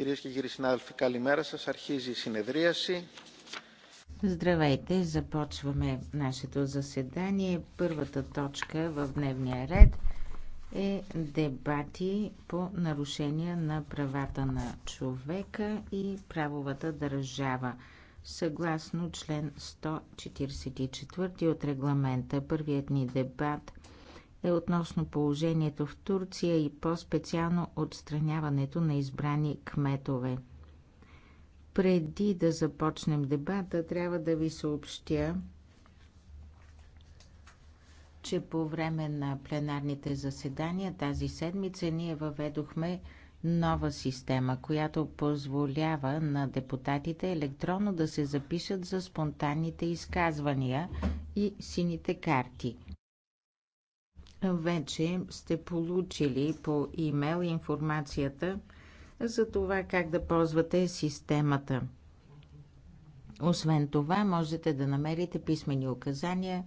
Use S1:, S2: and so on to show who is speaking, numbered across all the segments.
S1: Κυρίες και κύριοι συνάδελφοι, καλημέρα σας. Αρχίζει η συνεδρίαση.
S2: Здравейте, започваме нашето заседание. Първата точка в дневния ред е дебати по нарушения на правата на човека и правовата държава. Съгласно член 144 от регламента, първият ни дебат – е относно положението в Турция и по-специално отстраняването на избрани кметове. Преди да започнем дебата, трябва да ви съобщя, че по време на пленарните заседания тази седмица ние въведохме нова система, която позволява на депутатите електронно да се запишат за спонтанните изказвания и сините карти – вече сте получили по имейл информацията за това как да ползвате системата. Освен това, можете да намерите писмени указания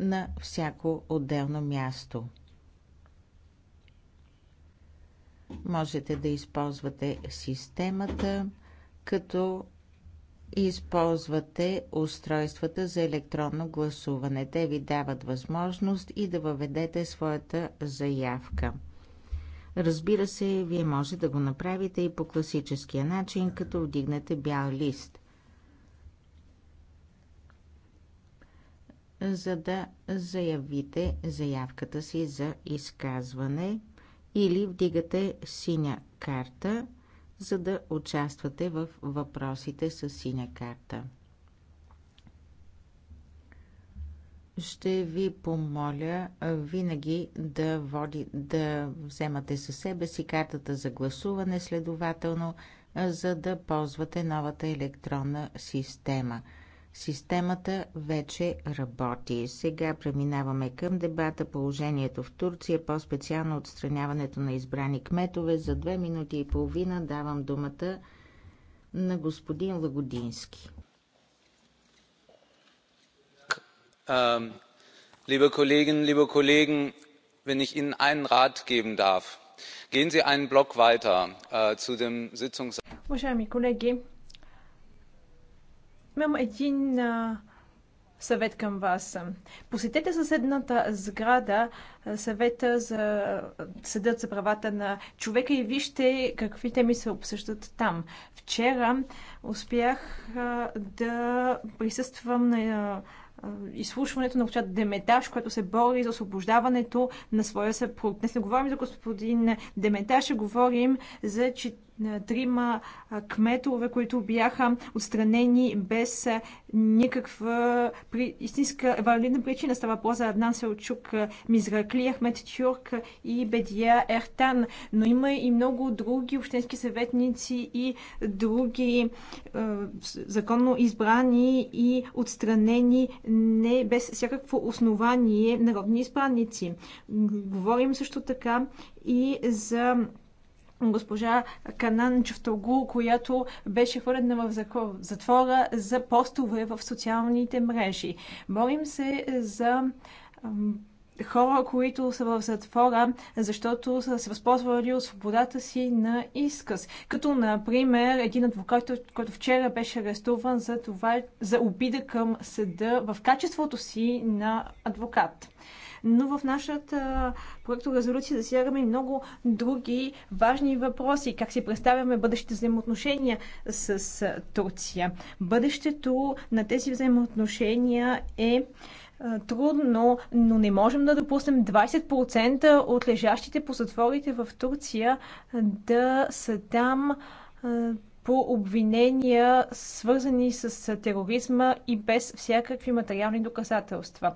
S2: на всяко отделно място. Можете да използвате системата като използвате устройствата за електронно гласуване. Те ви дават възможност и да въведете своята заявка. Разбира се, вие може да го направите и по класическия начин, като вдигнете бял лист. За да заявите заявката си за изказване или вдигате синя карта за да участвате в въпросите с синя карта. Ще ви помоля винаги да, води, да вземате със себе си картата за гласуване, следователно, за да ползвате новата електронна система – Системата вече работи. Сега преминаваме към дебата положението в Турция, по-специално отстраняването на избрани кметове. За две минути и половина давам думата на господин Лагодински.
S1: Либо колеги, либо колеги, wenn ich Ihnen einen Rat geben darf, gehen Sie einen Block weiter äh, zu dem Sitzungssaal.
S3: Имам един а, съвет към вас. Посетете съседната сграда, съвета за съдът за правата на човека и вижте какви теми се обсъждат там. Вчера успях а, да присъствам на изслушването на госпожа Деметаш, която се бори за освобождаването на своя съпруг. Днес не говорим за господин Деметаш, а говорим за трима кметове, които бяха отстранени без никаква при, истинска валидна причина. Става по за се Селчук, Мизракли, Ахмет Чурк и Бедия Ертан. Но има и много други общински съветници и други е, законно избрани и отстранени не без всякакво основание народни избраници. Говорим също така и за госпожа Канан Чуфтогу, която беше хвърлена в затвора за постове в социалните мрежи. Борим се за хора, които са в затвора, защото са се възползвали от свободата си на изказ. Като, например, един адвокат, който вчера беше арестуван за, това, за обида към съда в качеството си на адвокат но в нашата проекторезолюция засягаме много други важни въпроси. Как си представяме бъдещите взаимоотношения с Турция? Бъдещето на тези взаимоотношения е трудно, но не можем да допуснем 20% от лежащите по затворите в Турция да са там по обвинения, свързани с тероризма и без всякакви материални доказателства.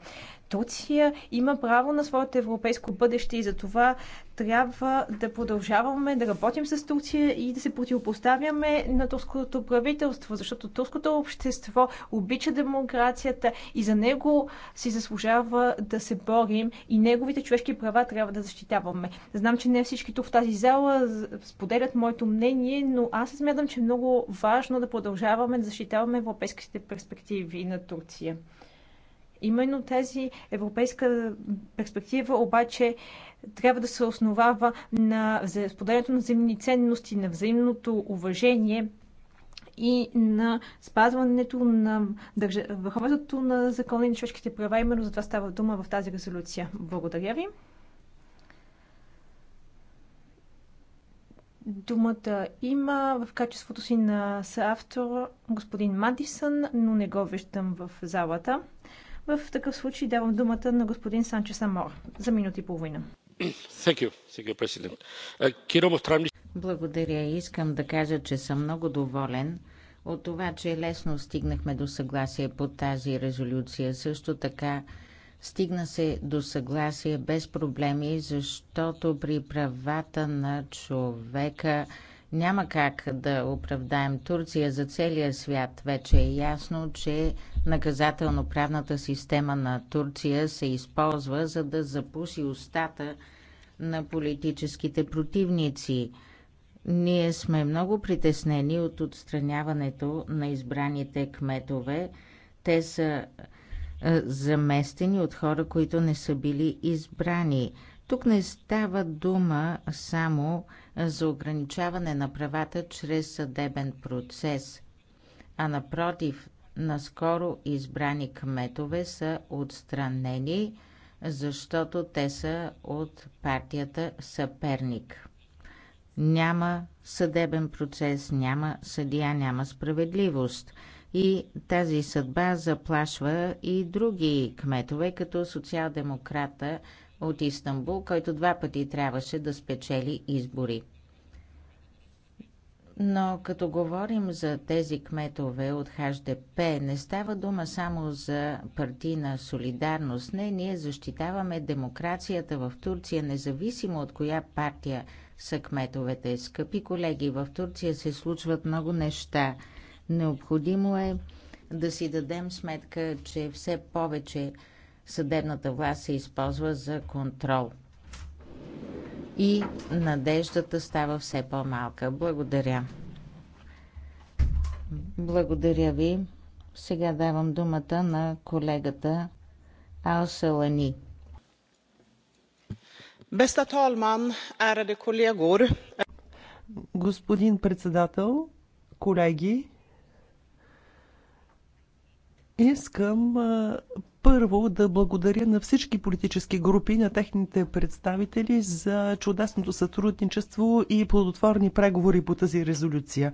S3: Турция има право на своето европейско бъдеще и за това трябва да продължаваме да работим с Турция и да се противопоставяме на турското правителство, защото турското общество обича демокрацията и за него си заслужава да се борим и неговите човешки права трябва да защитаваме. Знам, че не всички тук в тази зала споделят моето мнение, но аз смятам, че е много важно да продължаваме да защитаваме европейските перспективи на Турция. Именно тази европейска перспектива обаче трябва да се основава на споделянето на взаимни ценности, на взаимното уважение и на спазването на върховенството на закона и на човешките права. Именно за това става дума в тази резолюция. Благодаря ви. Думата има в качеството си на съавтор господин Мадисън, но не го виждам в залата. В такъв случай давам думата на господин Санчес Самор за минути и половина.
S2: Е, Благодаря. Искам да кажа, че съм много доволен от това, че лесно стигнахме до съгласие по тази резолюция. Също така стигна се до съгласие без проблеми, защото при правата на човека няма как да оправдаем Турция за целия свят. Вече е ясно, че наказателно-правната система на Турция се използва за да запуси устата на политическите противници. Ние сме много притеснени от отстраняването на избраните кметове. Те са е, заместени от хора, които не са били избрани. Тук не става дума само за ограничаване на правата чрез съдебен процес, а напротив, наскоро избрани кметове са отстранени, защото те са от партията Съперник. Няма съдебен процес, няма съдия, няма справедливост. И тази съдба заплашва и други кметове, като социал-демократа от Истанбул, който два пъти трябваше да спечели избори. Но като говорим за тези кметове от ХДП, не става дума само за партийна солидарност. Не, ние защитаваме демокрацията в Турция, независимо от коя партия са кметовете. Скъпи колеги, в Турция се случват много неща. Необходимо е да си дадем сметка, че все повече съдебната власт се използва за контрол. И надеждата става все по-малка. Благодаря. Благодаря ви. Сега давам думата на колегата Алсалани.
S4: Беста Толман, ераде колегор. Господин председател, колеги, искам първо да благодаря на всички политически групи, на техните представители за чудесното сътрудничество и плодотворни преговори по тази резолюция.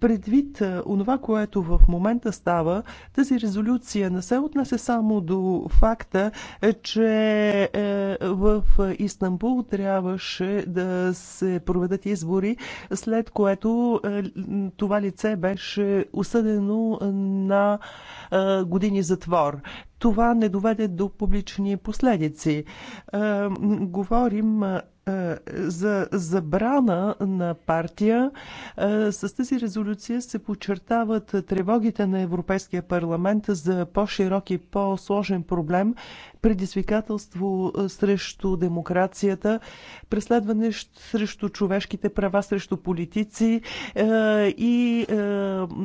S4: Предвид е, онова, което в момента става, тази резолюция не се отнесе само до факта, е, че е, в Истанбул трябваше да се проведат избори, след което това лице беше осъдено на години затвор това не доведе до публични последици. Е, говорим е, за забрана на партия. Е, с тази резолюция се подчертават тревогите на Европейския парламент за по-широк и по-сложен проблем, предизвикателство срещу демокрацията, преследване срещу човешките права, срещу политици и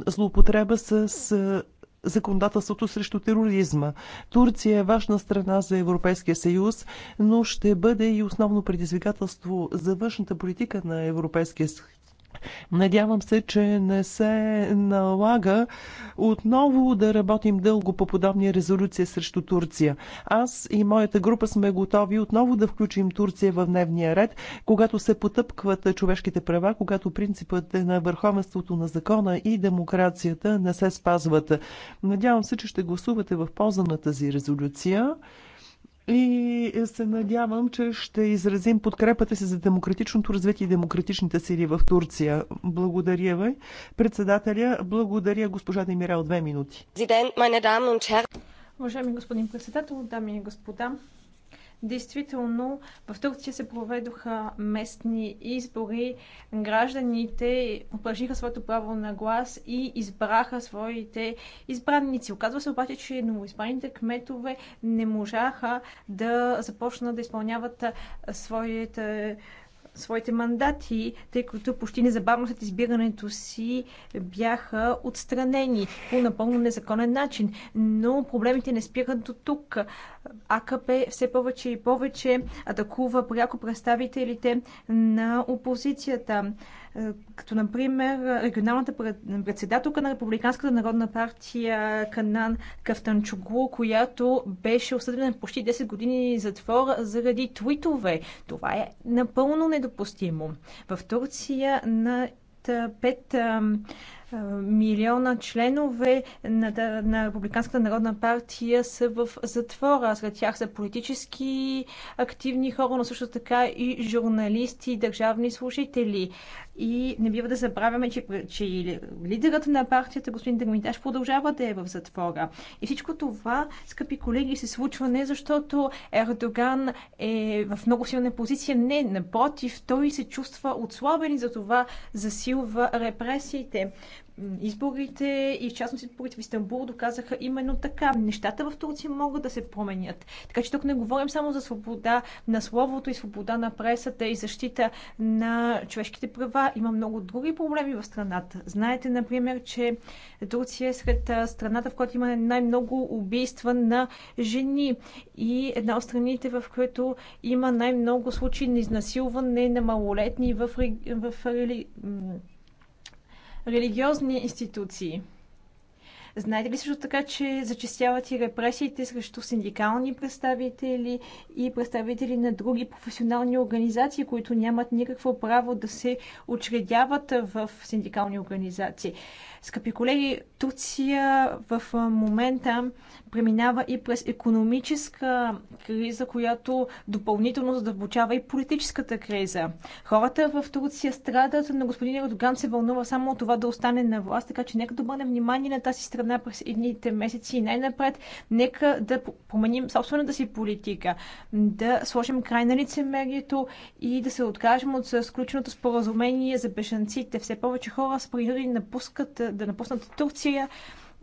S4: злоупотреба с законодателството срещу тероризма. Турция е важна страна за Европейския съюз, но ще бъде и основно предизвикателство за външната политика на Европейския Надявам се, че не се налага отново да работим дълго по подобни резолюции срещу Турция. Аз и моята група сме готови отново да включим Турция в дневния ред, когато се потъпкват човешките права, когато принципът на върховенството на закона и демокрацията не се спазват. Надявам се, че ще гласувате в полза на тази резолюция. И се надявам, че ще изразим подкрепата си за демократичното развитие и демократичните сили в Турция. Благодаря ви. Председателя, благодаря госпожа Демирал. Две минути.
S2: Уважаеми
S3: господин председател, дами и господа, Действително, в Турция се проведоха местни избори. Гражданите упражниха своето право на глас и избраха своите избранници. Оказва се обаче, че новоизбраните кметове не можаха да започнат да изпълняват своите своите мандати, тъй като почти незабавно след избирането си бяха отстранени по напълно незаконен начин. Но проблемите не спират до тук. АКП все повече и повече атакува пряко представителите на опозицията. Е, като например регионалната председателка на Републиканската народна партия Канан Кафтанчугу, която беше осъдена на почти 10 години затвор заради твитове. Това е напълно недопустимо. В Турция на пет е, милиона членове на, на Републиканската народна партия са в затвора. Сред тях са политически активни хора, но също така и журналисти, и държавни служители. И не бива да забравяме, че, че лидерът на партията, господин Дермитаж, продължава да е в затвора. И всичко това, скъпи колеги, се случва не защото Ердоган е в много силна позиция. Не, напротив, той се чувства отслабен и за това засилва репресиите изборите и в частност изборите в Истанбул доказаха именно така. Нещата в Турция могат да се променят. Така че тук не говорим само за свобода на словото и свобода на пресата и защита на човешките права. Има много други проблеми в страната. Знаете, например, че Турция е сред страната, в която има най-много убийства на жени и една от страните, в които има най-много случаи на изнасилване на малолетни в, в, в религиозни институции. Знаете ли също така, че зачистяват и репресиите срещу синдикални представители и представители на други професионални организации, които нямат никакво право да се учредяват в синдикални организации? Скъпи колеги, Турция в момента преминава и през економическа криза, която допълнително задълбочава и политическата криза. Хората в Турция страдат, но господин Ердоган се вълнува само от това да остане на власт, така че нека да обърнем внимание на тази страна през едните месеци и най-напред нека да променим собствената си политика, да сложим край на лицемерието и да се откажем от сключеното споразумение за бежанците. Все повече хора с принудени да напускат Турция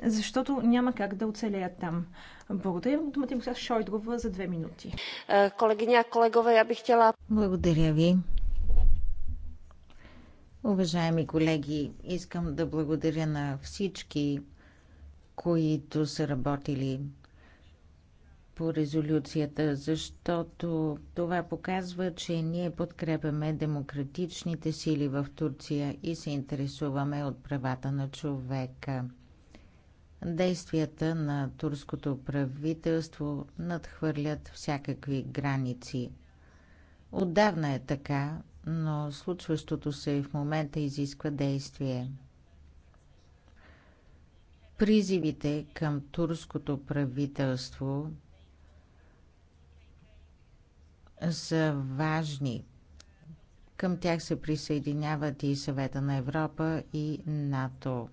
S3: защото няма как да оцелеят там. Благодаря.
S2: Думата им сега Шойдрова за две минути. Е, колегиня, колегове, я бих хотела... Благодаря ви. Уважаеми колеги, искам да благодаря на всички, които са работили по резолюцията, защото това показва, че ние подкрепяме демократичните сили в Турция и се интересуваме от правата на човека. Действията на турското правителство надхвърлят всякакви граници. Отдавна е така, но случващото се в момента изисква действие. Призивите към турското правителство са важни. Към тях се присъединяват и Съвета на Европа и НАТО.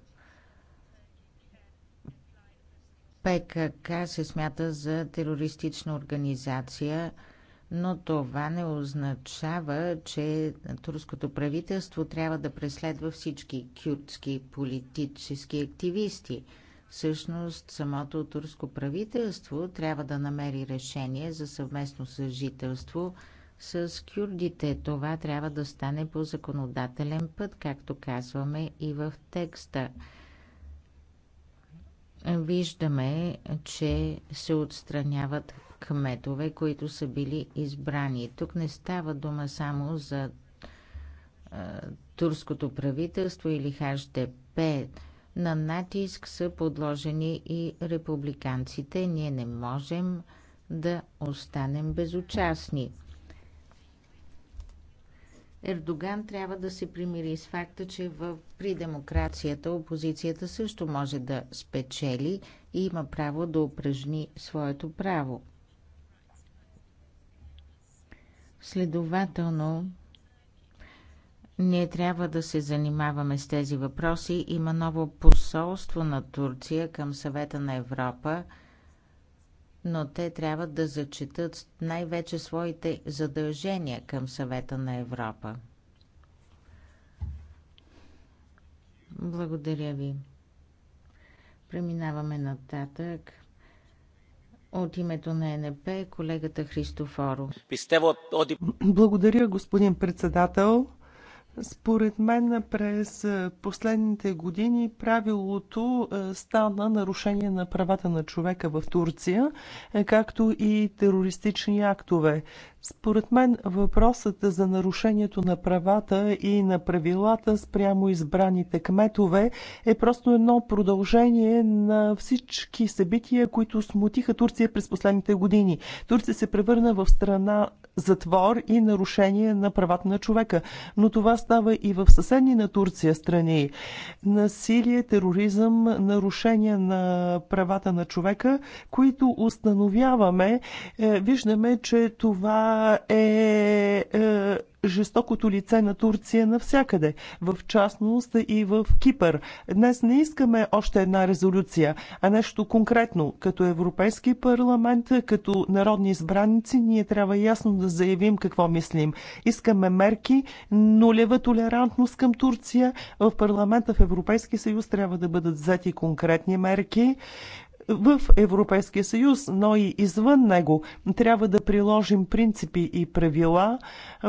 S2: ПКК се смята за терористична организация, но това не означава, че турското правителство трябва да преследва всички кюртски политически активисти. Всъщност, самото турско правителство трябва да намери решение за съвместно съжителство с кюрдите. Това трябва да стане по законодателен път, както казваме и в текста виждаме, че се отстраняват кметове, които са били избрани. Тук не става дума само за турското правителство или ХДП. На натиск са подложени и републиканците. Ние не можем да останем безучастни. Ердоган трябва да се примири с факта, че в, при демокрацията опозицията също може да спечели и има право да упражни своето право. Следователно, ние трябва да се занимаваме с тези въпроси. Има ново посолство на Турция към съвета на Европа – но те трябва да зачитат най-вече своите задължения към съвета на Европа. Благодаря ви. Преминаваме нататък.
S4: От името на НП колегата Христофоро. Благодаря, господин председател. Според мен през последните години правилото стана нарушение на правата на човека в Турция, както и терористични актове. Според мен въпросът за нарушението на правата и на правилата спрямо избраните кметове е просто едно продължение на всички събития, които смутиха Турция през последните години. Турция се превърна в страна затвор и нарушение на правата на човека. Но това става и в съседни на Турция страни. Насилие, тероризъм, нарушение на правата на човека, които установяваме. Е, виждаме, че това е, е жестокото лице на Турция навсякъде, в частност и в Кипър. Днес не искаме още една резолюция, а нещо конкретно. Като Европейски парламент, като народни избраници, ние трябва ясно да заявим какво мислим. Искаме мерки, нулева толерантност към Турция. В парламента в Европейски съюз трябва да бъдат взети конкретни мерки в Европейския съюз, но и извън него. Трябва да приложим принципи и правила.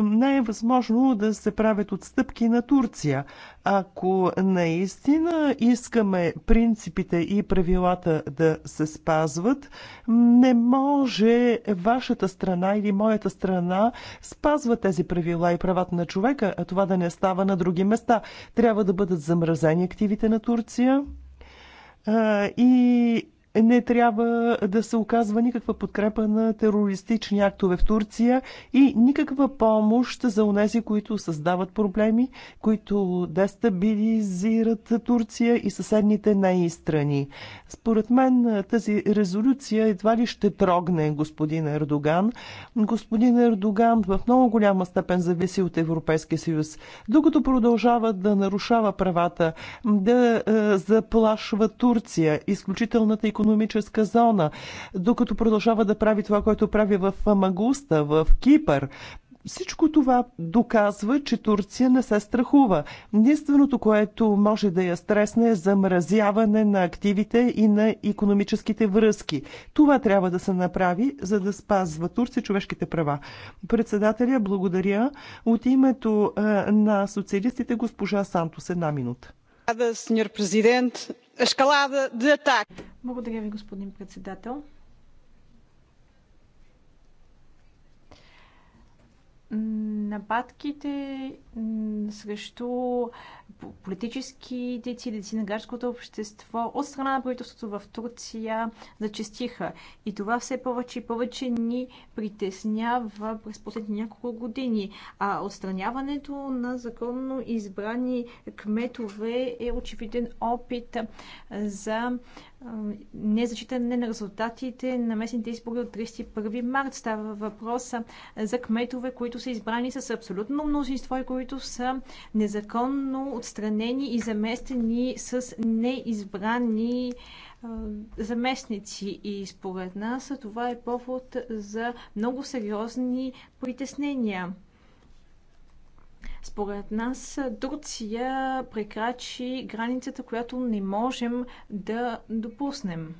S4: Не е възможно да се правят отстъпки на Турция. Ако наистина искаме принципите и правилата да се спазват, не може вашата страна или моята страна спазва тези правила и правата на човека, а това да не става на други места. Трябва да бъдат замразени активите на Турция и не трябва да се оказва никаква подкрепа на терористични актове в Турция и никаква помощ за онези, които създават проблеми, които дестабилизират Турция и съседните ней страни. Според мен тази резолюция едва ли ще трогне господин Ердоган. Господин Ердоган в много голяма степен зависи от Европейския съюз. Докато продължава да нарушава правата, да е, заплашва Турция, изключителната и економическа зона, докато продължава да прави това, което прави в Магуста, в Кипър. Всичко това доказва, че Турция не се страхува. Единственото, което може да я стресне е замразяване на активите и на економическите връзки. Това трябва да се направи, за да спазва Турция човешките права. Председателя, благодаря. От името на социалистите госпожа Сантос, една минута.
S3: Благодаря ви, господин председател. нападките срещу политически дети на гражданското общество от страна на правителството в Турция зачестиха. И това все повече и повече ни притеснява през последните няколко години. А отстраняването на законно избрани кметове е очевиден опит за незачитане на резултатите на местните избори от 31 март. Става въпрос за кметове, които са избрани с абсолютно мнозинство и които са незаконно отстранени и заместени с неизбрани заместници и според нас това е повод за много сериозни притеснения. Според нас Турция прекрачи границата, която не можем да допуснем.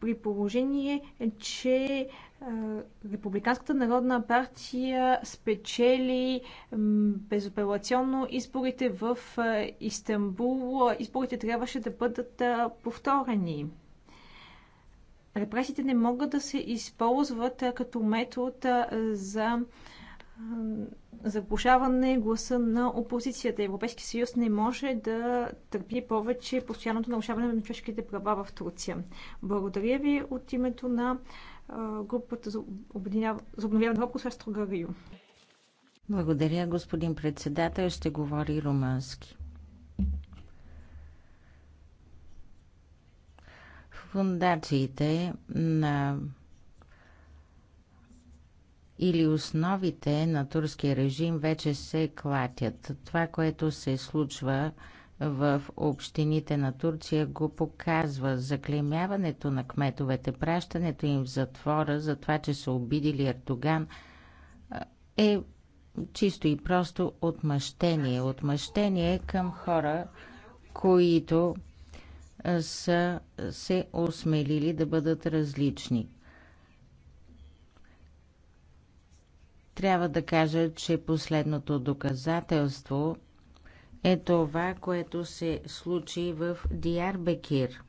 S3: при положение, че Републиканската народна партия спечели безапелационно изборите в Истанбул. Изборите трябваше да бъдат повторени репресиите не могат да се използват като метод за заглушаване гласа на опозицията. Европейски съюз не може да търпи повече постоянното нарушаване на човешките права в Турция. Благодаря ви от името на групата за, обединяв... за обновяване на Сестро Гарио.
S2: Благодаря, господин председател. Ще говори румънски. Фундациите на или основите на турския режим вече се клатят. Това, което се случва в общините на Турция го показва. Заклемяването на кметовете, пращането им в затвора за това, че са обидили Ердоган, е чисто и просто отмъщение. Отмъщение към хора, които са се осмелили да бъдат различни. Трябва да кажа, че последното доказателство е това, което се случи в Диарбекир.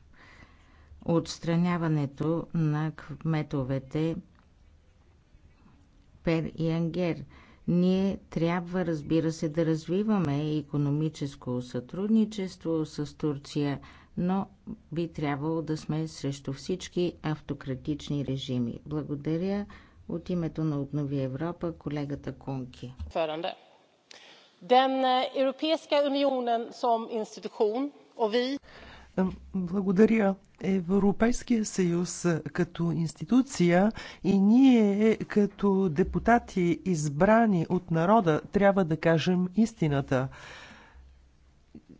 S2: Отстраняването на кметовете Пер и Ангер. Ние трябва, разбира се, да развиваме економическо сътрудничество с Турция – но би трябвало да сме срещу всички автократични режими. Благодаря от името на Обнови Европа колегата Конки.
S4: Eh, благодаря. Европейския съюз е, като институция и ние е, като депутати избрани от народа трябва да кажем истината.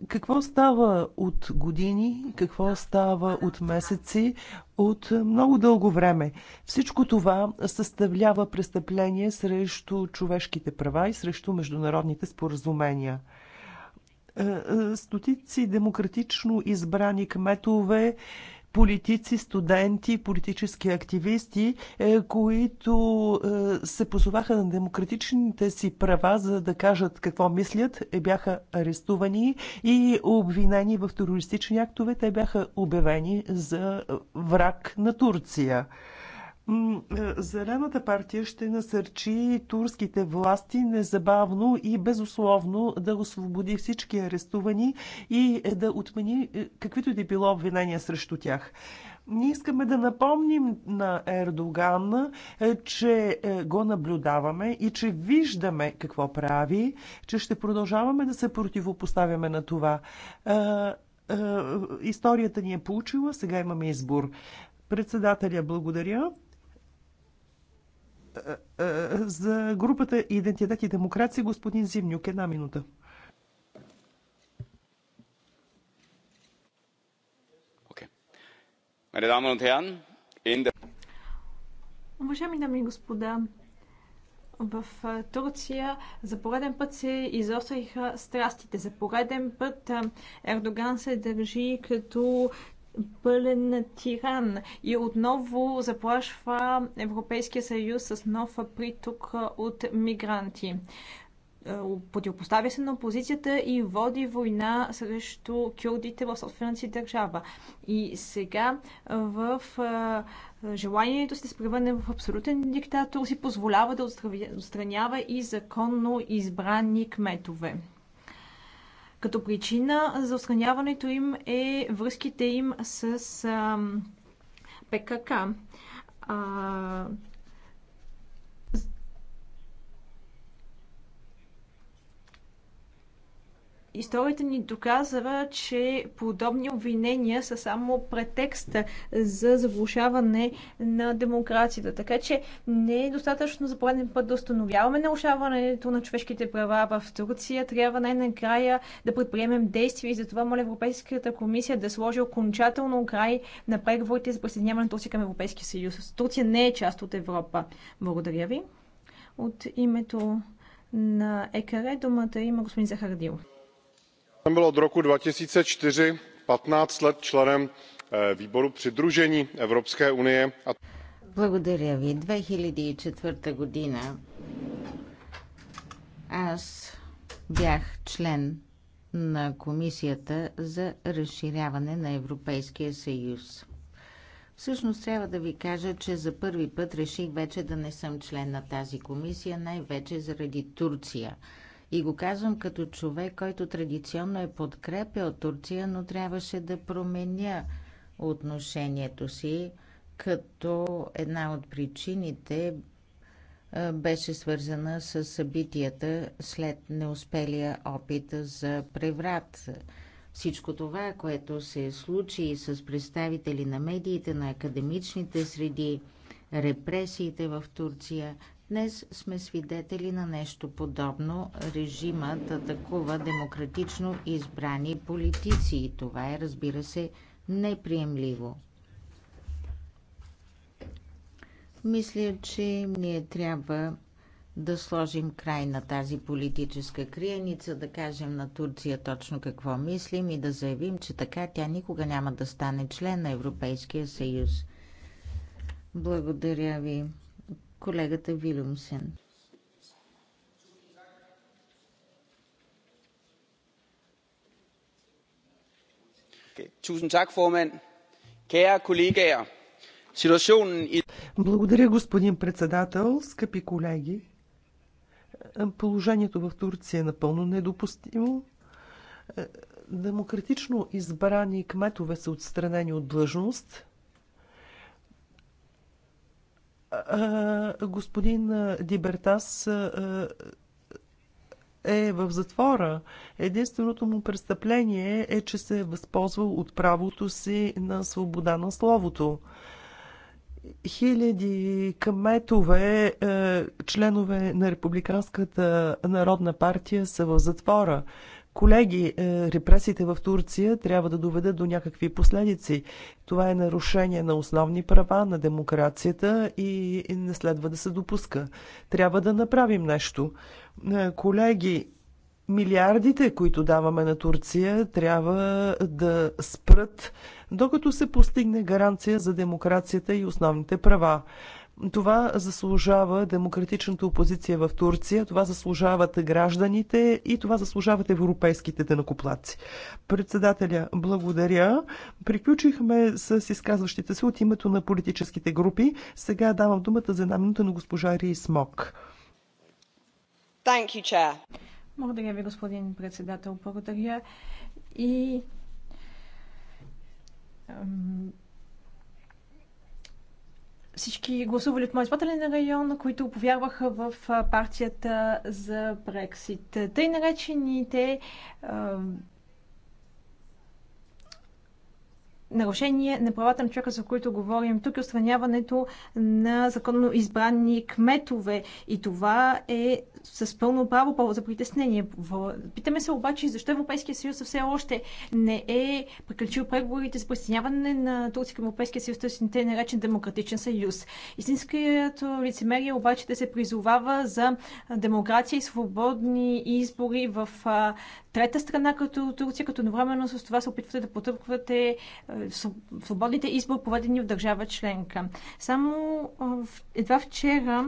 S4: Какво става от години, какво става от месеци, от много дълго време? Всичко това съставлява престъпление срещу човешките права и срещу международните споразумения е, е, стотици демократично избрани кметове политици, студенти, политически активисти, е, които е, се позоваха на демократичните си права, за да кажат какво мислят, е, бяха арестувани и обвинени в терористични актове. Те бяха обявени за враг на Турция. Е, Зелената партия ще насърчи турските власти незабавно и безусловно да освободи всички арестувани и е, да отмени е, каквито и било обвинения срещу тях. Ние искаме да напомним на Ердоган, че го наблюдаваме и че виждаме какво прави, че ще продължаваме да се противопоставяме на това. Историята ни е получила, сега имаме избор. Председателя, благодаря. За групата Идентитет и демокрация господин Зимнюк. Една минута.
S3: Уважаеми дами и господа, в Турция за пореден път се изостриха страстите. За пореден път Ердоган се държи като пълен тиран и отново заплашва Европейския съюз с нов приток от мигранти. Е, противопоставя се на опозицията и води война срещу кюрдите в собствената си държава. И сега в е, желанието си да се превърне в абсолютен диктатор си позволява да отстранява и законно избрани кметове. Като причина за отстраняването им е връзките им с ПКК. Историята ни доказва, че подобни обвинения са само претекста за заглушаване на демокрацията. Така че не е достатъчно за пореден път да установяваме нарушаването на човешките права в Турция. Трябва най-накрая да предприемем действия и затова моля Европейската комисия да сложи окончателно край на преговорите за присъединяването си към Европейския съюз. Турция не е част от Европа. Благодаря ви. От името на ЕКР думата има господин
S2: Захардилов
S4: jsem byl od roku two thousand and four fifteen let členem eh, výboru přidružení evropské unie a.
S2: Благодаря ви. 2004 година аз бях член на Комисията за разширяване на Европейския съюз. Всъщност трябва да ви кажа, че за първи път реших вече да не съм член на тази комисия, най-вече заради Турция – и го казвам като човек, който традиционно е подкрепял Турция, но трябваше да променя отношението си, като една от причините беше свързана с събитията след неуспелия опит за преврат. Всичко това, което се случи с представители на медиите, на академичните среди, репресиите в Турция, Днес сме свидетели на нещо подобно. Режимът атакува демократично избрани политици и това е, разбира се, неприемливо. Мисля, че ние трябва да сложим край на тази политическа криеница, да кажем на Турция точно какво мислим и да заявим, че така тя никога няма да стане член на Европейския съюз. Благодаря ви колегата Вилюмсен.
S4: Благодаря, господин председател, скъпи колеги. Положението в Турция е напълно недопустимо. Демократично избрани кметове са отстранени от длъжност господин Дибертас е в затвора. Единственото му престъпление е, че се е възползвал от правото си на свобода на словото. Хиляди кметове, е, членове на Републиканската народна партия са в затвора. Колеги, е, репресиите в Турция трябва да доведат до някакви последици. Това е нарушение на основни права, на демокрацията и не следва да се допуска. Трябва да направим нещо. Е, колеги, милиардите, които даваме на Турция, трябва да спрат, докато се постигне гаранция за демокрацията и основните права. Това заслужава демократичната опозиция в Турция, това заслужават гражданите и това заслужават европейските денакоплаци. Председателя, благодаря. Приключихме с изказващите се от името на политическите групи. Сега давам думата за една минута на госпожа Рис Мок.
S3: You, благодаря ви, господин председател. Благодаря и всички гласували от моят избирателен район, които повярваха в партията за Брексит. Тъй наречените нарушение на правата на човека, за които говорим тук, е устраняването на законно избрани кметове. И това е с пълно право право за притеснение. Питаме се обаче защо Европейския съюз все още не е приключил преговорите за присъединяване на Турция към Европейския съюз, т.е. те наречен демократичен съюз. Истинското лицемерие обаче да се призовава за демокрация и свободни избори в трета страна като Турция, като едновременно с това се опитвате да потъпквате свободните избори, проведени в държава членка. Само едва вчера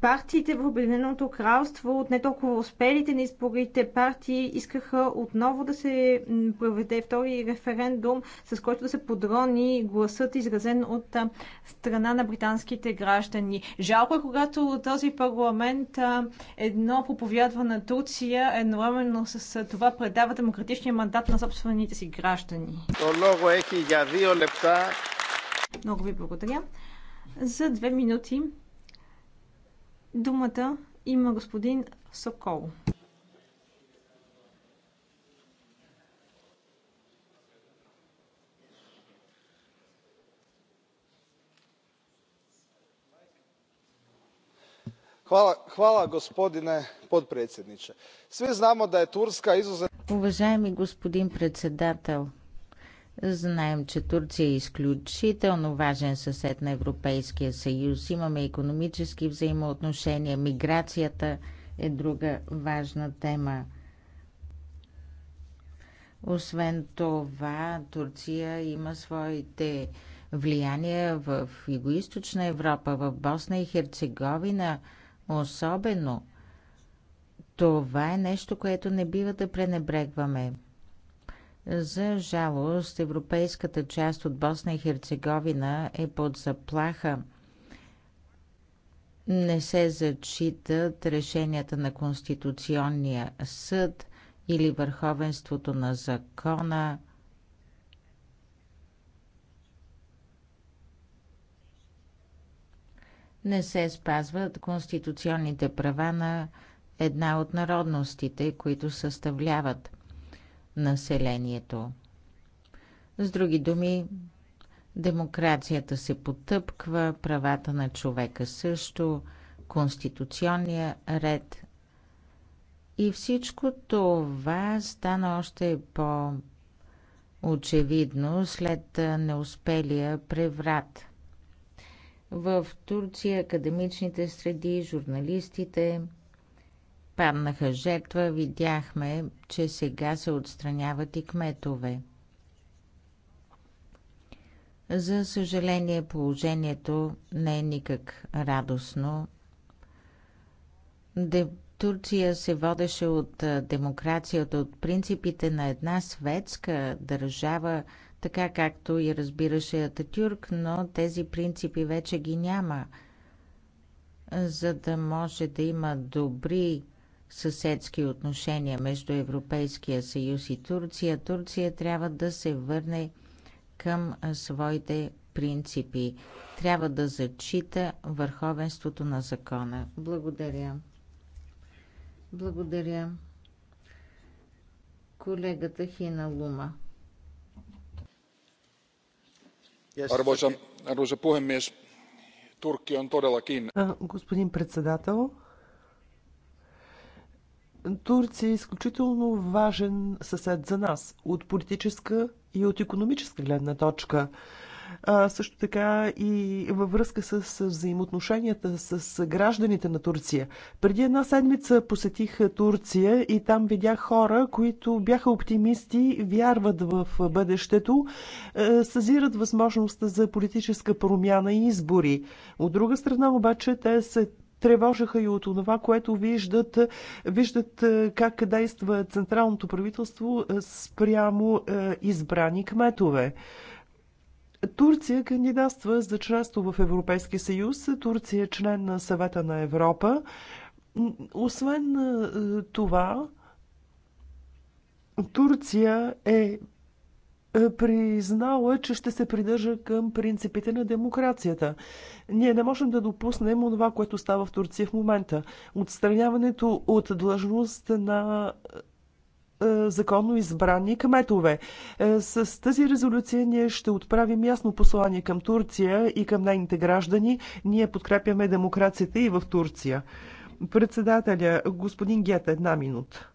S3: партиите в Обединеното кралство от не толкова успелите на изборите партии искаха отново да се проведе втори референдум, с който да се подрони гласът, изразен от страна на британските граждани. Жалко е, когато този парламент едно проповядва на Турция, едновременно с това предава демократичния мандат на собствените си граждани. Много ви благодаря. За две минути Думата има господин Сокол.
S1: господине подпредседниче. Сви знамо да е Турска izuzetno.
S2: уважаеми господин председател Знаем, че Турция е изключително важен съсед на Европейския съюз. Имаме економически взаимоотношения. Миграцията е друга важна тема. Освен това, Турция има своите влияния в Юго-Источна Европа, в Босна и Херцеговина, особено. Това е нещо, което не бива да пренебрегваме. За жалост, европейската част от Босна и Херцеговина е под заплаха. Не се зачитат решенията на Конституционния съд или върховенството на закона. Не се спазват конституционните права на една от народностите, които съставляват населението. С други думи, демокрацията се потъпква, правата на човека също, конституционния ред. И всичко това стана още по очевидно след неуспелия преврат. В Турция академичните среди, журналистите, паднаха жертва, видяхме, че сега се отстраняват и кметове. За съжаление, положението не е никак радостно. Де Турция се водеше от демокрацията, от принципите на една светска държава, така както и разбираше Ататюрк, но тези принципи вече ги няма. За да може да има добри съседски отношения между Европейския съюз и Турция, Турция трябва да се върне към своите принципи. Трябва да зачита върховенството на закона. Благодаря. Благодаря. Колегата Хина Лума.
S5: Arvoisa puhemies, Turkki on todellakin...
S4: Господин председател, Турция е изключително важен съсед за нас от политическа и от економическа гледна точка. А, също така и във връзка с взаимоотношенията с гражданите на Турция. Преди една седмица посетих Турция и там видях хора, които бяха оптимисти, вярват в бъдещето, съзират възможността за политическа промяна и избори. От друга страна обаче те се тревожаха и от това, което виждат, виждат е, как действа централното правителство е, спрямо е, избрани кметове. Турция кандидатства за членство в Европейски съюз. Турция е член на съвета на Европа. Освен това, Турция е е, признала, че ще се придържа към принципите на демокрацията. Ние не можем да допуснем онова, което става в Турция в момента. Отстраняването от длъжност на е, законно избрани кметове. Е, с тази резолюция ние ще отправим ясно послание към Турция и към нейните граждани. Ние подкрепяме демокрацията и в Турция. Председателя, господин Гет, една минута.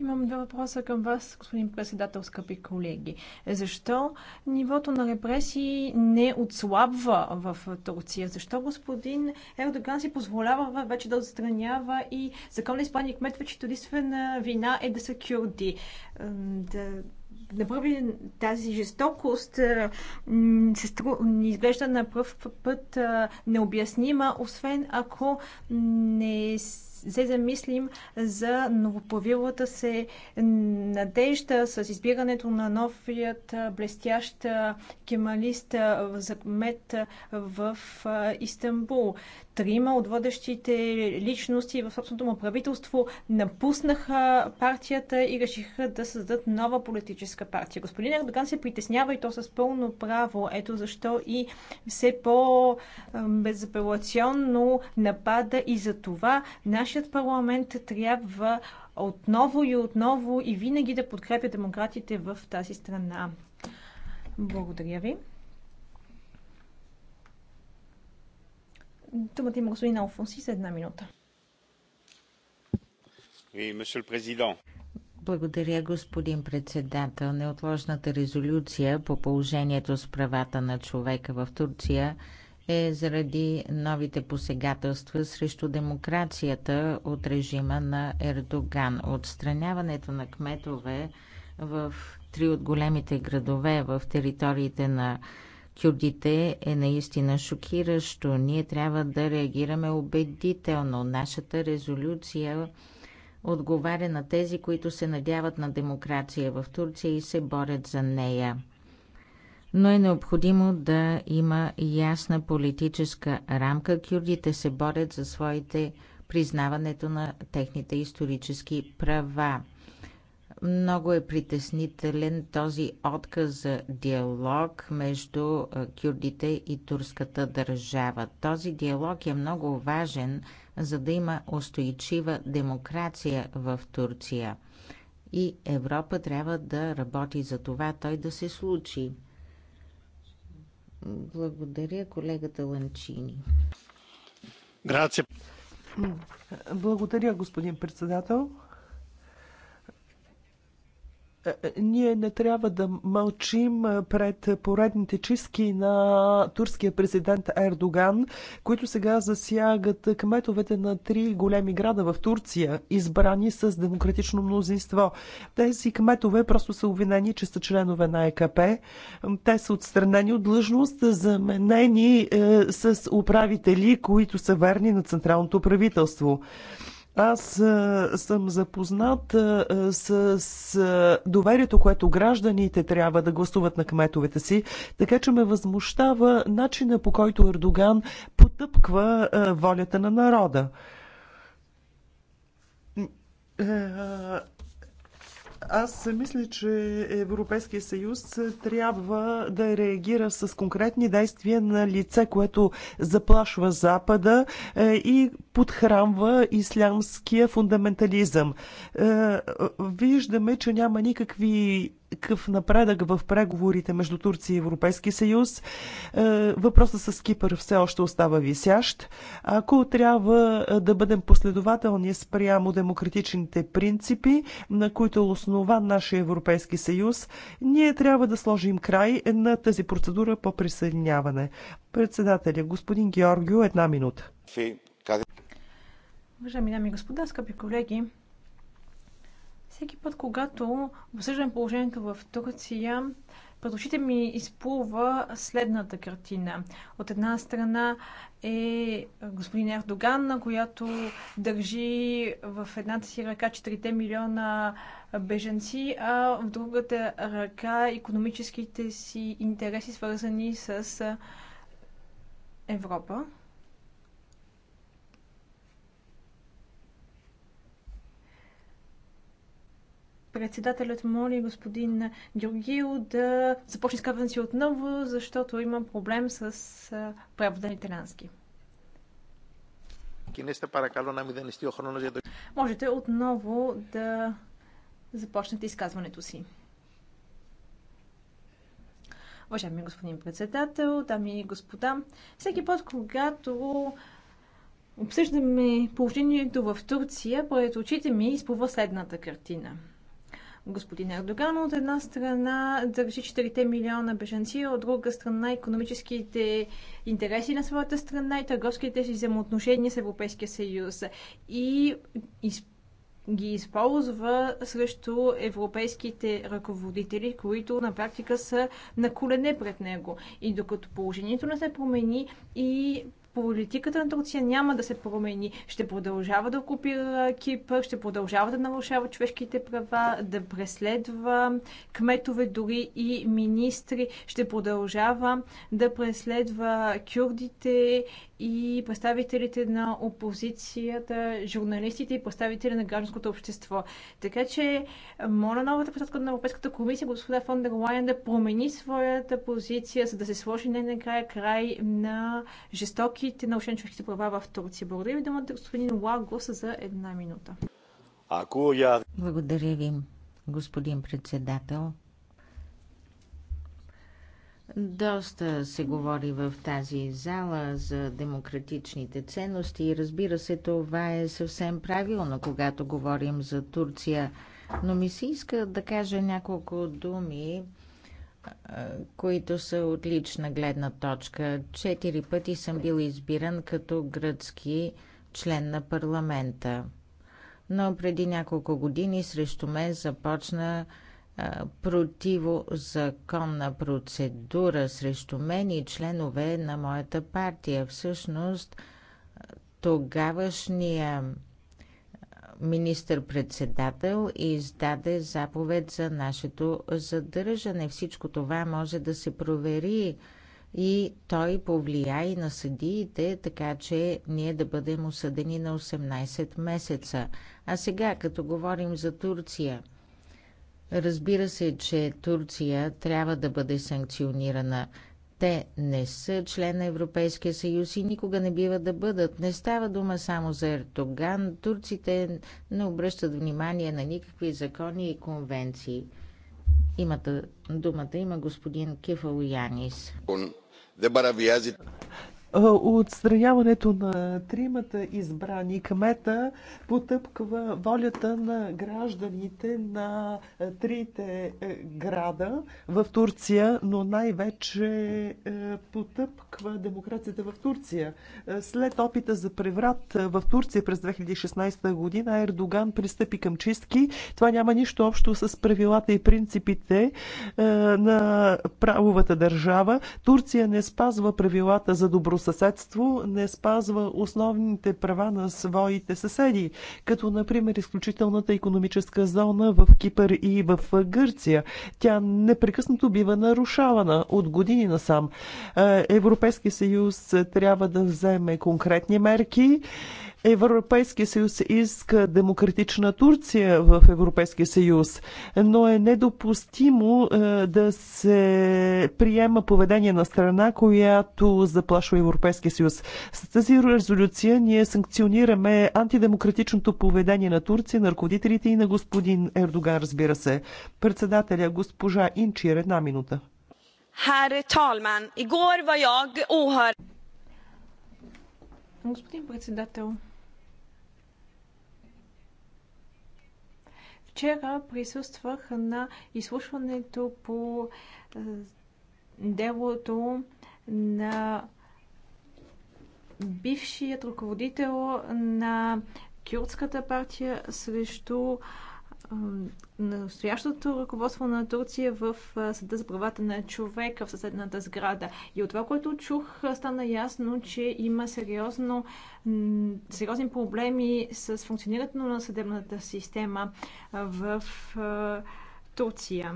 S3: Имам два въпроса към вас, господин председател, скъпи колеги. Защо нивото на репресии не отслабва в Турция? Защо господин Ердоган си позволява вече да отстранява и законно изпълнение кметове, чето единствена вина е да са кюрди? Да направи тази жестокост се стру... изглежда на пръв път необяснима, освен ако не се замислим за новоплавилата се надежда с избирането на новият блестящ кемалист за кмет в Истанбул. Трима от водещите личности в собственото му правителство напуснаха партията и решиха да създадат нова политическа партия. Господин Ердоган се притеснява и то с пълно право. Ето защо и все по-безапелационно напада и за това нашите нашият парламент трябва отново и отново и винаги да подкрепя демократите в тази страна. Благодаря ви.
S2: Думата има господин Алфонси за една минута. Благодаря, господин председател. Неотложната резолюция по положението с правата на човека в Турция – е заради новите посегателства срещу демокрацията от режима на Ердоган. Отстраняването на кметове в три от големите градове в териториите на кюрдите е наистина шокиращо. Ние трябва да реагираме убедително. Нашата резолюция отговаря на тези, които се надяват на демокрация в Турция и се борят за нея но е необходимо да има ясна политическа рамка. Кюрдите се борят за своите признаването на техните исторически права. Много е притеснителен този отказ за диалог между кюрдите и турската държава. Този диалог е много важен, за да има устойчива демокрация в Турция. И Европа трябва да работи за това той да се случи. Благодаря колегата
S4: Ланчини. Благодаря, господин председател. Е, е, ние не трябва да мълчим е, пред поредните чистки на турския президент Ердоган, които сега засягат кметовете на три големи града в Турция, избрани с демократично мнозинство. Тези кметове просто са обвинени, че са членове на ЕКП. Те са отстранени от длъжност, заменени с управители, които са верни на централното правителство. Аз съм запознат с доверието, което гражданите трябва да гласуват на кметовете си, така че ме възмущава начина по който Ердоган потъпква волята на народа аз мисля, че Европейския съюз трябва да реагира с конкретни действия на лице, което заплашва Запада е, и подхранва ислямския фундаментализъм. Е, виждаме, че няма никакви какъв напредък в преговорите между Турция и Европейски съюз. Е, Въпросът с Кипър все още остава висящ. Ако трябва е, да бъдем последователни спрямо демократичните принципи, на които е основа нашия Европейски съюз, ние трябва да сложим край на тази процедура по присъединяване. Председателя, господин Георгио, една минута.
S3: Уважаеми дами и господа, скъпи колеги, всеки път, когато обсъждам положението в Турция, пред очите ми изплува следната картина. От една страна е господин Ердоган, която държи в едната си ръка 4 милиона беженци, а в другата ръка економическите си интереси, свързани с Европа. Председателят моли господин Георгио да започне изказването си отново, защото има проблем с превода на италянски. Можете отново да започнете изказването си. Уважаеми господин председател, дами и господа, всеки път, когато обсъждаме положението в Турция, пред очите ми изплува следната картина – господин Ердоган от една страна държи 4 милиона беженци, от друга страна економическите интереси на своята страна и търговските си взаимоотношения с Европейския съюз. И ги използва срещу европейските ръководители, които на практика са на колене пред него. И докато положението не се промени и политиката на Турция няма да се промени. Ще продължава да окупира Кипър, ще продължава да нарушава човешките права, да преследва кметове, дори и министри, ще продължава да преследва кюрдите и представителите на опозицията, журналистите и представители на гражданското общество. Така че, моля новата посадка на Европейската комисия, господа фон дер Лайен, да промени своята позиция, за да се сложи не накрая край на жестоките нарушения човешките права в Турция. Благодаря ви, думата господин Лагос, за една минута.
S1: Ако я...
S2: Благодаря ви, господин председател. Доста се говори в тази зала за демократичните ценности и разбира се, това е съвсем правилно, когато говорим за Турция. Но ми се иска да кажа няколко думи, които са от лична гледна точка. Четири пъти съм бил избиран като гръцки член на парламента. Но преди няколко години срещу мен започна противозаконна процедура срещу мен и членове на моята партия. Всъщност, тогавашния министър-председател издаде заповед за нашето задържане. Всичко това може да се провери и той повлия и на съдиите, така че ние да бъдем осъдени на 18 месеца. А сега, като говорим за Турция, Разбира се, че Турция трябва да бъде санкционирана. Те не са член на Европейския съюз и никога не бива да бъдат. Не става дума само за Ертоган. Турците не обръщат внимание на никакви закони и конвенции. Имата,
S4: думата има господин Кефалоянис. Отстраняването на тримата избрани кмета потъпква волята на гражданите на трите града в Турция, но най-вече потъпква демокрацията в Турция. След опита за преврат в Турция през 2016 година Ердоган пристъпи към чистки. Това няма нищо общо с правилата и принципите на правовата държава. Турция не спазва правилата за добро съседство не спазва основните права на своите съседи, като например изключителната економическа зона в Кипър и в Гърция. Тя непрекъснато бива нарушавана от години насам. Е, Европейски съюз трябва да вземе конкретни мерки Европейския съюз иска демократична Турция в Европейския съюз, но е недопустимо е, да се приема поведение на страна, която заплашва Европейския съюз. С тази резолюция ние санкционираме антидемократичното поведение на Турция, на ръководителите и на господин Ердоган, разбира се. Председателя госпожа Инчир, една минута.
S3: Herr Талман, igår var jag Господин председател, Вчера присъствах на изслушването по е, делото на бившият ръководител на Кюртската партия срещу настоящото ръководство на Турция в Съда за правата на човека в съседната сграда. И от това, което чух, стана ясно, че има сериозно, сериозни проблеми с функционирането на съдебната система в Турция.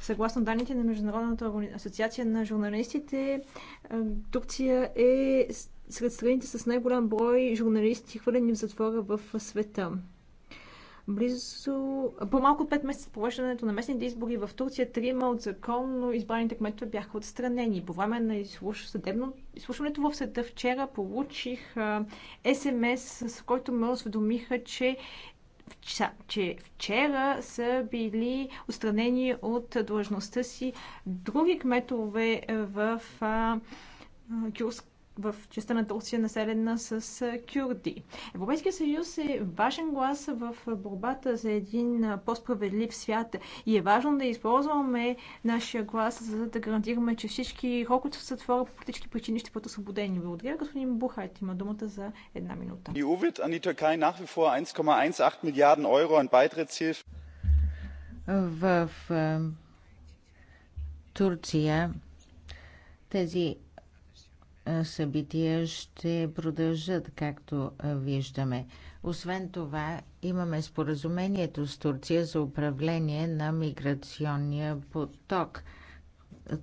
S3: Съгласно данните на Международната асоциация на журналистите, Турция е сред страните с най-голям брой журналисти, хвърлени в затвора в света. Близо, по-малко от 5 месеца провеждането на местните избори в Турция, трима от законно избраните кметове бяха отстранени. По време на изслуш... съдебно... изслушването в съда вчера получих СМС, с който ме осведомиха, че че вчера са били отстранени от длъжността си други кметове в Кюрск в частта на Турция, населена с кюрди. Европейския съюз е важен глас в борбата за един по-справедлив свят и е важно да използваме нашия глас, за да гарантираме, че всички, колкото в затвора по всички причини, ще бъдат освободени. Благодаря, господин Бухайт. Има думата за една минута.
S6: И увид, wird an die Türkei 1,18
S2: Milliarden Euro an В Турция тези събития ще продължат, както виждаме. Освен това, имаме споразумението с Турция за управление на миграционния поток,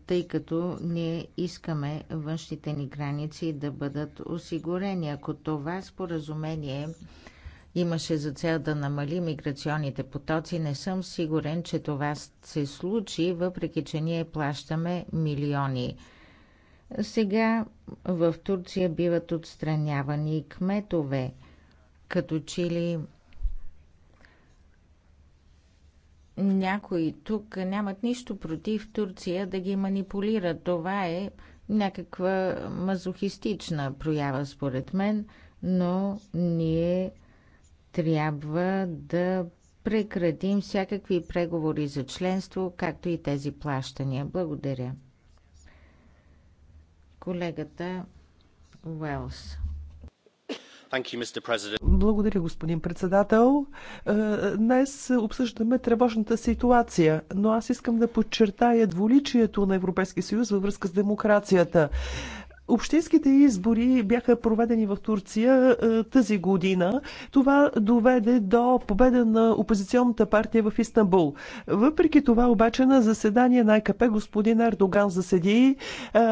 S2: тъй като ние искаме външните ни граници да бъдат осигурени. Ако това споразумение имаше за цел да намали миграционните потоци. Не съм сигурен, че това се случи, въпреки че ние плащаме милиони. Сега в Турция биват отстранявани и кметове, като че ли някои тук нямат нищо против Турция да ги манипулира. Това е някаква мазохистична проява, според мен, но ние трябва да прекратим всякакви преговори за членство, както и тези плащания. Благодаря. Колегата
S4: Уелс. Благодаря, господин председател. Е, днес обсъждаме тревожната ситуация, но аз искам да подчертая дволичието на Европейския съюз във връзка с демокрацията. Общинските избори бяха проведени в Турция е, тази година. Това доведе до победа на опозиционната партия в Истанбул. Въпреки това обаче на заседание на АКП господин Ердоган заседи. Е,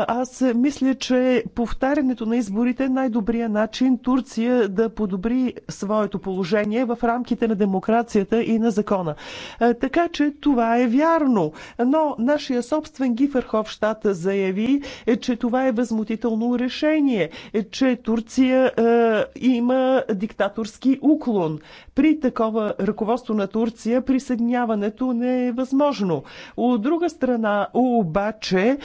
S4: аз мисля, че повтарянето на изборите е най-добрия начин Турция да подобри своето положение в рамките на демокрацията и на закона. Е, така че това е вярно. Но нашия собствен Гиферховщата заяви, че това е възмутително окончателно решение, е, че Турция е, има диктаторски уклон. При такова ръководство на Турция присъединяването не е възможно. От друга страна, обаче,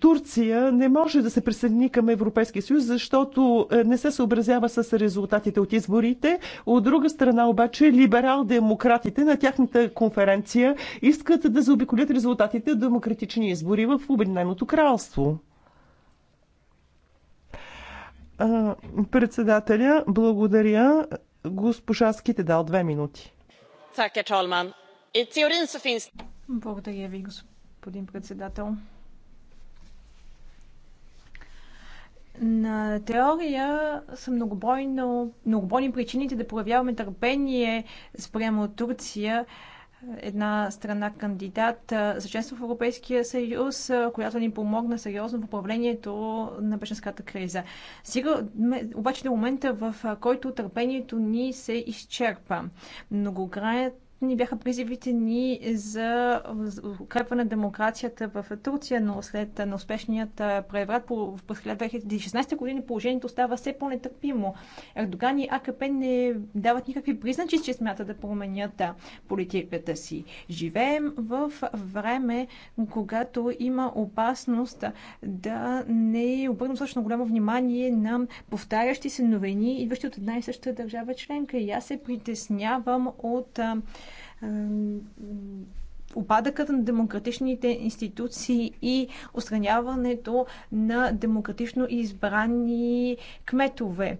S4: Турция не може да се присъедини към Европейския съюз, защото е, не се съобразява с резултатите от изборите. От друга страна обаче либерал-демократите на тяхната конференция искат да заобиколят резултатите от демократични избори в Обединеното кралство. Председателя, благодаря. Госпожа дал две минути.
S3: Е, благодаря ви, господин председател. На теория са многобройно, многобройни причините да проявяваме търпение спрямо Турция една страна кандидат за членство в Европейския съюз, която ни помогна сериозно в управлението на беженската криза. Сега, обаче до момента, в който търпението ни се изчерпа. Многократно ни бяха призивите ни за укрепване на демокрацията в Турция, но след неуспешният преврат в 2016 година положението става все по-нетърпимо. Ердоган и АКП не дават никакви признаци, че смятат да променят политиката си. Живеем в време, когато има опасност да не обърнем също голямо внимание на повтарящи се новини, идващи от една и съща държава членка. И аз се притеснявам от опадъкът на демократичните институции и устраняването на демократично избрани кметове.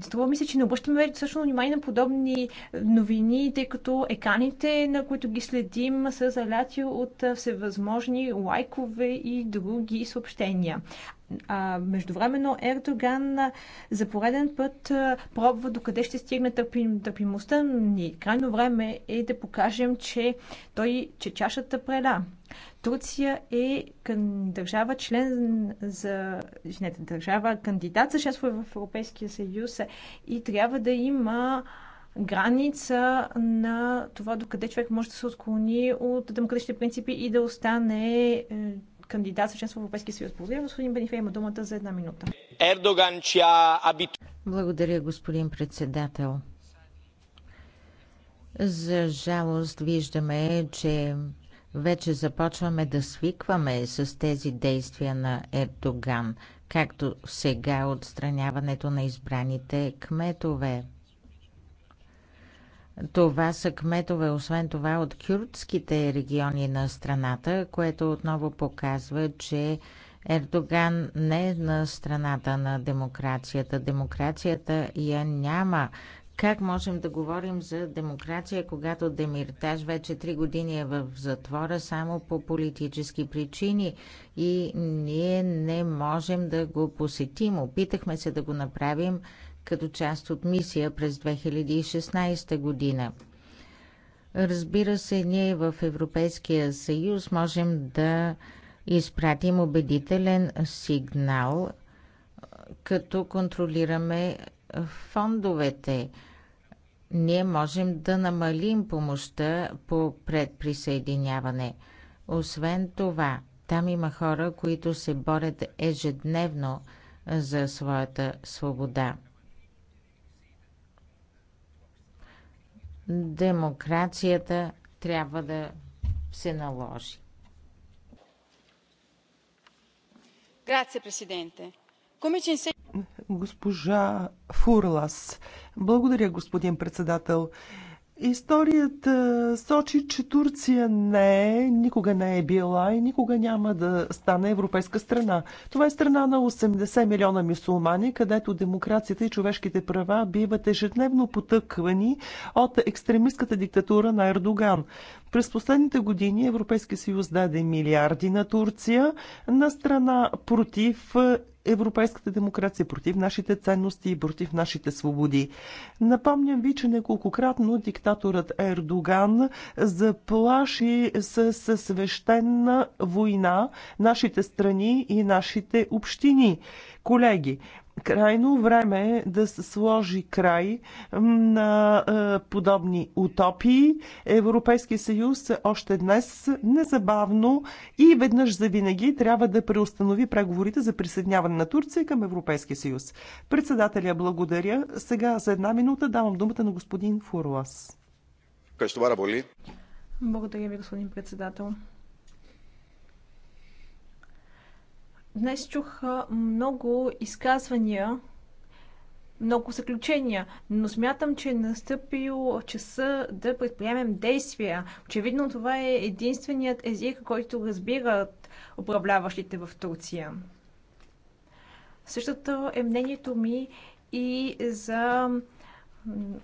S3: Струва ми се, че не обръщаме всъщност внимание на подобни новини, тъй като еканите, на които ги следим, са заляти от всевъзможни лайкове и други съобщения. А, междувременно Ердоган за пореден път пробва докъде ще стигне търпим, търпимостта ни. Крайно време е да покажем, че той, че чашата преля. Турция е кън, държава член за... Извинете, държава кандидат за членство в Европейския съюз и трябва да има граница на това докъде човек може да се отклони от демократичните принципи и да остане е, кандидат за членство в Европейския съюз. Благодаря, господин Бенифе, има думата за една минута.
S1: Ердоган, чия
S2: Благодаря, господин председател. За жалост виждаме, че вече започваме да свикваме с тези действия на Ердоган, както сега отстраняването на избраните кметове. Това са кметове, освен това, от кюрдските региони на страната, което отново показва, че Ердоган не е на страната на демокрацията. Демокрацията я няма. Как можем да говорим за демокрация, когато Демиртаж вече три години е в затвора само по политически причини и ние не можем да го посетим? Опитахме се да го направим като част от мисия през 2016 година. Разбира се, ние в Европейския съюз можем да изпратим убедителен сигнал, като контролираме фондовете – ние можем да намалим помощта по предприсъединяване. Освен това, там има хора, които се борят ежедневно за своята свобода. Демокрацията трябва да се наложи.
S6: Грация, президенте!
S4: Госпожа Фурлас. Благодаря, господин председател. Историята сочи, че Турция не е, никога не е била и никога няма да стане европейска страна. Това е страна на 80 милиона мисулмани, където демокрацията и човешките права биват ежедневно потъквани от екстремистката диктатура на Ердоган. През последните години Европейския съюз даде милиарди на Турция, на страна против европейската демокрация, против нашите ценности и против нашите свободи. Напомням ви, че неколкократно диктаторът Ердоган заплаши с свещена война нашите страни и нашите общини. Колеги, Крайно време е да се сложи край на е, подобни утопии. Европейския съюз още днес незабавно и веднъж за винаги трябва да преустанови преговорите за присъединяване на Турция към Европейския съюз. Председателя благодаря. Сега за една минута давам думата на господин Фурлас.
S3: Благодаря ви, господин председател. Днес чух много изказвания, много заключения, но смятам, че е настъпил часа да предприемем действия. Очевидно това е единственият език, който разбират управляващите в Турция. Същото е мнението ми и за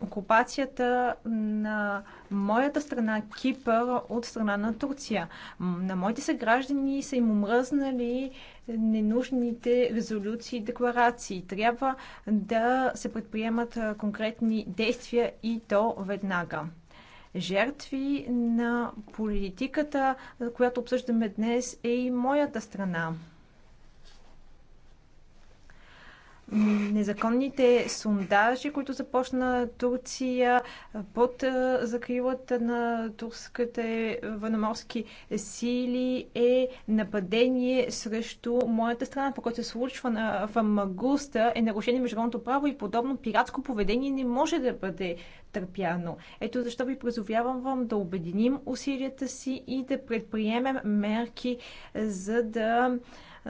S3: окупацията на моята страна Кипър от страна на Турция. На моите съграждани са им омръзнали ненужните резолюции и декларации. Трябва да се предприемат конкретни действия и то веднага. Жертви на политиката, която обсъждаме днес, е и моята страна. незаконните сундажи, които започна Турция под закрилата на турските военноморски сили е нападение срещу моята страна, по което се случва на, в Магуста е нарушение международното право и подобно пиратско поведение не може да бъде търпяно. Ето защо ви призовявам вам да обединим усилията си и да предприемем мерки за да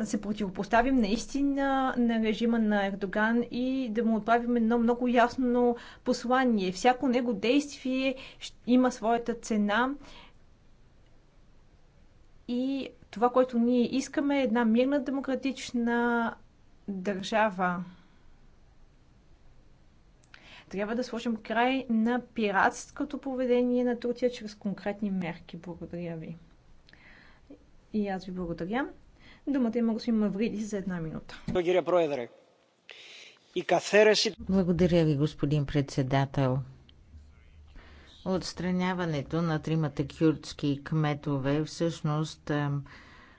S3: се противопоставим наистина на режима на Ердоган и да му отправим едно много ясно послание. Всяко него действие има своята цена и това, което ние искаме е една мирна демократична държава. Трябва да сложим край на пиратското поведение на Турция чрез конкретни мерки. Благодаря ви. И аз ви благодаря. Думата има господин Мавридис за една минута.
S2: Благодаря ви, господин председател. Отстраняването на тримата кюртски кметове всъщност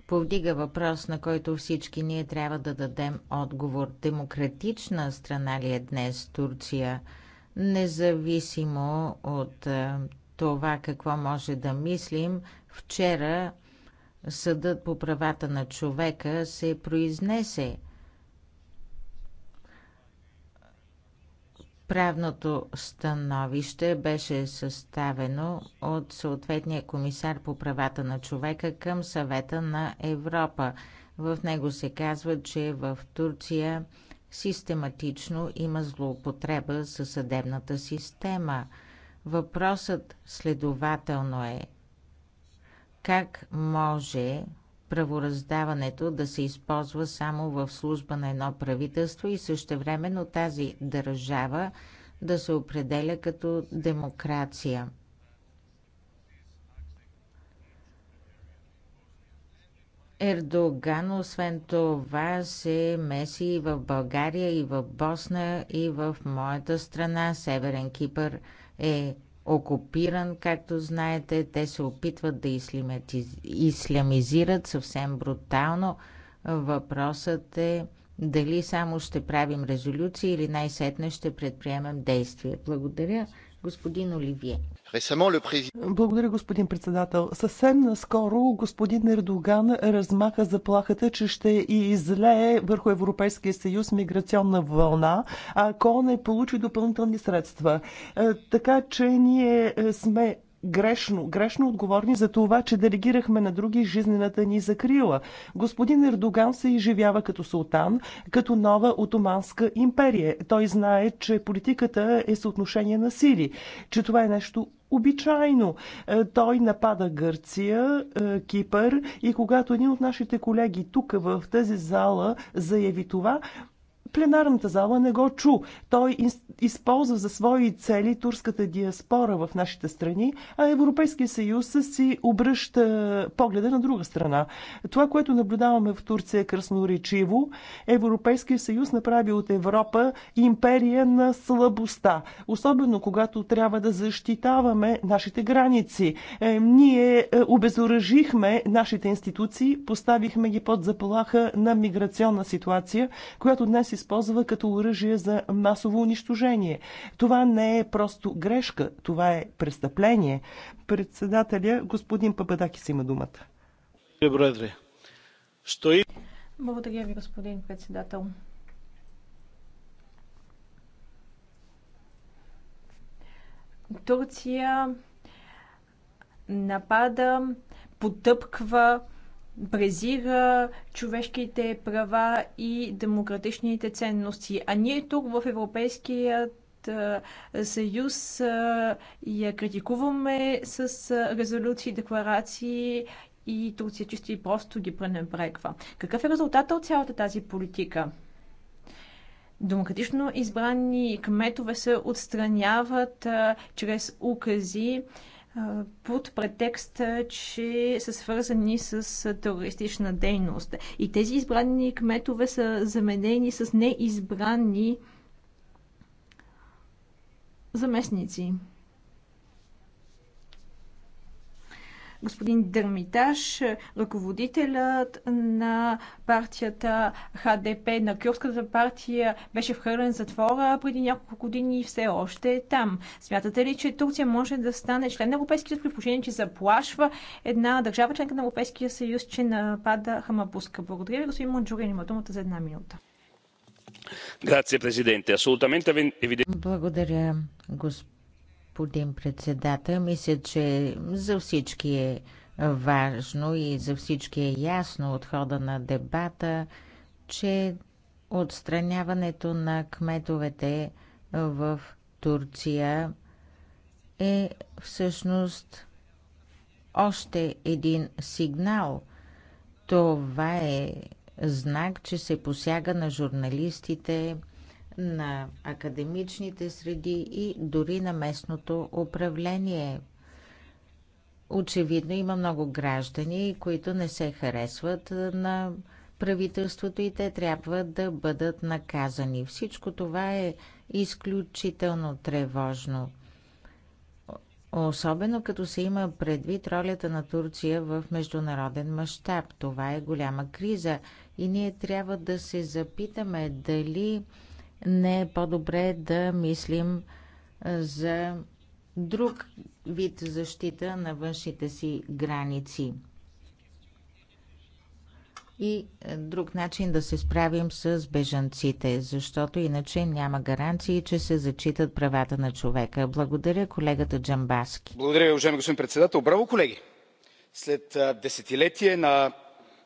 S2: повдига въпрос, на който всички ние трябва да дадем отговор. Демократична страна ли е днес Турция, независимо от това какво може да мислим? Вчера Съдът по правата на човека се произнесе Правното становище беше съставено от съответния комисар по правата на човека към съвета на Европа. В него се казва, че в Турция систематично има злоупотреба със съдебната система. Въпросът следователно е как може правораздаването да се използва само в служба на едно правителство и същевременно тази държава да се определя като демокрация? Ердоган, освен това, се меси и в България, и в Босна, и в моята страна. Северен Кипър е окупиран, както знаете. Те се опитват да ислямизират съвсем брутално. Въпросът е дали само ще правим резолюции или най-сетне ще предприемем действия. Благодаря, господин Оливие.
S4: Благодаря, господин председател. Съвсем наскоро господин Ердоган размаха заплахата, че ще излее върху Европейския съюз миграционна вълна, ако не получи допълнителни средства. Е, така че ние е, сме грешно, грешно отговорни за това, че делегирахме на други жизнената ни закрила. Господин Ердоган се изживява като султан, като нова отоманска империя. Той знае, че политиката е съотношение на сили, че това е нещо обичайно. Е, той напада Гърция, е, Кипър и когато един от нашите колеги тук в тази зала заяви това, Пленарната зала не го чу. Той използва за свои цели турската диаспора в нашите страни, а Европейския съюз си обръща погледа на друга страна. Това, което наблюдаваме в Турция е красноречиво. Европейския съюз направи от Европа империя на слабостта, особено когато трябва да защитаваме нашите граници. Е, ние е, обезоръжихме нашите институции, поставихме ги под заплаха на миграционна ситуация, която днес изпълнява използва като оръжие за масово унищожение. Това не е просто грешка, това е престъпление. Председателя, господин Пападакис има думата.
S3: Благодаря ви, господин председател. Турция напада, потъпква презира човешките права и демократичните ценности. А ние тук в Европейският съюз я критикуваме с резолюции, декларации и Турция чисто и просто ги пренебрегва. Какъв е резултатът от цялата тази политика? Демократично избрани кметове се отстраняват чрез укази под претекст, че са свързани с терористична дейност. И тези избрани кметове са заменени с неизбрани заместници. господин Дърмиташ, ръководителят на партията ХДП на Кюрската партия, беше вхвърлен затвора преди няколко години и все още е там. Смятате ли, че Турция може да стане член на Европейския съюз, при положение, че заплашва една държава членка на Европейския съюз, че напада Хамапуска? Благодаря ви, господин Монджурин. Има думата за една минута.
S1: Е е
S2: Благодаря, господин господин председател. Мисля, че за всички е важно и за всички е ясно от хода на дебата, че отстраняването на кметовете в Турция е всъщност още един сигнал. Това е знак, че се посяга на журналистите, на академичните среди и дори на местното управление. Очевидно има много граждани, които не се харесват на правителството и те трябва да бъдат наказани. Всичко това е изключително тревожно. Особено като се има предвид ролята на Турция в международен мащаб. Това е голяма криза и ние трябва да се запитаме дали не е по-добре да мислим за друг вид защита на външните си граници и друг начин да се справим с бежанците, защото иначе няма гаранции, че се зачитат правата на човека. Благодаря колегата Джамбаски.
S1: Благодаря, уважаеми господин председател. Браво, колеги! След десетилетие на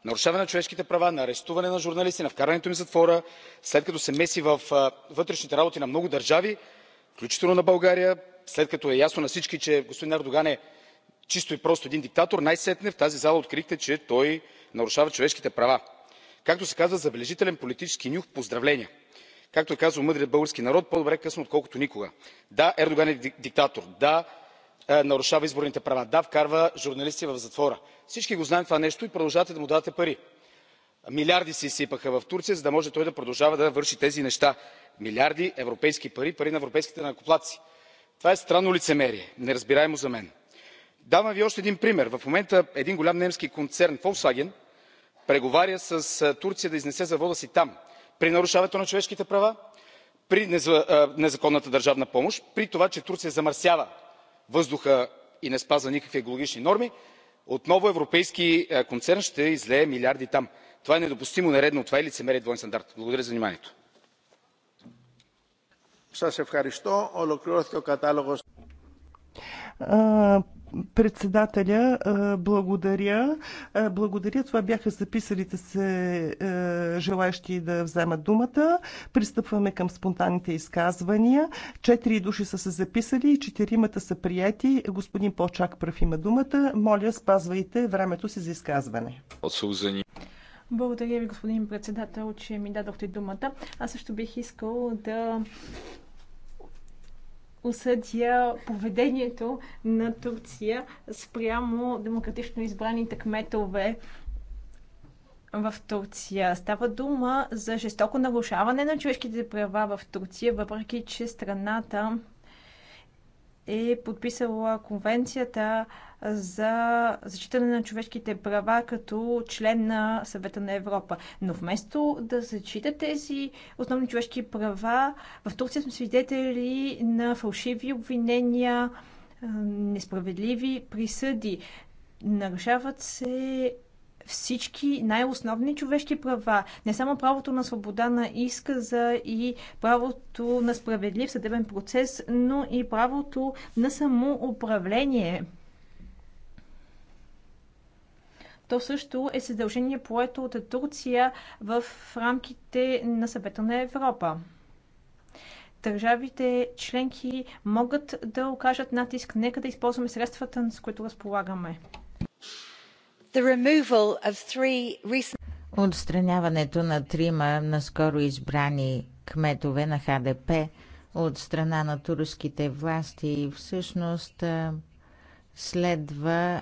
S1: нарушаване на човешките права на арестуване на журналисти на вкарването им в затвора след като се меси във вътрешните работи на много държави включително на българя след като е ясно на всички че господин ердоган е чисто и просто един диктатор най сетне в тази зала открихте че той нарушава човешките права. както се казва забележителен политически нюх поздравления! както е казал мъдрият български народ по добре късно отколкото никога. да ердоган е диктатор да е, нарушава изборните права. Да, вкарва журналисти в затвора. Всички го знаем това нещо и продължавате да му давате пари. Милиарди се изсипаха в Турция, за да може той да продължава да върши тези неща. Милиарди европейски пари, пари на европейските накоплаци. Това е странно лицемерие, неразбираемо за мен. Давам ви още един пример. В момента един голям немски концерн Volkswagen преговаря с е, Турция да изнесе завода си там. При нарушаването на човешките права, при е, незаконната държавна помощ, при това, че Турция замърсява въздуха и не спазва никакви екологични норми отново европейски е, концерн ще излее милиарди там. това е недопустимо нередно това е лицемерие и двоен стандарт. благодаря за вниманието.
S4: Председателя, благодаря. Благодаря. Това бяха записалите се желаящи да вземат думата. Пристъпваме към спонтанните изказвания. Четири души са се записали и четиримата са прияти. Господин Почак прав има думата. Моля, спазвайте времето си за изказване.
S1: Отсъузани.
S3: Благодаря ви, господин председател, че ми дадохте думата. Аз също бих искал да осъдя поведението на Турция спрямо демократично избраните кметове в Турция. Става дума за жестоко нарушаване на човешките права в Турция, въпреки че страната е подписала конвенцията за зачитане на човешките права като член на съвета на Европа. Но вместо да зачита тези основни човешки права, в Турция сме свидетели на фалшиви обвинения, несправедливи присъди. Нарушават се всички най-основни човешки права, не само правото на свобода на изказа и правото на справедлив съдебен процес, но и правото на самоуправление. То също е съдължение поето от Турция в рамките на съвета на Европа държавите членки могат да окажат натиск. Нека да използваме средствата, с които разполагаме.
S2: Отстраняването на трима наскоро избрани кметове на ХДП от страна на турските власти всъщност следва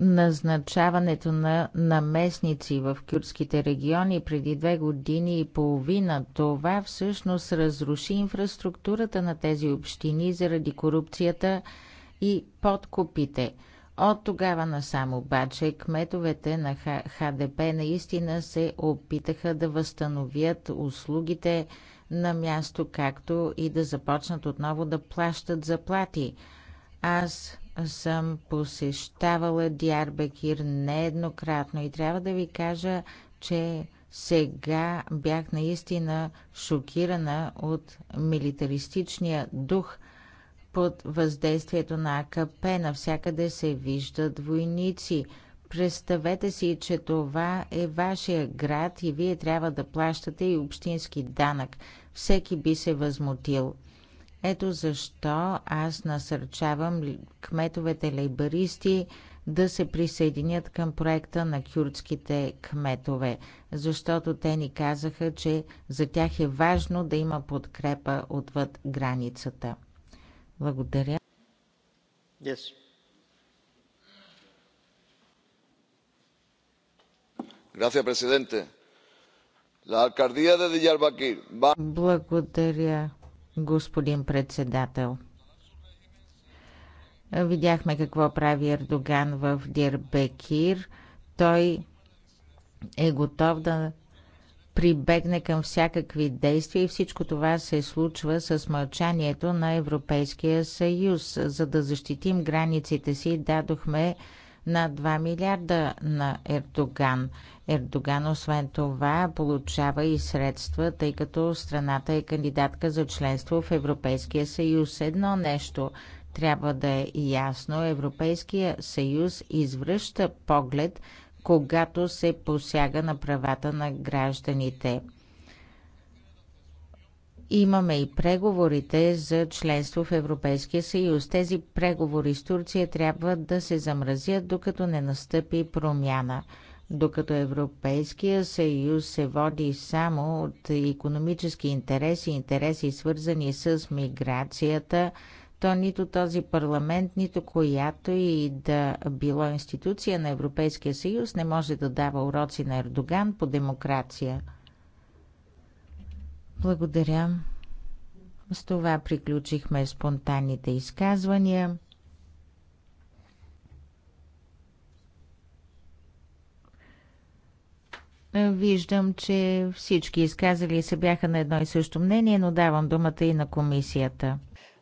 S2: назначаването на наместници в кюрдските региони преди две години и половина. Това всъщност разруши инфраструктурата на тези общини заради корупцията и подкупите – от тогава насам обаче кметовете на ХДП наистина се опитаха да възстановят услугите на място, както и да започнат отново да плащат заплати. Аз съм посещавала Диарбекир нееднократно и трябва да ви кажа, че сега бях наистина шокирана от милитаристичния дух – под въздействието на АКП. Навсякъде се виждат войници. Представете си, че това е вашия град и вие трябва да плащате и общински данък. Всеки би се възмутил. Ето защо аз насърчавам кметовете лейбаристи да се присъединят към проекта на кюрдските кметове, защото те ни казаха, че за тях е важно да има подкрепа отвъд границата. Благодаря.
S5: Yes.
S6: Gracias, presidente. La alcaldía de Diyarbakir. va...
S2: Благодаря, господин председател. Видяхме какво прави Ердоган в Дирбекир. Той е готов да прибегне към всякакви действия и всичко това се случва с мълчанието на Европейския съюз. За да защитим границите си, дадохме на 2 милиарда на Ердоган. Ердоган освен това получава и средства, тъй като страната е кандидатка за членство в Европейския съюз. Едно нещо трябва да е ясно. Европейския съюз извръща поглед когато се посяга на правата на гражданите. Имаме и преговорите за членство в Европейския съюз. Тези преговори с Турция трябва да се замразят, докато не настъпи промяна. Докато Европейския съюз се води само от економически интереси, интереси свързани с миграцията, то нито този парламент, нито която и да било институция на Европейския съюз не може да дава уроци на Ердоган по демокрация. Благодаря. С това приключихме спонтанните изказвания. Виждам, че всички изказали се бяха на
S4: едно и също
S2: мнение, но давам думата и на комисията.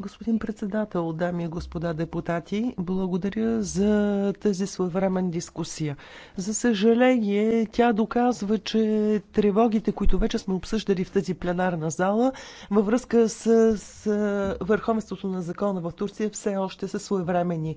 S4: Господин председател, дами и господа депутати, благодаря за тази своевремен дискусия. За съжаление, тя доказва, че тревогите, които вече сме обсъждали в тази пленарна зала, във връзка с, с върховенството на закона в Турция, все още са своевремени.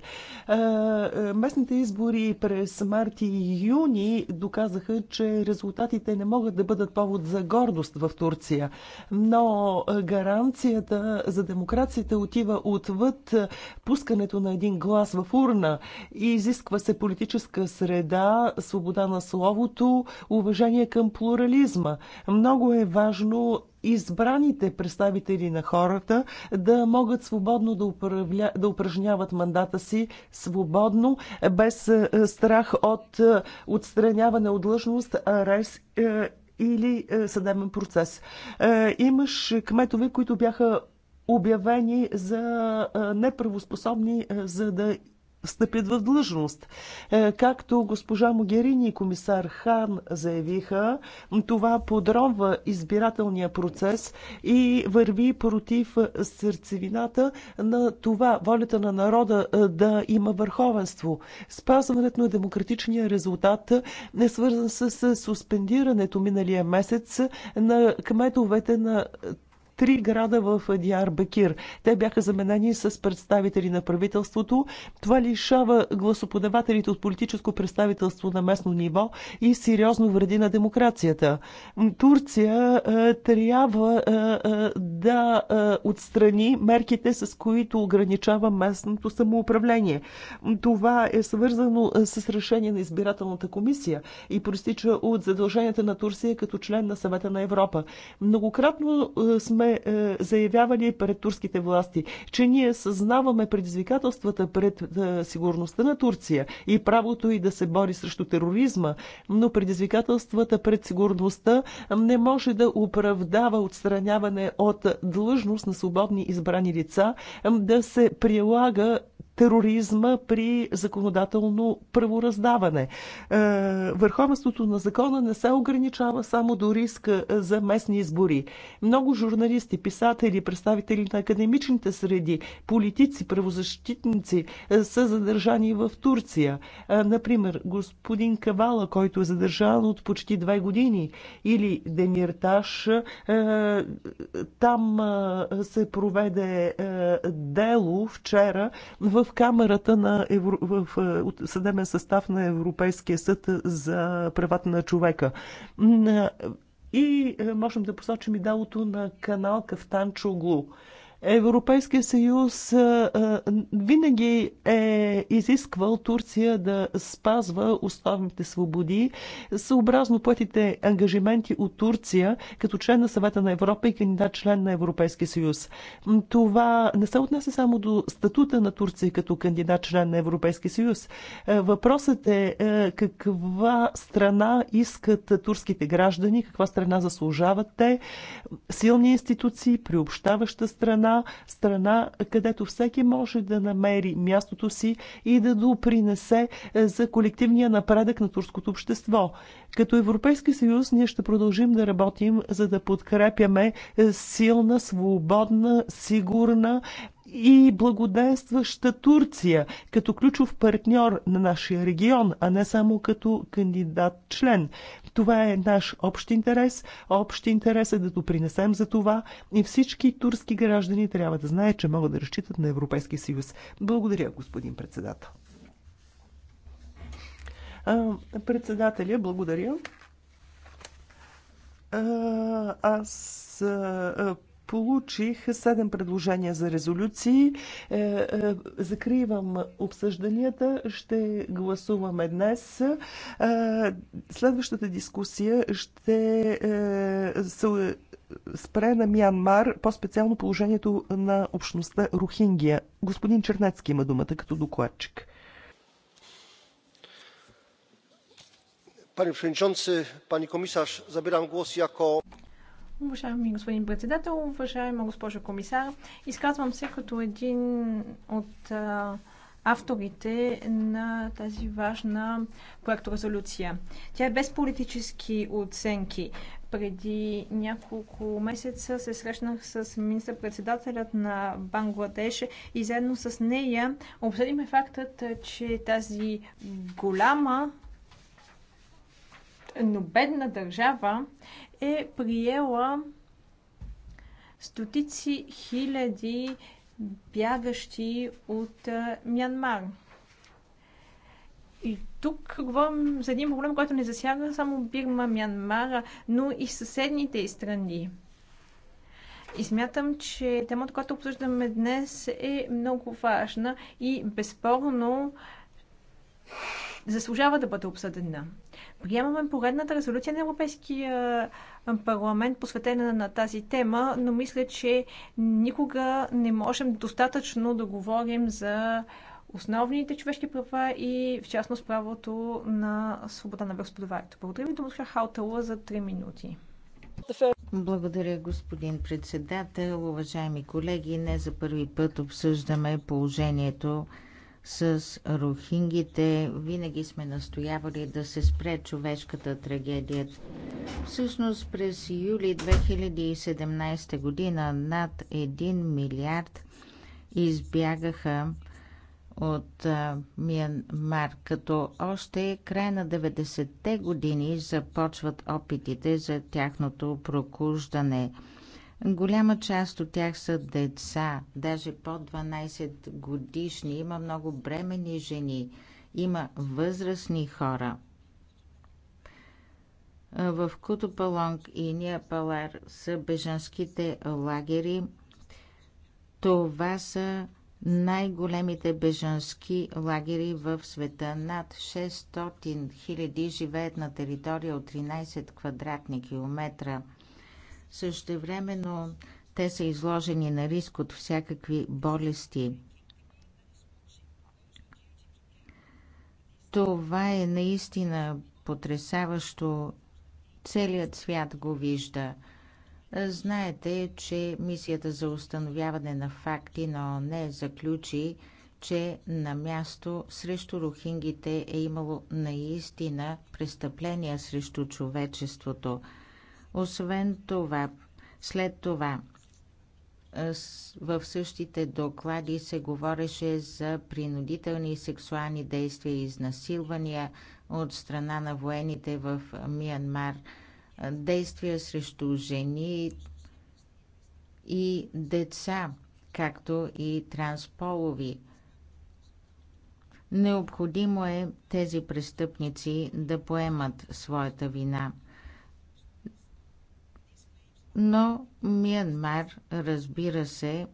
S4: Местните избори през март и юни доказаха, че резултатите не могат да бъдат повод за гордост в Турция. Но гаранцията за демокрацията Демокрацията отива отвъд е, пускането на един глас в урна и изисква се политическа среда, свобода на словото, уважение към плурализма. Много е важно избраните представители на хората да могат свободно да, управля, да упражняват мандата си, свободно, без е, страх от е, отстраняване от длъжност, арест или съдебен процес. Имаш кметове, които бяха обявени за неправоспособни, за да стъпят в длъжност. Е, както госпожа Могерини и комисар Хан заявиха, това подронва избирателния процес и върви против сърцевината на това, волята на народа е, да има върховенство. Спазването на демократичния резултат не свързан с суспендирането миналия месец на кметовете на три града в Бекир. Те бяха заменени с представители на правителството. Това лишава гласоподавателите от политическо представителство на местно ниво и сериозно вреди на демокрацията. Турция трябва да отстрани мерките, с които ограничава местното самоуправление. Това е свързано с решение на избирателната комисия и проистича от задълженията на Турция като член на съвета на Европа. Многократно сме е, е, заявявали пред турските власти, че ние съзнаваме предизвикателствата пред е, сигурността на Турция и правото и да се бори срещу тероризма, но предизвикателствата пред сигурността не може да оправдава отстраняване от длъжност на свободни избрани лица, да се прилага тероризма при законодателно правораздаване. Е, върховенството на закона не се ограничава само до риска за местни избори. Много журналисти, писатели, представители на академичните среди, политици, правозащитници е, са задържани в Турция. Е, например, господин Кавала, който е задържан от почти две години, или Демирташ, там се проведе дело вчера в камерата на Евро... в съдебен състав на Европейския съд за правата на човека. И е, можем да посочим и далото на канал Кафтан Чуглу. Европейския съюз винаги е изисквал Турция да спазва основните свободи, съобразно поетите ангажименти от Турция като член на съвета на Европа и кандидат член на Европейския съюз. Това не се отнася само до статута на Турция като кандидат член на Европейския съюз. Въпросът е каква страна искат турските граждани, каква страна заслужават те, силни институции, приобщаваща страна, една страна, където всеки може да намери мястото си и да допринесе е, за колективния напредък на турското общество. Като Европейски съюз ние ще продължим да работим, за да подкрепяме е, силна, свободна, сигурна и благоденстваща Турция като ключов партньор на нашия регион, а не само като кандидат член. Това е наш общ интерес. Общ интерес е да допринесем за това и всички турски граждани трябва да знаят, че могат да разчитат на Европейския съюз. Благодаря, господин председател. Председателя, благодаря. Аз Получих седем предложения за резолюции. Е, е, закривам обсъжданията. Ще гласуваме днес. Е, следващата дискусия ще се спре на Мянмар, по-специално положението на общността Рухингия. Господин Чернецки има думата като докладчик.
S5: Пани Пани Комисар, забирам глас яко...
S3: Уважаеми господин председател, уважаема госпожо комисар, изказвам се като един от а, авторите на тази важна проекторезолюция. Тя е без политически оценки. Преди няколко месеца се срещнах с министър-председателят на Бангладеш и заедно с нея обсъдиме фактът, че тази голяма но бедна държава е приела стотици хиляди бягащи от Мянмар. И тук говорим за един проблем, който не засяга само Бирма, Мянмара, но и съседните страни. И смятам, че темата, която обсъждаме днес, е много важна и безспорно заслужава да бъде обсъдена. Приемаме поредната резолюция на Европейския парламент, посветена на тази тема, но мисля, че никога не можем достатъчно да говорим за основните човешки права и в частност правото на свобода на вероисповеданието. Благодаря ви, Томаса Хаутала, за 3 минути.
S2: Благодаря, господин председател. Уважаеми колеги, не за първи път обсъждаме положението с рухингите. Винаги сме настоявали да се спре човешката трагедия. Всъщност през юли 2017 година над 1 милиард избягаха от Миянмар, като още край на 90-те години започват опитите за тяхното прокуждане – Голяма част от тях са деца, даже под 12 годишни. Има много бремени жени, има възрастни хора. В Кутопалонг и Ниапалар са бежанските лагери. Това са най-големите бежански лагери в света. Над 600 000 живеят на територия от 13 квадратни километра – Същевременно те са изложени на риск от всякакви болести. Това е наистина потрясаващо. Целият свят го вижда. Знаете, че мисията за установяване на факти но не заключи, че на място срещу рухингите е имало наистина престъпления срещу човечеството – освен това, след това в същите доклади се говореше за принудителни сексуални действия и изнасилвания от страна на военните в Миянмар, действия срещу жени и деца, както и трансполови. Необходимо е тези престъпници да поемат своята вина – но Миянмар, разбира се,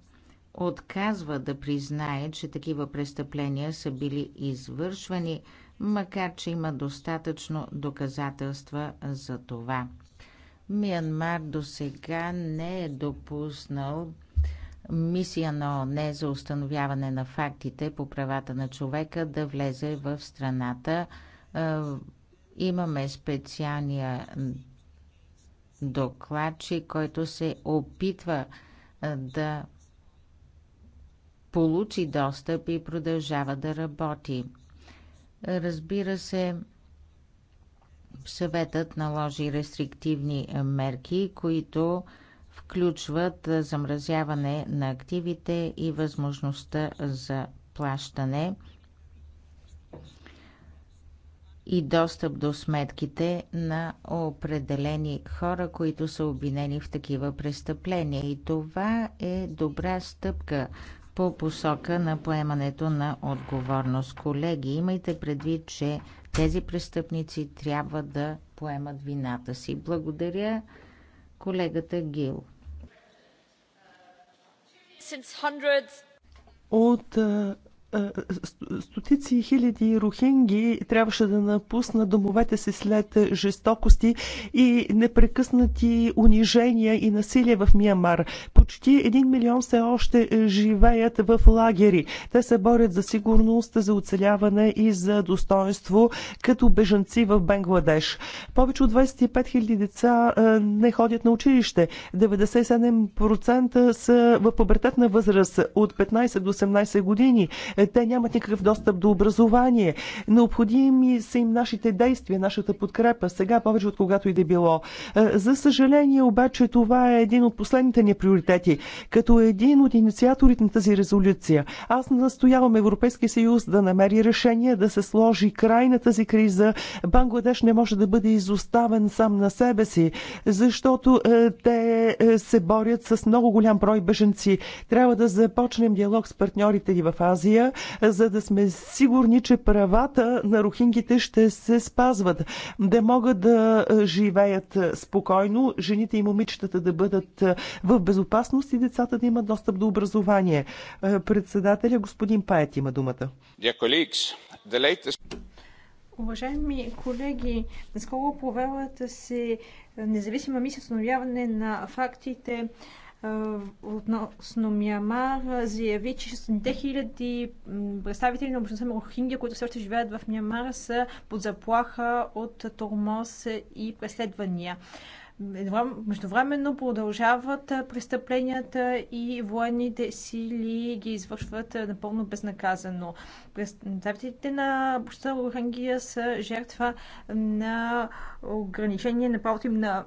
S2: отказва да признае, че такива престъпления са били извършвани, макар че има достатъчно доказателства за това. Миянмар до сега не е допуснал мисия на ООН за установяване на фактите по правата на човека да влезе в страната. Е, имаме специалния докладчик, който се опитва да получи достъп и продължава да работи. Разбира се, съветът наложи рестриктивни мерки, които включват замразяване на активите и възможността за плащане – и достъп до сметките на определени хора, които са обвинени в такива престъпления. И това е добра стъпка по посока на поемането на отговорност. Колеги, имайте предвид, че тези престъпници трябва да поемат вината си. Благодаря колегата Гил.
S4: От е, е, стотици хиляди рухинги трябваше да напуснат домовете си след жестокости и непрекъснати унижения и насилие в Миямар. Почти 1 милион все още живеят в лагери. Те се борят за сигурност, за оцеляване и за достоинство като бежанци в Бангладеш. Повече от 25 хиляди деца е, не ходят на училище. 97% са в пубертетна възраст от 15 до 18 години. Е, те нямат никакъв достъп до образование. Необходими са им нашите действия, нашата подкрепа, сега повече от когато и да било. Е, за съжаление обаче това е един от последните ни приоритети. Като един от инициаторите на тази резолюция, аз настоявам Европейския съюз да намери решение да се сложи край на тази криза. Бангладеш не може да бъде изоставен сам на себе си, защото е, те се борят с много голям брой беженци. Трябва да започнем диалог с партньорите ни в Азия, за да сме сигурни, че правата на рухингите ще се спазват, да могат да живеят спокойно, жените и момичетата да бъдат в безопасност и децата да имат достъп до образование. Председателя господин Паят има думата.
S3: Уважаеми колеги, наскоро провелата се независима мисия установяване на фактите относно Миямар заяви, че 6 хиляди представители на общността Мрохингя, които все още живеят в Миямар, са под заплаха от тормоз и преследвания. Междувременно продължават престъпленията и военните сили ги извършват напълно безнаказано. Представителите на общността Рохангия са жертва на ограничение на правото им на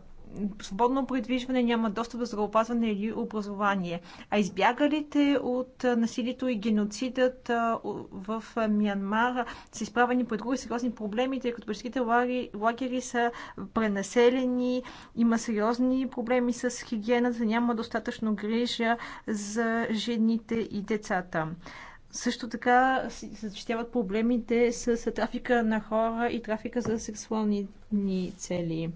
S3: свободно предвижване, няма достъп до здравеопазване или образование. А избягалите от насилието и геноцидът в Мянмар са изправени пред други сериозни проблеми, тъй като бежките лагери са пренаселени, има сериозни проблеми с хигиената, няма достатъчно грижа за жените и децата. Също така се защитяват проблемите с трафика на хора и трафика за сексуални цели.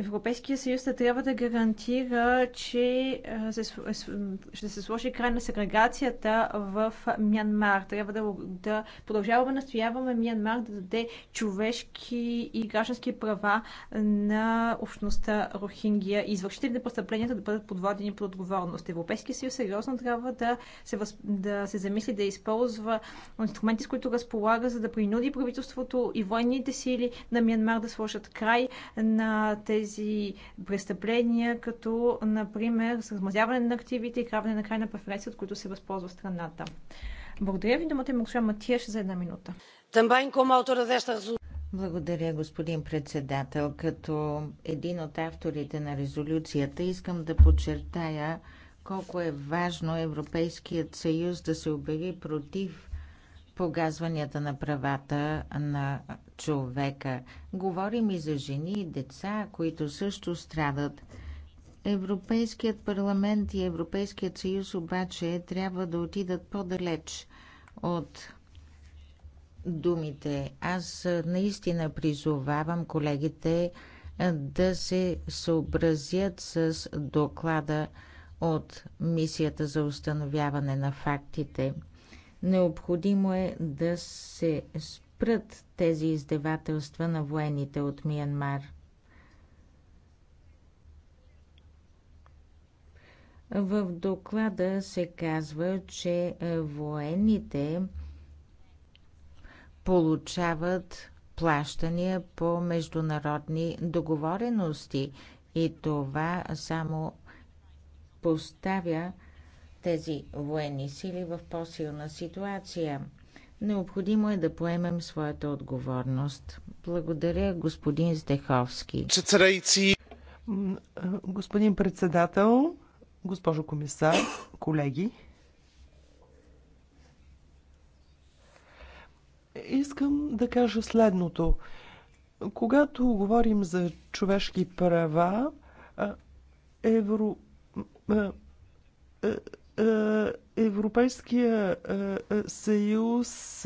S3: Европейския съюз трябва да гарантира, че е, ще се сложи край на сегрегацията в Мянмар. Трябва да, да продължаваме, настояваме Мянмар да даде човешки и граждански права на общността Рохингия и извършители на престъпленията да бъдат подводени под отговорност. Европейския съюз сериозно трябва да се, въз... да се замисли да използва инструменти, с които разполага, за да принуди правителството и военните сили на Мянмар да сложат край на тези тези престъпления, като, например, с размазяване на активите и краване на крайна преференция, от които се възползва страната.
S2: Благодаря ви, думата има госпожа Матиеш за една минута. Благодаря, господин председател. Като един от авторите на резолюцията искам да подчертая колко е важно Европейският съюз да се обяви против погазванията на правата на човека. Говорим и за жени и деца, които също страдат. Европейският парламент и Европейският съюз обаче трябва да отидат по-далеч от думите. Аз наистина призовавам колегите да се съобразят с доклада от мисията за установяване на фактите – Необходимо е да се спрат тези издевателства на военните от Миянмар. В доклада се казва, че военните получават плащания по международни договорености и това само поставя тези военни сили в по-силна ситуация. Необходимо е да поемем своята отговорност. Благодаря,
S4: господин Здеховски. Председайци. Господин председател, госпожо комисар, колеги. Искам да кажа следното. Когато говорим за човешки права, евро е, Европейския е, е, съюз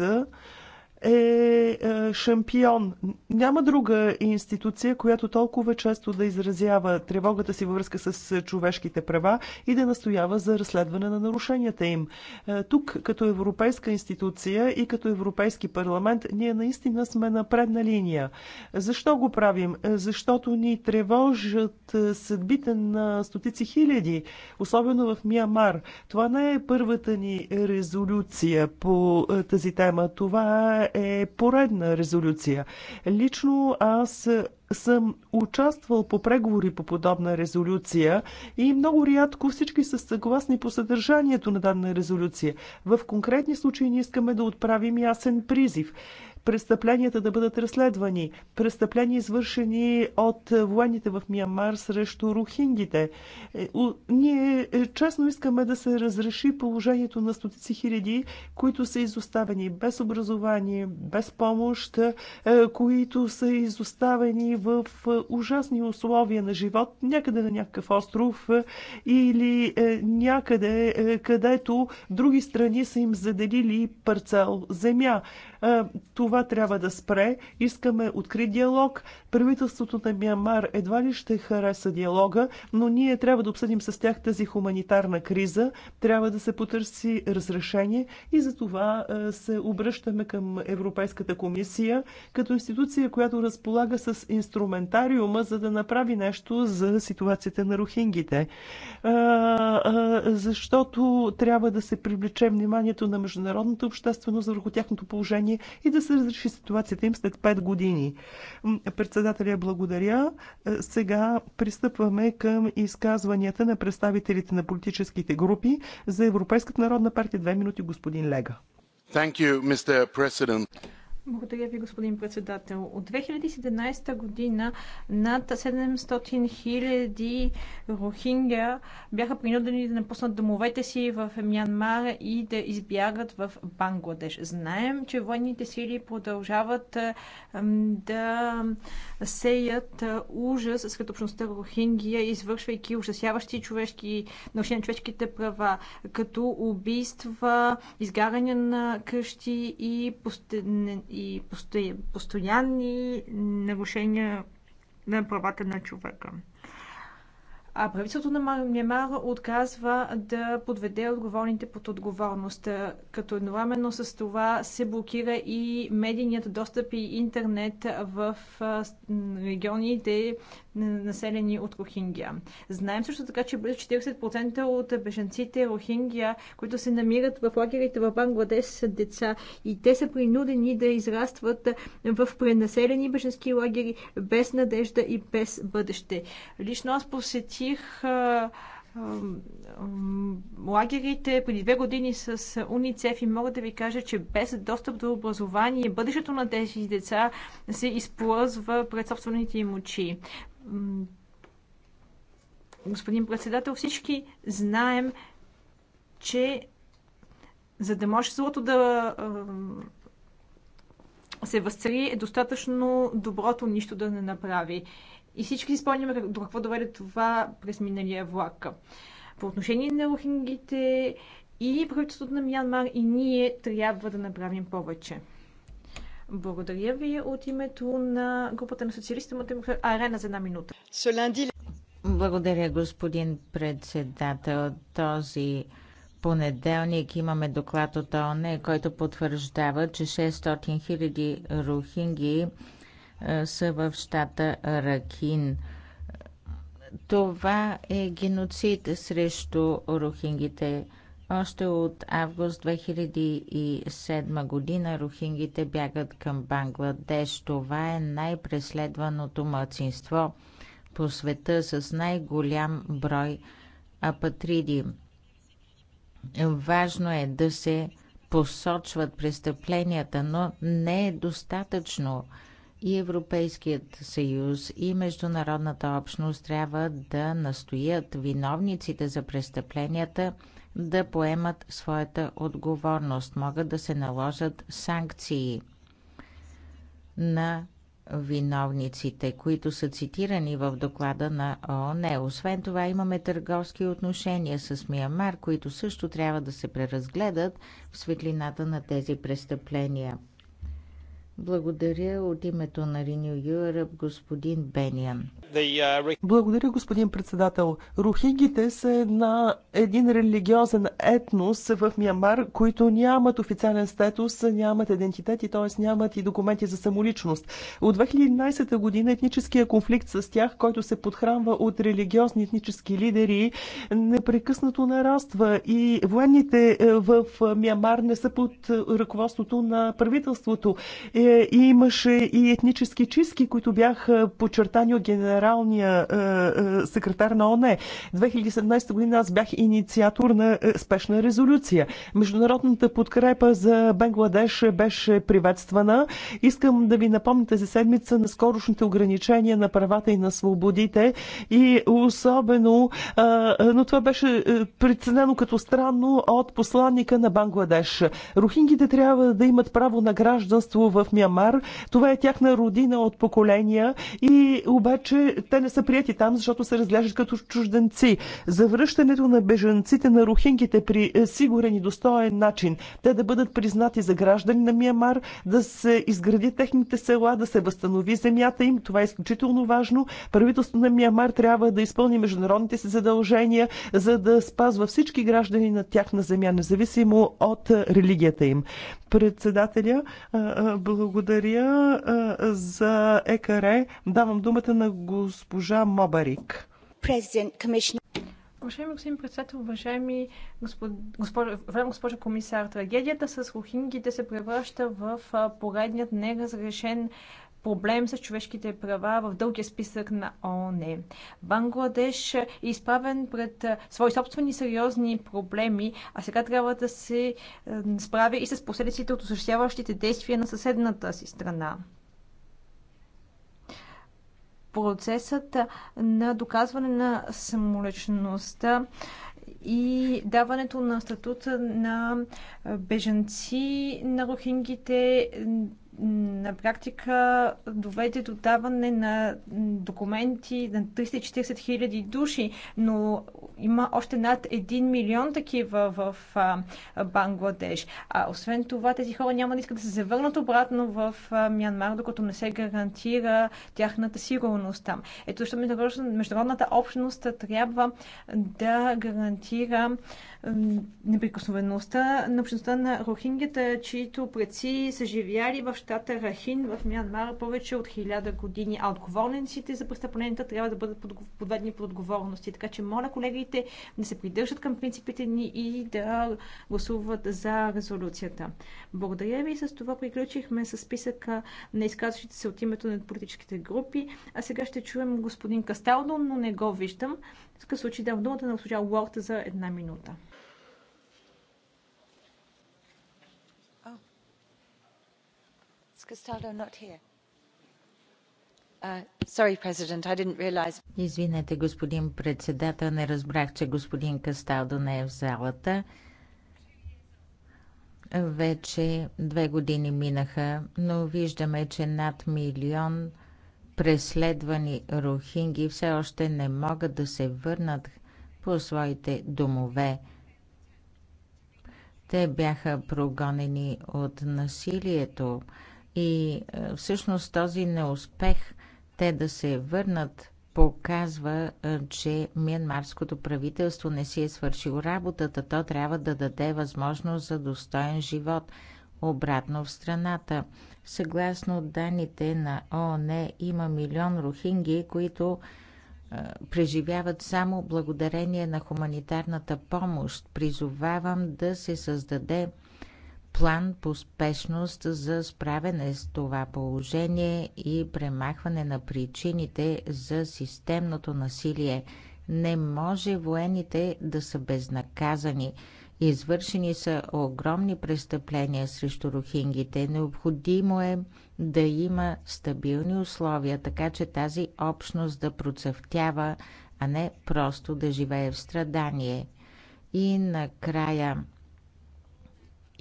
S4: е, е шампион. Няма друга институция, която толкова често да изразява тревогата си във връзка с е, човешките права и да настоява за разследване на нарушенията им. Е, тук, като европейска институция и като Европейски парламент, ние наистина сме на предна линия. Защо го правим? Защото ни тревожат съдбите на стотици хиляди, особено в Миямар. Това не е първата ни резолюция по тази тема. Това е е поредна резолюция. Лично аз съм участвал по преговори по подобна резолюция и много рядко всички са съгласни по съдържанието на дадена резолюция. В конкретни случаи ние искаме да отправим ясен призив престъпленията да бъдат разследвани, престъпления извършени от военните в Миямар срещу рухингите. Е, ние е, честно искаме да се разреши положението на стотици хиляди, които са изоставени без образование, без помощ, е, които са изоставени в ужасни условия на живот някъде на някакъв остров или някъде, където други страни са им заделили парцел земя. Това това трябва да спре. Искаме открит диалог. Правителството на Миямар едва ли ще хареса диалога, но ние трябва да обсъдим с тях тази хуманитарна криза. Трябва да се потърси разрешение и за това е, се обръщаме към Европейската комисия като институция, която разполага с инструментариума, за да направи нещо за ситуацията на рухингите. Е, е, защото трябва да се привлече вниманието на международната общественост върху тяхното положение и да се разреши ситуацията им след 5 години. Председателя благодаря. Е, сега пристъпваме към изказванията на представителите на политическите групи за Европейската народна партия. Две минути, господин Лега. Thank you, Mr. President.
S3: Благодаря ви, господин председател. От 2017 година над 700 хиляди рохингя бяха принудени да напуснат домовете си в Мянмар и да избягат в Бангладеш. Знаем, че военните сили продължават да сеят ужас сред общността рохингия, извършвайки ужасяващи човешки, нарушения на човешките права, като убийства, изгаряне на къщи и постен и постоянни нарушения на правата на човека а правителството на Мьянмар отказва да подведе отговорните под отговорност, като едновременно с това се блокира и медийният достъп и интернет в регионите населени от Рохингия. Знаем също така, че близо 40% от беженците Рохингия, които се намират в лагерите в Бангладеш, са деца и те са принудени да израстват в пренаселени беженски лагери без надежда и без бъдеще. Лично аз посетих посетих лагерите преди две години с УНИЦЕФ и мога да ви кажа, че без достъп до образование бъдещето на тези деца се изплъзва пред собствените им очи. Господин председател, всички знаем, че за да може злото да се възцари, е достатъчно доброто нищо да не направи. И всички спомняме до какво доведе това през миналия влак. По отношение на рухингите и правителството на Мянмар и ние трябва да направим повече. Благодаря ви от името на групата на социалистите му Арена за една минута.
S2: Благодаря, господин председател. Този понеделник имаме доклад от ОНЕ, който потвърждава, че 600 000 рухинги е, са в щата Ракин. Това е геноцид срещу рухингите. Още от август 2007 година рухингите бягат към Бангладеш. Това е най-преследваното младсинство по света с най-голям брой апатриди. Важно е да се посочват престъпленията, но не е достатъчно. И Европейският съюз и международната общност трябва да настоят виновниците за престъпленията да поемат своята отговорност. Могат да се наложат санкции на виновниците, които са цитирани в доклада на ООН. Освен това имаме търговски отношения с Миямар, които също трябва да се преразгледат в светлината на тези престъпления. Благодаря от името на Renew Europe,
S4: господин Бениан. Uh, Благодаря, господин председател. Рухигите са една, един религиозен етнос в Миямар, които нямат официален статус, нямат идентитет и т.е. нямат и документи за самоличност. От 2011 година етническия конфликт с тях, който се подхранва от религиозни етнически лидери, непрекъснато нараства и военните е, в е, Миямар не са под е, ръководството на правителството имаше и етнически чистки, които бяха подчертани от генералния е, е, секретар на ОНЕ. 2017 година аз бях инициатор на е, спешна резолюция. Международната подкрепа за Бангладеш беше приветствана. Искам да ви напомня тази седмица на скорошните ограничения на правата и на свободите и особено, но това беше преценено като странно от посланника на Бангладеш. Рухингите трябва да имат право на гражданство в Мямар. Това е тяхна родина от поколения и обаче те не са прияти там, защото се разглеждат като чужденци. Завръщането на беженците на рухингите при е, сигурен и достоен начин, те да бъдат признати за граждани на Миямар, да се изгради техните села, да се възстанови земята им. Това е изключително важно. Правителството на Миямар трябва да изпълни международните си задължения, за да спазва всички граждани на тяхна земя, независимо от религията им. Председателя, благодаря благодаря за екаре. Давам думата на госпожа Мобарик.
S3: Уважаеми господин председател, уважаеми госпожа, госпожа комисар, трагедията с рухингите се превръща в поредният неразрешен проблем с човешките права в дългия списък на ООН. Бангладеш е изправен пред свои собствени сериозни проблеми, а сега трябва да се е, справя и с последиците от осъществяващите действия на съседната си страна процесът на доказване на самоличността и даването на статута на бежанци на рохингите на практика доведе до даване на документи на 340 хиляди души, но има още над 1 милион такива в Бангладеш. А освен това, тези хора няма да искат да се завърнат обратно в Мянмар, докато не се гарантира тяхната сигурност там. Ето защото международната общност трябва да гарантира неприкосновеността на общността на рохингята, чието предци са живяли в щата Рахин в Мянмар повече от хиляда години, а отговорниците за престъпленията трябва да бъдат подведени под отговорности. Така че моля колегите да се придържат към принципите ни и да гласуват за резолюцията. Благодаря ви. С това приключихме с списъка на изказващите се от името на политическите групи. А сега ще чуем господин Касталдо, но не го виждам. В случай дам думата на госпожа Уорта за една минута.
S2: Uh, Извинете, господин председател, не разбрах, че господин Касталдо не е в залата. Вече две години минаха, но виждаме, че над милион преследвани рохинги все още не могат да се върнат по своите домове. Те бяха прогонени от насилието. И е, всъщност този неуспех те да се върнат показва, е, че миянмарското правителство не си е свършило работата. То трябва да даде възможност за достоен живот обратно в страната. Съгласно данните на ООН има милион рухинги, които е, преживяват само благодарение на хуманитарната помощ. Призовавам да се създаде план по спешност за справяне с това положение и премахване на причините за системното насилие. Не може военните да са безнаказани. Извършени са огромни престъпления срещу рухингите. Необходимо е да има стабилни условия, така че тази общност да процъфтява, а не просто да живее в страдание. И накрая –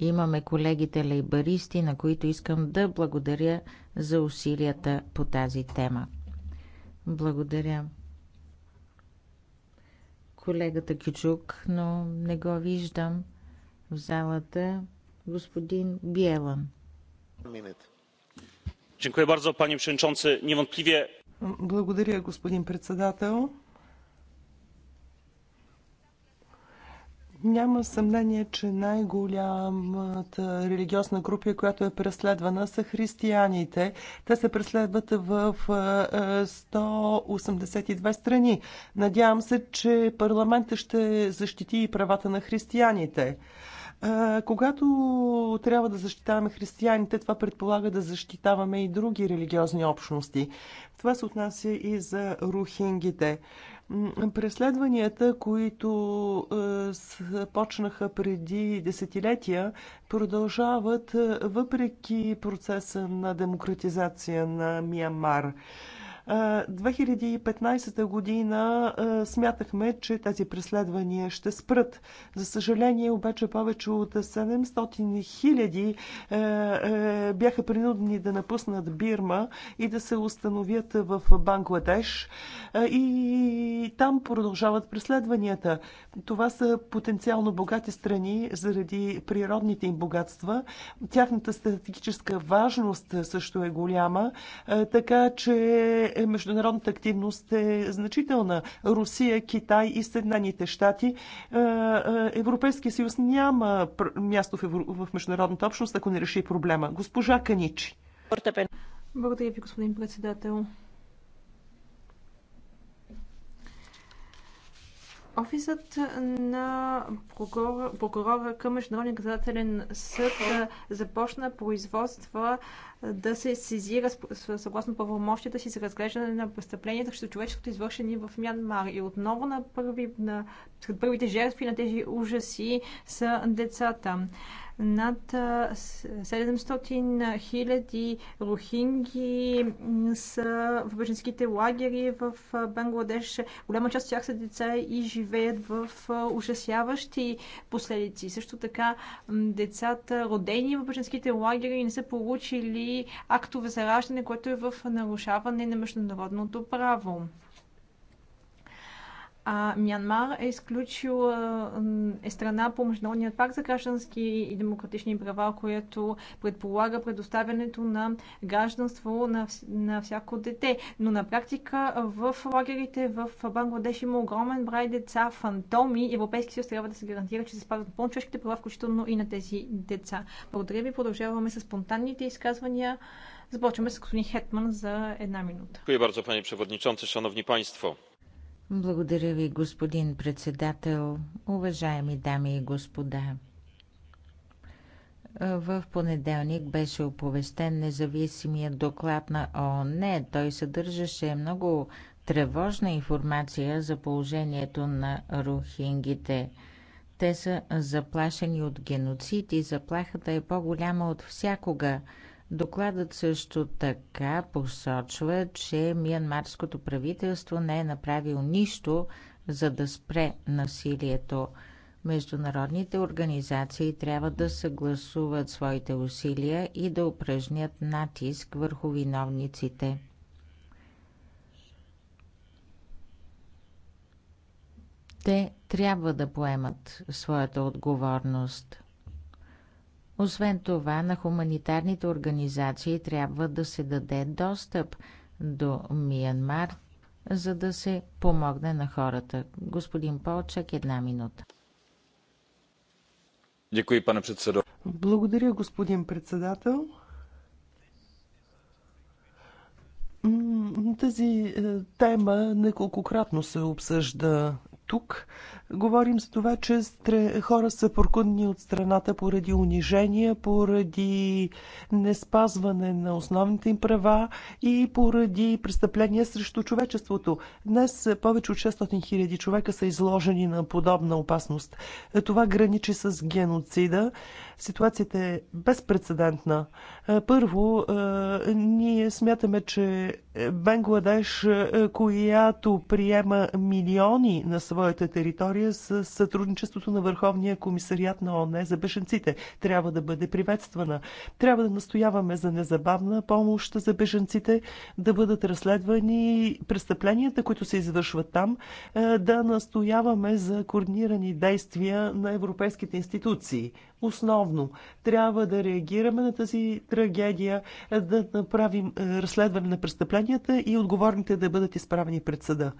S2: Имаме колегите лейбаристи, на които искам да благодаря за усилията по тази тема. Благодаря колегата Кючук, но не го виждам в залата. Господин
S4: Биелан. Благодаря, господин председател. Няма съмнение, че най-голямата религиозна група, която е преследвана, са християните. Те се преследват в 182 страни. Надявам се, че парламентът ще защити и правата на християните. Когато трябва да защитаваме християните, това предполага да защитаваме и други религиозни общности. Това се отнася и за рухингите. Преследванията, които е, почнаха преди десетилетия, продължават е, въпреки процеса на демократизация на Миямар. 2015 година смятахме, че тези преследвания ще спрат. За съжаление, обаче повече от 700 хиляди бяха принудени да напуснат Бирма и да се установят в Бангладеш. И там продължават преследванията. Това са потенциално богати страни заради природните им богатства. Тяхната стратегическа важност също е голяма, така че е, международната активност е значителна. Русия, Китай и Съединените щати. Е, е, Европейския съюз няма място в, в международната общност, ако не реши проблема. Госпожа Каничи.
S3: Благодаря ви, господин председател. Офисът на прокурора, прокурора към Международния наказателен съд започна производства да се сезира съгласно правомощията си за разглеждане на престъпленията срещу човечеството, извършени в Мянмар. И отново на първи, на, сред първите жертви на тези ужаси са децата. Над 700 хиляди рохинги са в беженските лагери в Бангладеш. Голяма част от тях са деца и живеят в ужасяващи последици. Също така децата, родени в беженските лагери, не са получили актове за раждане, което е в нарушаване на международното право а Мянмар е изключила е страна по Международния пакт за граждански и демократични права, което предполага предоставянето на гражданство на, на всяко дете. Но на практика в лагерите в Бангладеш има огромен брай деца, фантоми. Европейски съюз трябва да се гарантира, че се спазват по-човешките права, включително и на тези деца. Благодаря ви. Продължаваме с спонтанните изказвания. Започваме с господин Хетман за една минута.
S6: Dziękuję
S2: bardzo, panie Шановни państwo. Благодаря ви, господин председател, уважаеми дами и господа. В понеделник беше оповестен независимия доклад на ООН. Той съдържаше много тревожна информация за положението на рухингите. Те са заплашени от геноцид и заплахата е по-голяма от всякога. Докладът също така посочва, че миянмарското правителство не е направил нищо, за да спре насилието. Международните организации трябва да съгласуват своите усилия и да упражнят натиск върху виновниците. Те трябва да поемат своята отговорност. Освен това, на хуманитарните организации трябва да се даде достъп до Миянмар, за да се помогне на хората. Господин Полчак, една
S4: минута. Благодаря, господин председател. Тази е, тема неколкократно се обсъжда тук. Говорим за това, че хора са прокудни от страната поради унижения, поради неспазване на основните им права и поради престъпления срещу човечеството. Днес повече от 600 хиляди човека са изложени на подобна опасност. Това граничи с геноцида. Ситуацията е безпредседентна. Е, първо, е, ние смятаме, че Бангладеш, е, която приема милиони на своята територия с сътрудничеството на Върховния комисариат на ОНЕ за беженците, трябва да бъде приветствана. Трябва да настояваме за незабавна помощ за беженците, да бъдат разследвани престъпленията, които се извършват там, да настояваме за координирани действия на европейските институции основно. Трябва да реагираме на тази трагедия, да направим е, разследване на престъпленията и отговорните да бъдат изправени пред съда.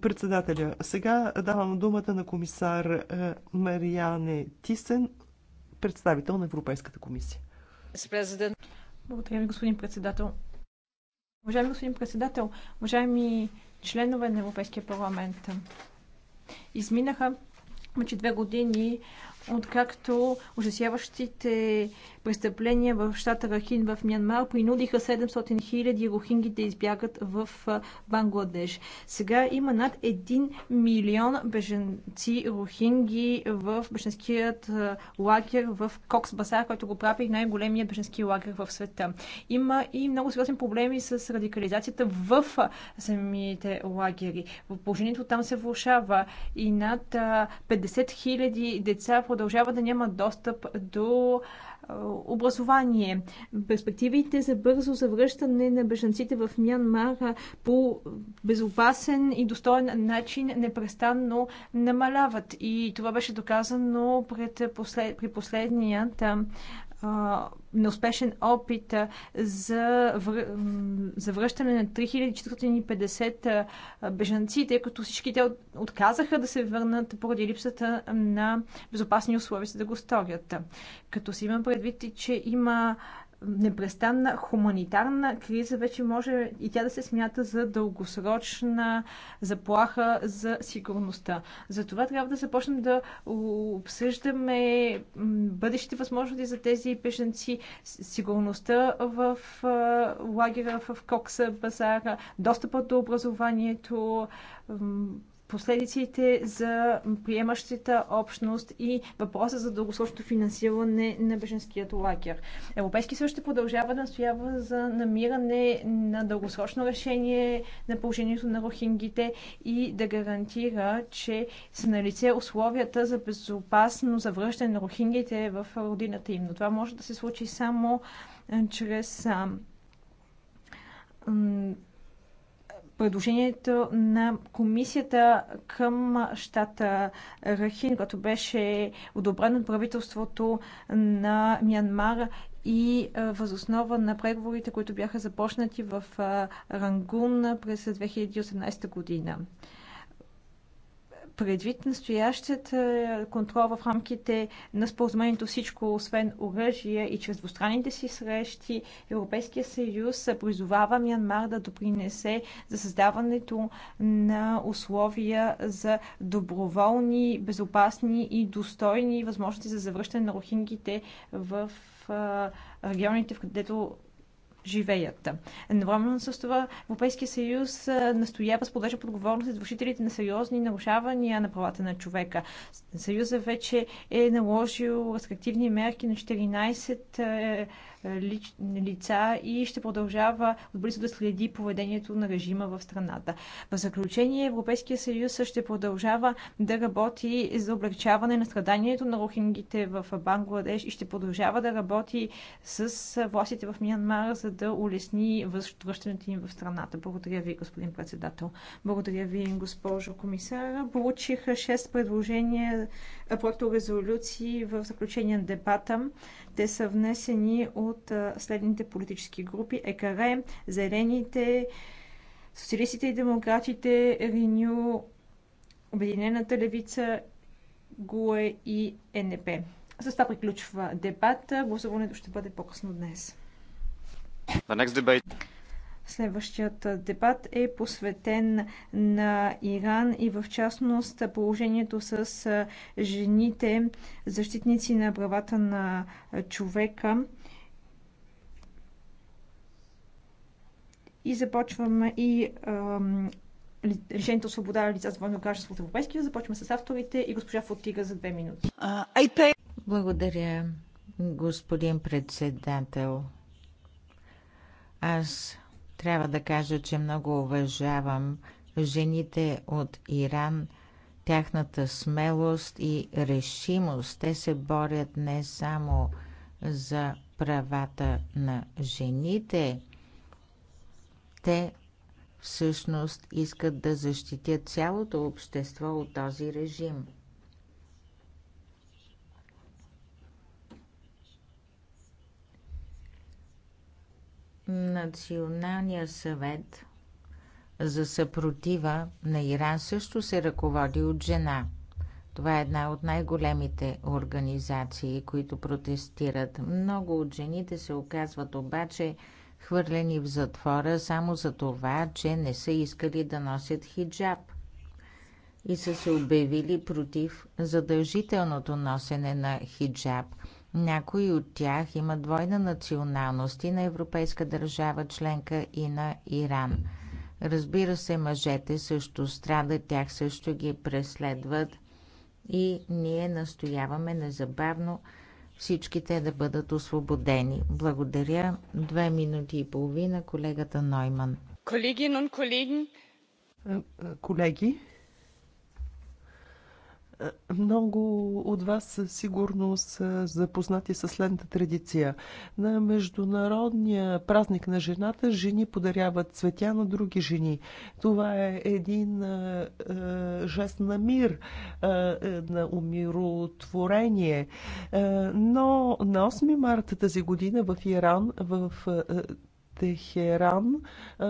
S4: Председателя, сега давам думата на комисар е, Мариане Тисен, представител на Европейската комисия.
S3: Благодаря ви, господин председател. Уважаеми господин председател, уважаеми членове на Европейския парламент, изминаха вече две години откакто ужасяващите престъпления в щата Рахин в Мянмар принудиха 700 хиляди рохинги да избягат в Бангладеш. Сега има над 1 милион беженци рохинги в беженският лагер в Кокс Басар, който го прави най големия беженски лагер в света. Има и много сериозни проблеми с радикализацията в самите лагери. Положението там се влушава и над 50 хиляди деца продължава да няма достъп до е, образование. Перспективите за бързо завръщане на бежанците в Мянмар е, по безопасен и достоен начин непрестанно намаляват. И това беше доказано пред послед... при последният е, неуспешен опит за, вър... за връщане на 3450 бежанци, тъй като всички те отказаха да се върнат поради липсата на безопасни условия, за да го сторят. Като си имам предвид, че има непрестанна хуманитарна криза, вече може и тя да се смята за дългосрочна заплаха за сигурността. Затова трябва да започнем да обсъждаме бъдещите възможности за тези беженци, сигурността в лагера в Кокса базара, достъпа до образованието, последиците за приемащата общност и въпроса за дългосрочното финансиране на беженският лагер. Европейски съюз ще продължава да настоява за намиране на дългосрочно решение на положението на рохингите и да гарантира, че са налице условията за безопасно завръщане на рохингите в родината им. Но това може да се случи само чрез предложението на комисията към щата Рахин, което беше одобрено от правителството на Мянмар и възоснова на преговорите, които бяха започнати в Рангун през 2018 година предвид настоящата е, контрол в рамките на споразумението всичко, освен оръжие и чрез двустранните си срещи, Европейския съюз призовава Мянмар да допринесе за създаването на условия за доброволни, безопасни и достойни възможности за завръщане на рохингите в е, регионите, в където живеят. Едновременно с това Европейския съюз настоява с подлежа подговорност вършителите на сериозни нарушавания на правата на човека. Съюзът вече е наложил рестриктивни мерки на 14 лица и ще продължава отблизо да следи поведението на режима в страната. В заключение Европейския съюз ще продължава да работи за облегчаване на страданието на рухингите в Бангладеш и ще продължава да работи с властите в Мянмар, за да улесни връщането им в страната. Благодаря ви, господин председател. Благодаря ви, госпожо комисар. Получих 6 предложения, проекто резолюции в заключение на дебата. Те са внесени от от следните политически групи. ЕКР, Зелените, Социалистите и демократите, Реню, Обединената левица, ГУЕ и НП. С това приключва дебата. Гласуването ще бъде по-късно днес. Следващият дебат е посветен на Иран и в частност положението с жените, защитници на правата на човека. И започваме и решението свобода лица с двойно гражданство от Европейския. Започваме с авторите и госпожа Фотига за две минути.
S2: Благодаря, господин председател. Аз трябва да кажа, че много уважавам жените от Иран, тяхната смелост и решимост. Те се борят не само за правата на жените, те всъщност искат да защитят цялото общество от този режим. Националният съвет за съпротива на Иран също се ръководи от жена. Това е една от най-големите организации, които протестират. Много от жените се оказват обаче хвърлени в затвора само за това, че не са искали да носят хиджаб и са се обявили против задължителното носене на хиджаб. Някои от тях имат двойна националност и на европейска държава членка и на Иран. Разбира се, мъжете също страдат, тях също ги преследват и ние настояваме незабавно всички те да бъдат освободени. Благодаря. Две минути и половина колегата Нойман.
S3: Колеги,
S4: колеги, много от вас сигурно са запознати с следната традиция. На Международния празник на жената жени подаряват цветя на други жени. Това е един е, жест на мир, е, на умиротворение. Е, но на 8 марта тази година в Иран, в е, Техеран, е,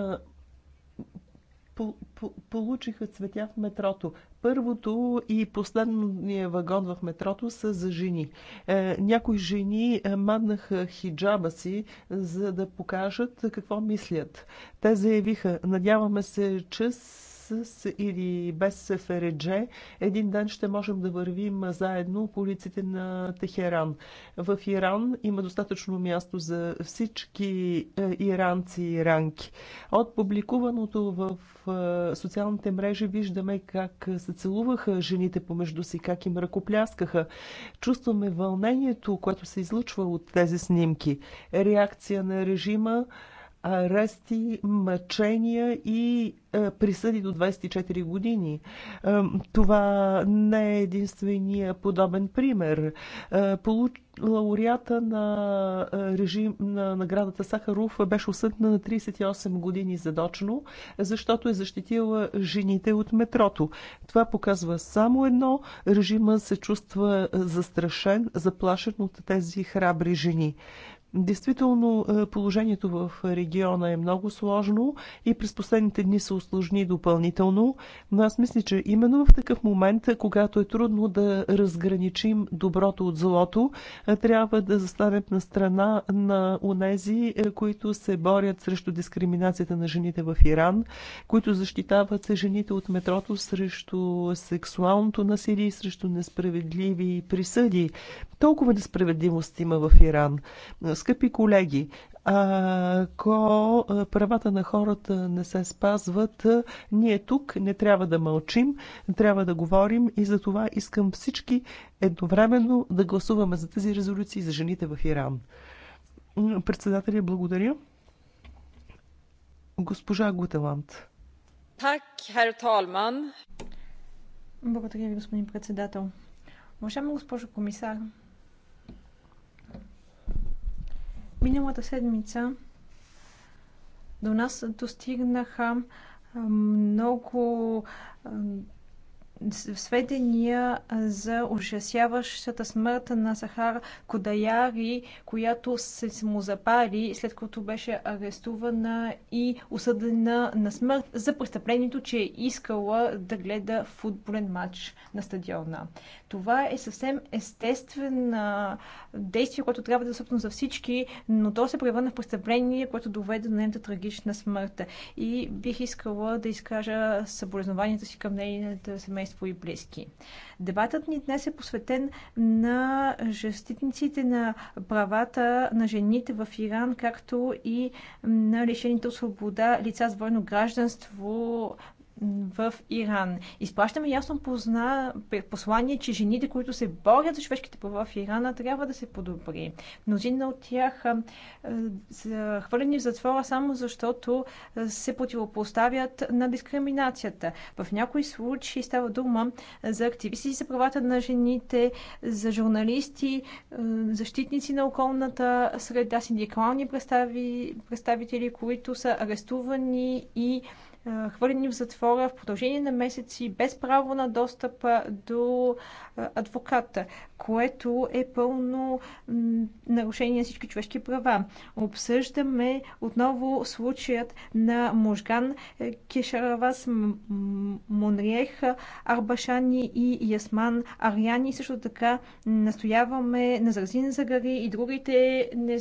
S4: получиха цветя в метрото. Първото и последния вагон в метрото са за жени. Е, някои жени е, маднаха е, хиджаба си, за да покажат какво мислят. Те заявиха, надяваме се, че с с или без Фередже, един ден ще можем да вървим заедно по улиците на Техеран. В Иран има достатъчно място за всички е, иранци и иранки. От публикуваното в е, социалните мрежи виждаме как се целуваха жените помежду си, как им ръкопляскаха. Чувстваме вълнението, което се излучва от тези снимки. Реакция на режима арести, мъчения и е, присъди до 24 години. Е, това не е единствения подобен пример. Е, получ... Лауреата на режим на наградата Сахаров беше осъдна на 38 години задочно, защото е защитила жените от метрото. Това показва само едно. Режима се чувства застрашен, заплашен от тези храбри жени. Действително е, положението в региона е много сложно и през последните дни се усложни допълнително, но аз мисля, че именно в такъв момент, е, когато е трудно да разграничим доброто от злото, е, трябва да застанем на страна на онези, които се борят срещу дискриминацията на жените в Иран, които защитават жените от метрото срещу сексуалното насилие и срещу несправедливи присъди. Толкова несправедливост има в Иран Скъпи колеги, ако правата на хората не се спазват, ние тук не трябва да мълчим, трябва да говорим и за това искам всички едновременно да гласуваме за тези резолюции за жените в Иран. Председателя, благодаря. Госпожа Гутеланд.
S3: Так, хер Талман. Благодаря ви, господин председател. Уважаема госпожо комисар, Миналата седмица до нас достигнаха много сведения за ужасяващата смърт на Сахар Кодаяри, която се самозапали, след като беше арестувана и осъдена на смърт за престъплението, че е искала да гледа футболен матч на стадиона. Това е съвсем естествено действие, което трябва да е за всички, но то се превърна в престъпление, което доведе до нейната трагична смърт. И бих искала да изкажа съболезнованията си към нейната семейство семейство и близки. Дебатът ни днес е посветен на жеститниците на правата на жените в Иран, както и на лишените от свобода лица с двойно гражданство в Иран. Изплащаме ясно позна послание, че жените, които се борят за човешките права в Ирана, трябва да се подобри. Мнозина от тях са хвърлени в затвора само защото се противопоставят на дискриминацията. В някои случаи става дума за активисти за правата на жените, за журналисти, защитници на околната среда, синдикални представители, които са арестувани и е, хвърлени в затвора в продължение на месеци без право на достъп до адвоката което е пълно нарушение на всички човешки права. Обсъждаме отново случаят на Можган, е, Кешаравас, Монриех Арбашани и Ясман Ариани. Също така настояваме на Зарзин Загари и другите не,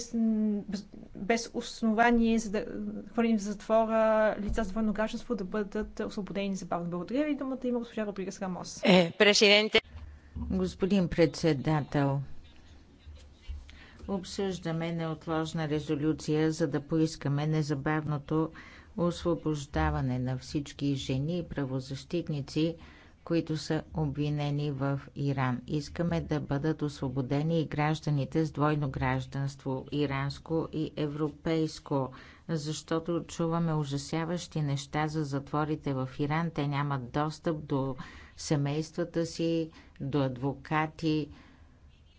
S3: без основание за да хвърлим в затвора лица с двойно гражданство да бъдат освободени бавно. Благодаря ви. Думата има госпожа Рубрига Срамос. Е,
S2: президенте. Господин председател, обсъждаме неотложна резолюция, за да поискаме незабавното освобождаване на всички жени и правозащитници, които са обвинени в Иран. Искаме да бъдат освободени и гражданите с двойно гражданство иранско и европейско, защото чуваме ужасяващи неща за затворите в Иран. Те нямат достъп до семействата си, до адвокати.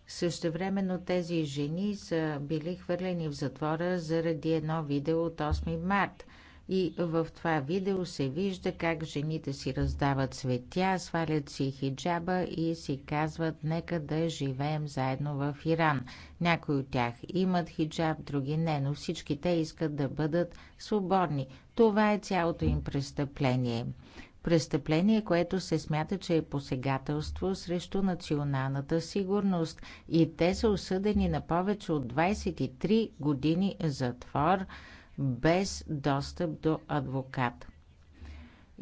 S2: Същевременно тези жени са били хвърлени в затвора заради едно видео от 8 март. И в това видео се вижда как жените си раздават светя, свалят си хиджаба и си казват нека да живеем заедно в Иран. Някои от тях имат хиджаб, други не, но всички те искат да бъдат свободни. Това е цялото им престъпление престъпление, което се смята, че е посегателство срещу националната сигурност и те са осъдени на повече от 23 години затвор без достъп до адвокат.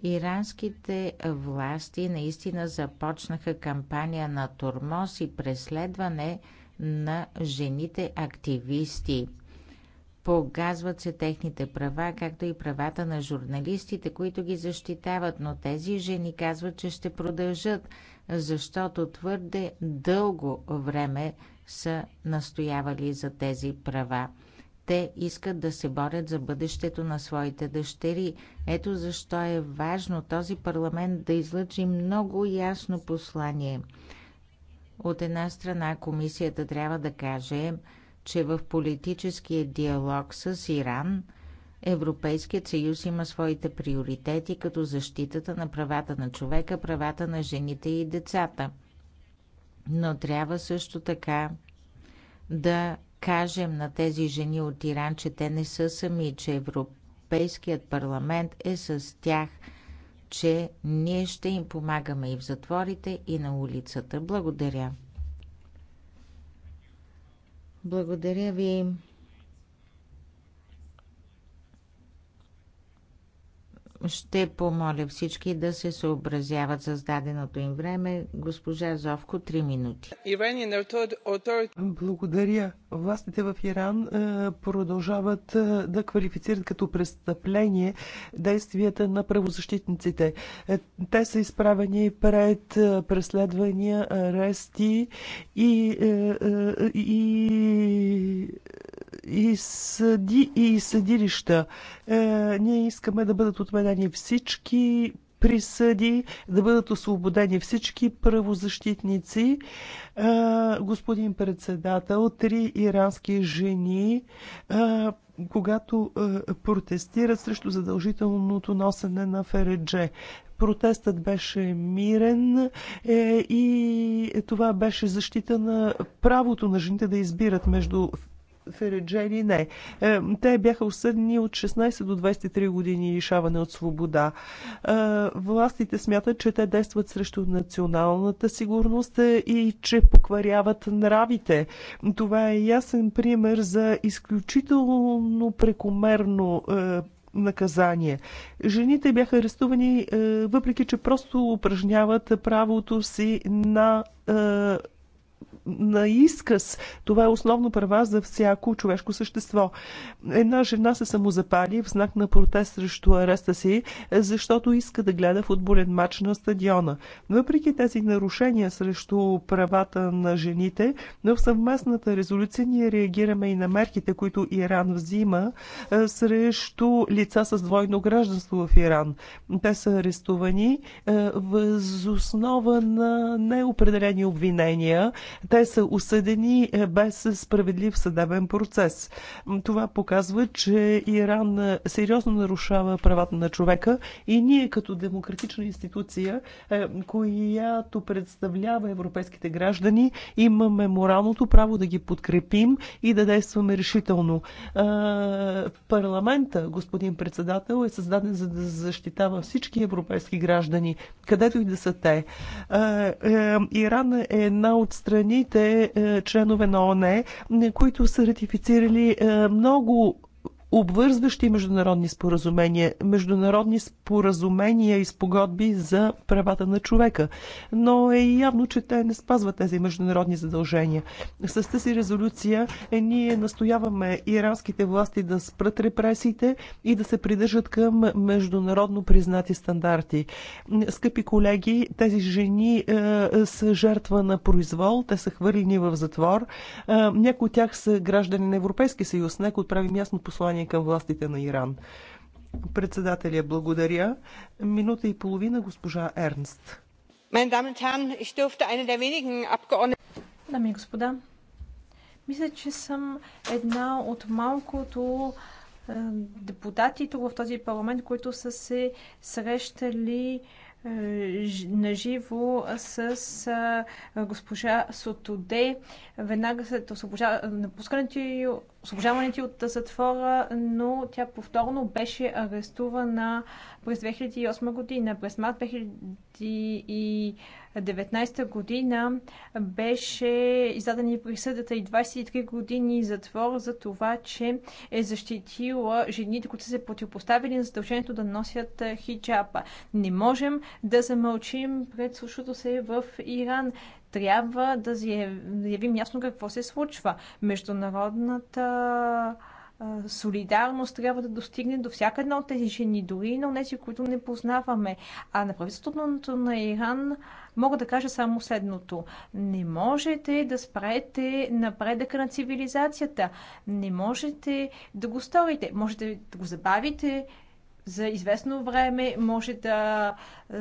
S2: Иранските власти наистина започнаха кампания на тормоз и преследване на жените активисти – Погазват се техните права, както и правата на журналистите, които ги защитават, но тези жени казват, че ще продължат, защото твърде дълго време са настоявали за тези права. Те искат да се борят за бъдещето на своите дъщери. Ето защо е важно този парламент да излъчи много ясно послание. От една страна комисията трябва да каже, че в политическия диалог с Иран Европейският съюз има своите приоритети, като защитата на правата на човека, правата на жените и децата. Но трябва също така да кажем на тези жени от Иран, че те не са сами, че Европейският парламент е с тях, че ние ще им помагаме и в затворите, и на улицата. Благодаря. Благодаря ви. Ще помоля всички да се съобразяват с даденото им време. Госпожа Зовко, 3
S4: минути. Е Благодаря. Властите в Иран е, продължават е, да квалифицират като престъпление действията на правозащитниците. Те са изправени пред преследвания, арести и, и и, съди, и съдилища. Е, ние искаме да бъдат отменени всички присъди, да бъдат освободени всички правозащитници. Е, господин председател, три ирански жени е, когато е, протестират срещу задължителното носене на фередже. Протестът беше мирен е, и това беше защита на правото на жените да избират между Фереджели не. Е, те бяха осъдени от 16 до 23 години лишаване от свобода. Е, властите смятат, че те действат срещу националната сигурност е, и че покваряват нравите. Това е ясен пример за изключително прекомерно наказание. Жените бяха арестувани, въпреки че просто упражняват правото си на на изказ. Това е основно права за всяко човешко същество. Една жена се самозапали в знак на протест срещу ареста си, защото иска да гледа футболен матч на стадиона. Въпреки тези нарушения срещу правата на жените, но в съвместната резолюция ние реагираме и на мерките, които Иран взима срещу лица с двойно гражданство в Иран. Те са арестувани възоснова на неопределени обвинения. Те са осъдени е, без справедлив съдебен процес. Това показва, че Иран е, сериозно нарушава правата на човека и ние като демократична институция, е, която представлява европейските граждани, имаме моралното право да ги подкрепим и да действаме решително. Парламента, господин председател, е създаден за да защитава всички европейски граждани, където и да са те. Иран е една от страни, трите е, членове на ОНЕ, които са ратифицирали е, много обвързващи международни споразумения, международни споразумения и спогодби за правата на човека. Но е явно, че те не спазват тези международни задължения. С тази резолюция е, ние настояваме иранските власти да спрат репресиите и да се придържат към международно признати стандарти. Скъпи колеги, тези жени е, са жертва на произвол, те са хвърлини в затвор. Е, някои от тях са граждани на Европейски съюз. Нека отправим ясно послание отношение към властите на Иран. Председателя, благодаря. Минута и половина госпожа Ернст.
S3: Дами и господа, мисля, че съм една от малкото е, депутати тук в този парламент, които са се срещали е, наживо с е, госпожа Сотоде веднага след освобожда... напускането освобождаването от затвора, но тя повторно беше арестувана през 2008 година. През март 2019 година беше издадена и присъдата и 23 години затвор за това, че е защитила жените, които са се противопоставили на задължението да носят хиджаба. Не можем да замълчим пред слушато се в Иран трябва да заявим ясно какво се случва. Международната солидарност трябва да достигне до всяка една от тези жени, дори и на тези, които не познаваме. А на правителството на Иран мога да кажа само следното. Не можете да спрете напредъка на цивилизацията. Не можете да го сторите. Можете да го забавите, за известно време, може да е,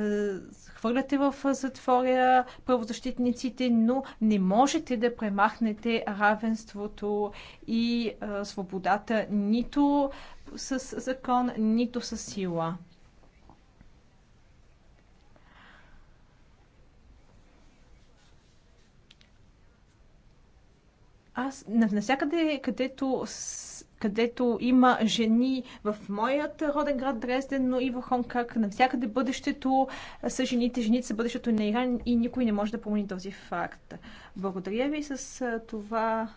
S3: хвърляте в затворя правозащитниците, но не можете да премахнете равенството и е, свободата нито с закон, нито с сила. Аз навсякъде, където където има жени в моят роден град Дрезден, но и в Хонкак. Навсякъде бъдещето е, са жените. Жените са бъдещето на Иран и никой не може да помни този факт. Благодаря ви с е, това.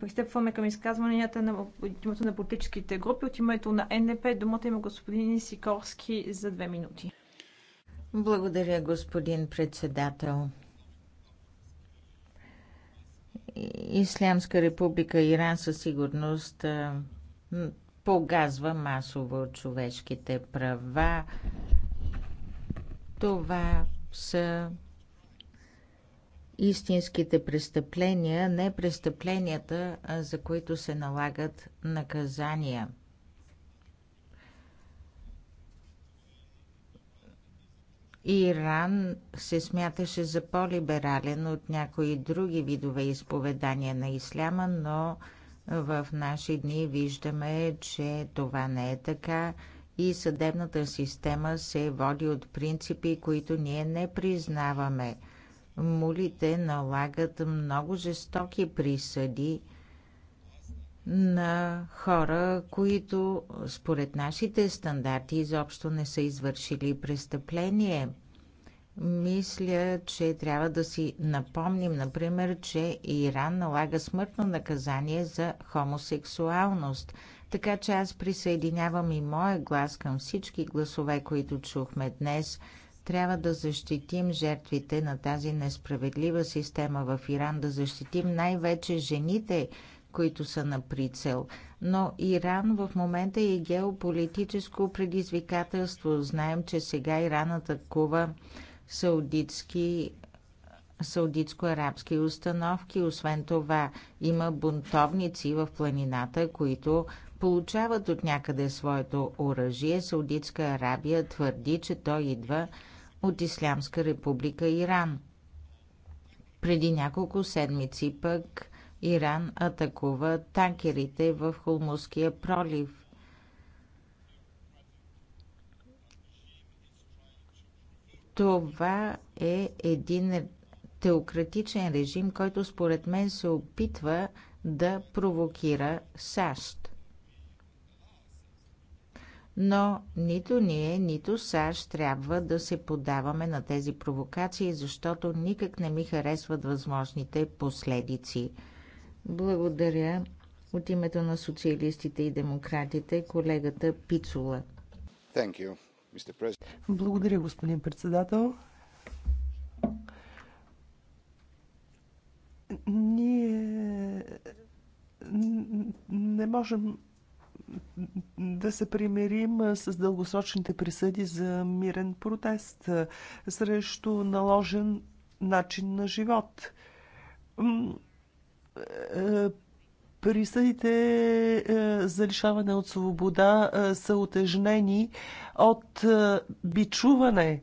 S3: Пристъпваме към изказванията на от името на политическите групи. От името на НДП думата има господин Сикорски за
S2: две минути. Благодаря, господин председател. Ислямска република Иран със сигурност погазва масово човешките права. Това са истинските престъпления, не престъпленията, за които се налагат наказания – Иран се смяташе за по-либерален от някои други видове изповедания на исляма, но в наши дни виждаме, че това не е така и съдебната система се води от принципи, които ние не признаваме. Мулите налагат много жестоки присъди на хора, които според нашите стандарти изобщо не са извършили престъпление. Мисля, че трябва да си напомним, например, че Иран налага смъртно наказание за хомосексуалност. Така че аз присъединявам и моя глас към всички гласове, които чухме днес. Трябва да защитим жертвите на тази несправедлива система в Иран, да защитим най-вече жените, които са на прицел. Но Иран в момента е геополитическо предизвикателство. Знаем, че сега Иран атакува саудитски саудитско-арабски установки. Освен това, има бунтовници в планината, които получават от някъде своето оръжие. Саудитска Арабия твърди, че той идва от Ислямска република Иран. Преди няколко седмици пък Иран атакува танкерите в Холмуския пролив. Това е един теократичен режим, който според мен се опитва да провокира САЩ. Но нито ние, нито САЩ трябва да се подаваме на тези провокации, защото никак не ми харесват възможните последици – благодаря от името на социалистите и демократите колегата Пицула.
S1: You,
S4: Благодаря, господин председател. Ние не можем да се примирим с дългосрочните присъди за мирен протест срещу наложен начин на живот е, е, присъдите е, за лишаване от свобода са отежнени от бичуване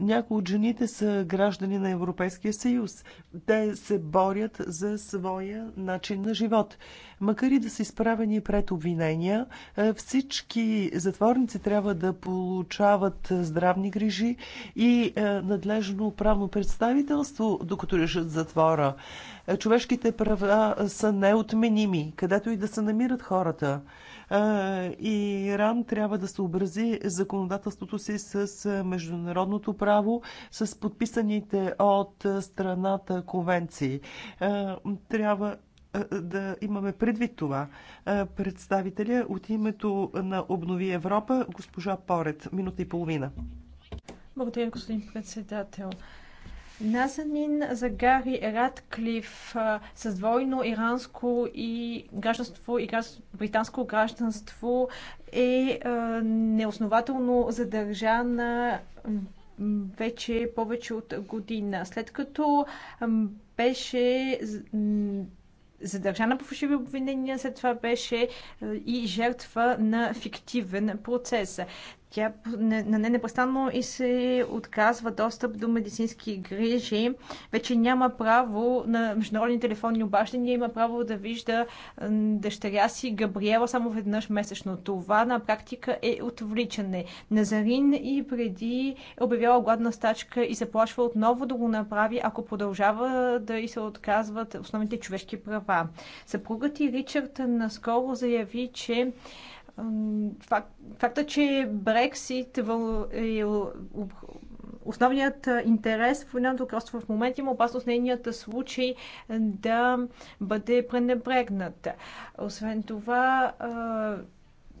S4: някои от жените са граждани на Европейския съюз. Те се борят за своя начин на живот. Макар и да са изправени пред обвинения, всички затворници трябва да получават здравни грижи и надлежно правно представителство, докато решат затвора. Човешките права са неотменими, където и да се намират хората и Иран трябва да съобрази законодателството си с международното право, с подписаните от страната конвенции. Трябва да имаме предвид това. Представителя от името на Обнови Европа, госпожа Поред, минута и половина.
S3: Благодаря, господин председател. Назанин Загари Радклиф с двойно иранско и гражданство и британско гражданство е неоснователно задържана вече повече от година. След като беше задържана по фалшиви обвинения, след това беше и жертва на фиктивен процес. Тя на не непрестанно и се отказва достъп до медицински грижи. Вече няма право на международни телефонни обаждания, има право да вижда дъщеря си Габриела само веднъж месечно. Това на практика е отвличане. Назарин и преди е обявяла гладна стачка и заплашва отново да го направи, ако продължава да и се отказват основните човешки права. Съпругът и Ричард наскоро заяви, че факта, че Брексит е основният интерес в Уединеното кралство в момента има опасност нейният случай да бъде пренебрегнат. Освен това,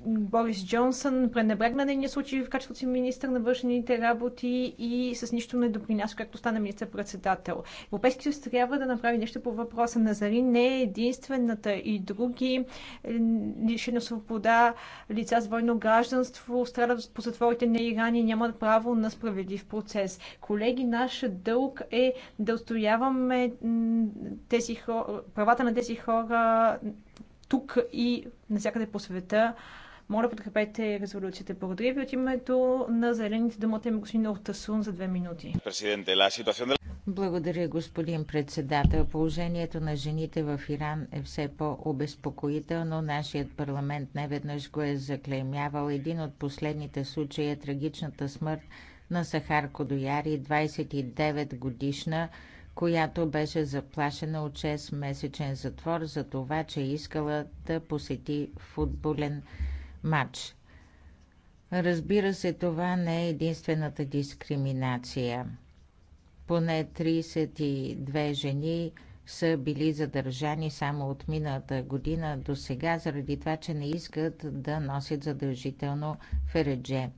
S3: Борис Джонсън пренебрегна нейния случай в качеството си министър на външните работи и с нищо не допринася, както стана министър-председател. Европейския съюз трябва да направи нещо по въпроса на Зари. Не е единствената и други лишени свобода, лица с двойно гражданство, страдат по затворите на Иран и нямат право на справедлив процес. Колеги, наш дълг е да устояваме тези хора, правата на тези хора тук и навсякъде по света моля, подкрепете резолюцията. Благодаря ви от името на
S2: зелените думата и господин Ортасун за две минути. Благодаря, господин председател. Положението на жените в Иран е все по-обезпокоително. Нашият парламент неведнъж го е заклеймявал. Един от последните случаи е трагичната смърт на Сахар Кодояри, 29 годишна, която беше заплашена от 6-месечен затвор за това, че е искала да посети футболен матч. Разбира се, това не е единствената дискриминация. Поне 32 жени са били задържани само от миналата година до сега, заради това, че не искат да носят задължително фередже.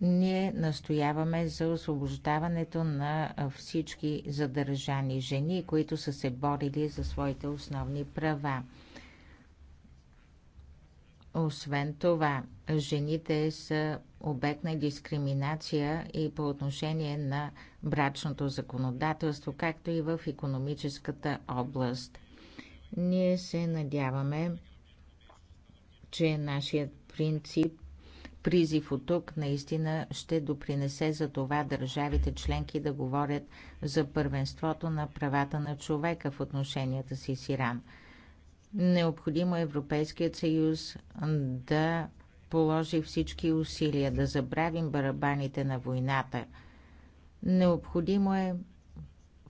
S2: Ние настояваме за освобождаването на всички задържани жени, които са се борили за своите основни права. Освен това, жените са обект на дискриминация и по отношение на брачното законодателство, както и в економическата област. Ние се надяваме, че нашият принцип призив от тук наистина ще допринесе за това държавите членки да говорят за първенството на правата на човека в отношенията си с Иран – Необходимо Европейският съюз да положи всички усилия да забравим барабаните на войната. Необходимо е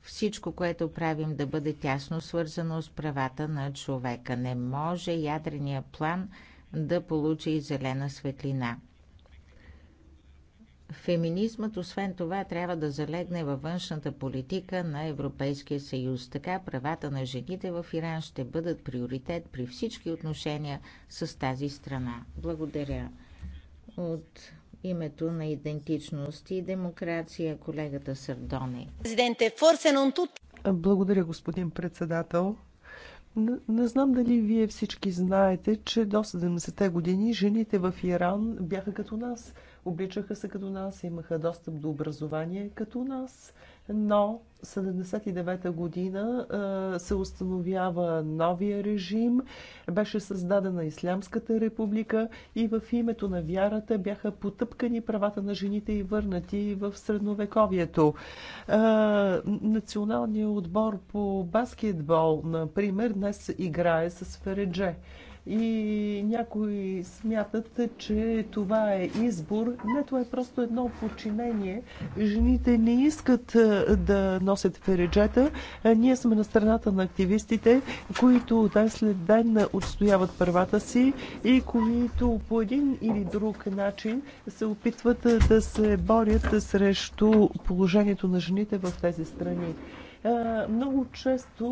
S2: всичко, което правим, да бъде тясно свързано с правата на човека. Не може ядрения план да получи и зелена светлина. Феминизмът, освен това, трябва да залегне във външната политика на Европейския съюз. Така правата на жените в Иран ще бъдат приоритет при всички отношения с тази страна. Благодаря. От името на идентичност и демокрация, колегата Сардони.
S4: Благодаря, господин председател. Не знам дали вие всички знаете, че до 70-те години жените в Иран бяха като нас – Обличаха се като нас, имаха достъп до образование като нас, но 79-та година се установява новия режим, беше създадена Ислямската република и в името на вярата бяха потъпкани правата на жените и върнати в средновековието. Националният отбор по баскетбол, например, днес играе с Фередже и някои смятат, че това е избор. Не, това е просто едно подчинение. Жените не искат да носят фереджета. Ние сме на страната на активистите, които ден след ден отстояват правата си и които по един или друг начин се опитват да се борят срещу положението на жените в тези страни. Много често,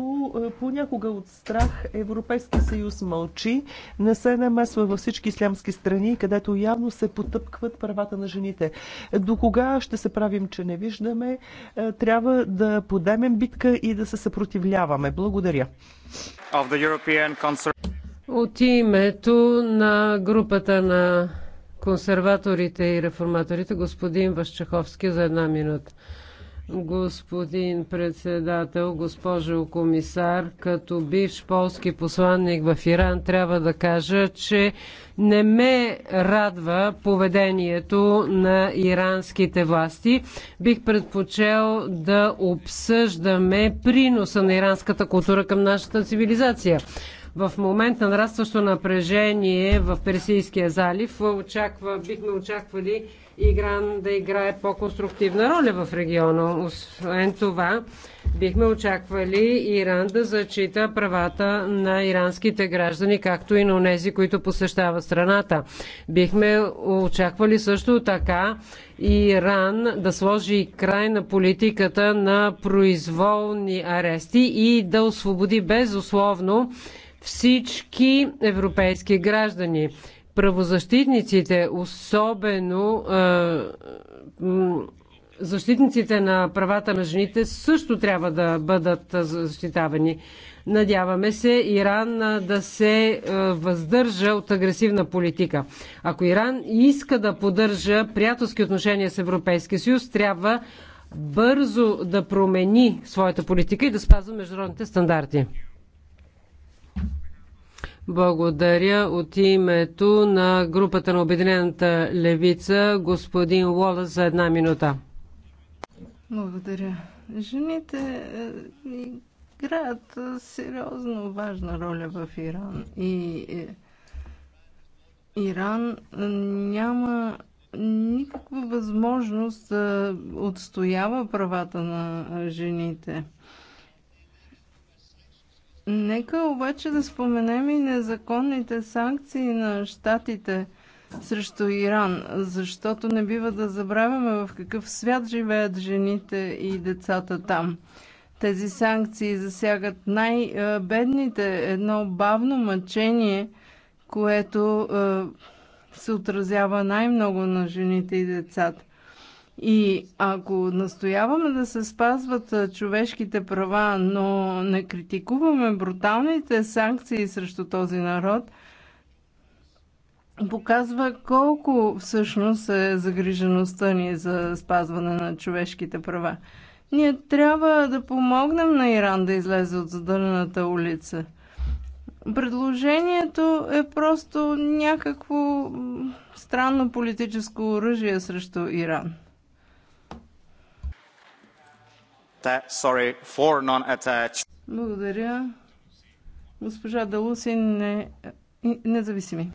S4: понякога от страх, Европейски съюз мълчи, не се намесва във всички ислямски страни, където явно се потъпкват правата на жените. До кога ще се правим, че не виждаме? Трябва да подемем битка и да се съпротивляваме. Благодаря. От
S7: името на групата на консерваторите и реформаторите, господин Вашчаховски, за една минута. Господин председател, госпожо комисар, като бивш полски посланник в Иран, трябва да кажа, че не ме радва поведението на иранските власти. Бих предпочел да обсъждаме приноса на иранската култура към нашата цивилизация. В момент на нарастващо напрежение в Персийския залив очаква, бихме очаквали Игран да играе по-конструктивна роля в региона. Освен това, бихме очаквали Иран да зачита правата на иранските граждани, както и на тези, които посещават страната. Бихме очаквали също така Иран да сложи край на политиката на произволни арести и да освободи безусловно всички европейски граждани. Правозащитниците, особено защитниците на правата на жените също трябва да бъдат защитавани. Надяваме се Иран да се въздържа от агресивна политика. Ако Иран иска да поддържа приятелски отношения с Европейския съюз, трябва бързо да промени своята политика и да спазва международните стандарти. Благодаря от името на групата на Обединената левица, господин Лола, за една минута.
S8: Благодаря. Жените е, играят сериозно важна роля в Иран. И е, Иран няма никаква възможност да отстоява правата на жените. Нека обаче да споменем и незаконните санкции на щатите срещу Иран, защото не бива да забравяме в какъв свят живеят жените и децата там. Тези санкции засягат най-бедните, едно бавно мъчение, което е, се отразява най-много на жените и децата. И ако настояваме да се спазват човешките права, но не критикуваме бруталните санкции срещу този народ, показва колко всъщност е загрижеността ни за спазване на човешките права. Ние трябва да помогнем на Иран да излезе от задънената улица. Предложението е просто някакво странно политическо оръжие срещу
S1: Иран. sorry, for non-attached.
S8: Благодаря. Госпожа Далусин, не, независими.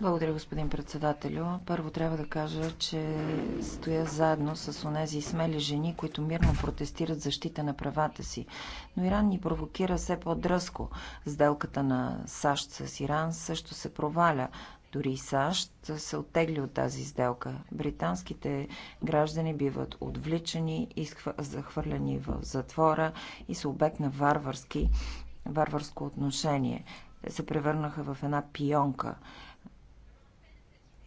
S9: Благодаря, господин председателю. Първо трябва да кажа, че стоя заедно с онези смели жени, които мирно протестират защита на правата си. Но Иран ни провокира все по-дръско. Сделката на САЩ с Иран също се проваля. Дори и САЩ се оттегли от тази сделка. Британските граждани биват отвличани, изхва, захвърляни в затвора и са обект на варварски, варварско отношение. Те се превърнаха в една пионка.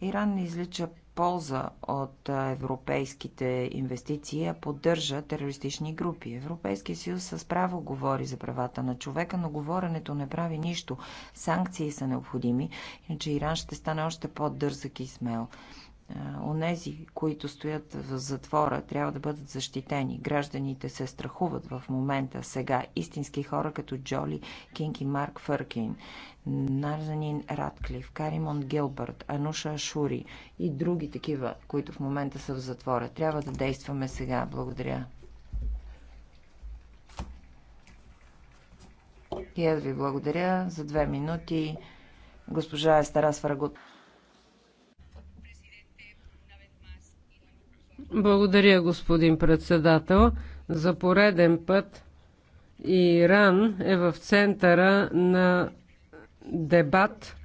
S9: Иран излича полза от европейските инвестиции, а поддържа терористични групи. Европейския съюз с право говори за правата на човека, но говоренето не прави нищо. Санкции са необходими, иначе Иран ще стане още по-дързък и смел онези, които стоят в затвора, трябва да бъдат защитени. Гражданите се страхуват в момента, сега. Истински хора като Джоли Кинг и Марк Фъркин, Нарзанин Радклиф, Каримон Гилбърт, Ануша Шури и други такива, които в момента са в затвора. Трябва да действаме сега. Благодаря. И аз ви благодаря за две минути. Госпожа Естара Сварагут.
S7: Благодаря, господин председател. За пореден път Иран е в центъра на дебат,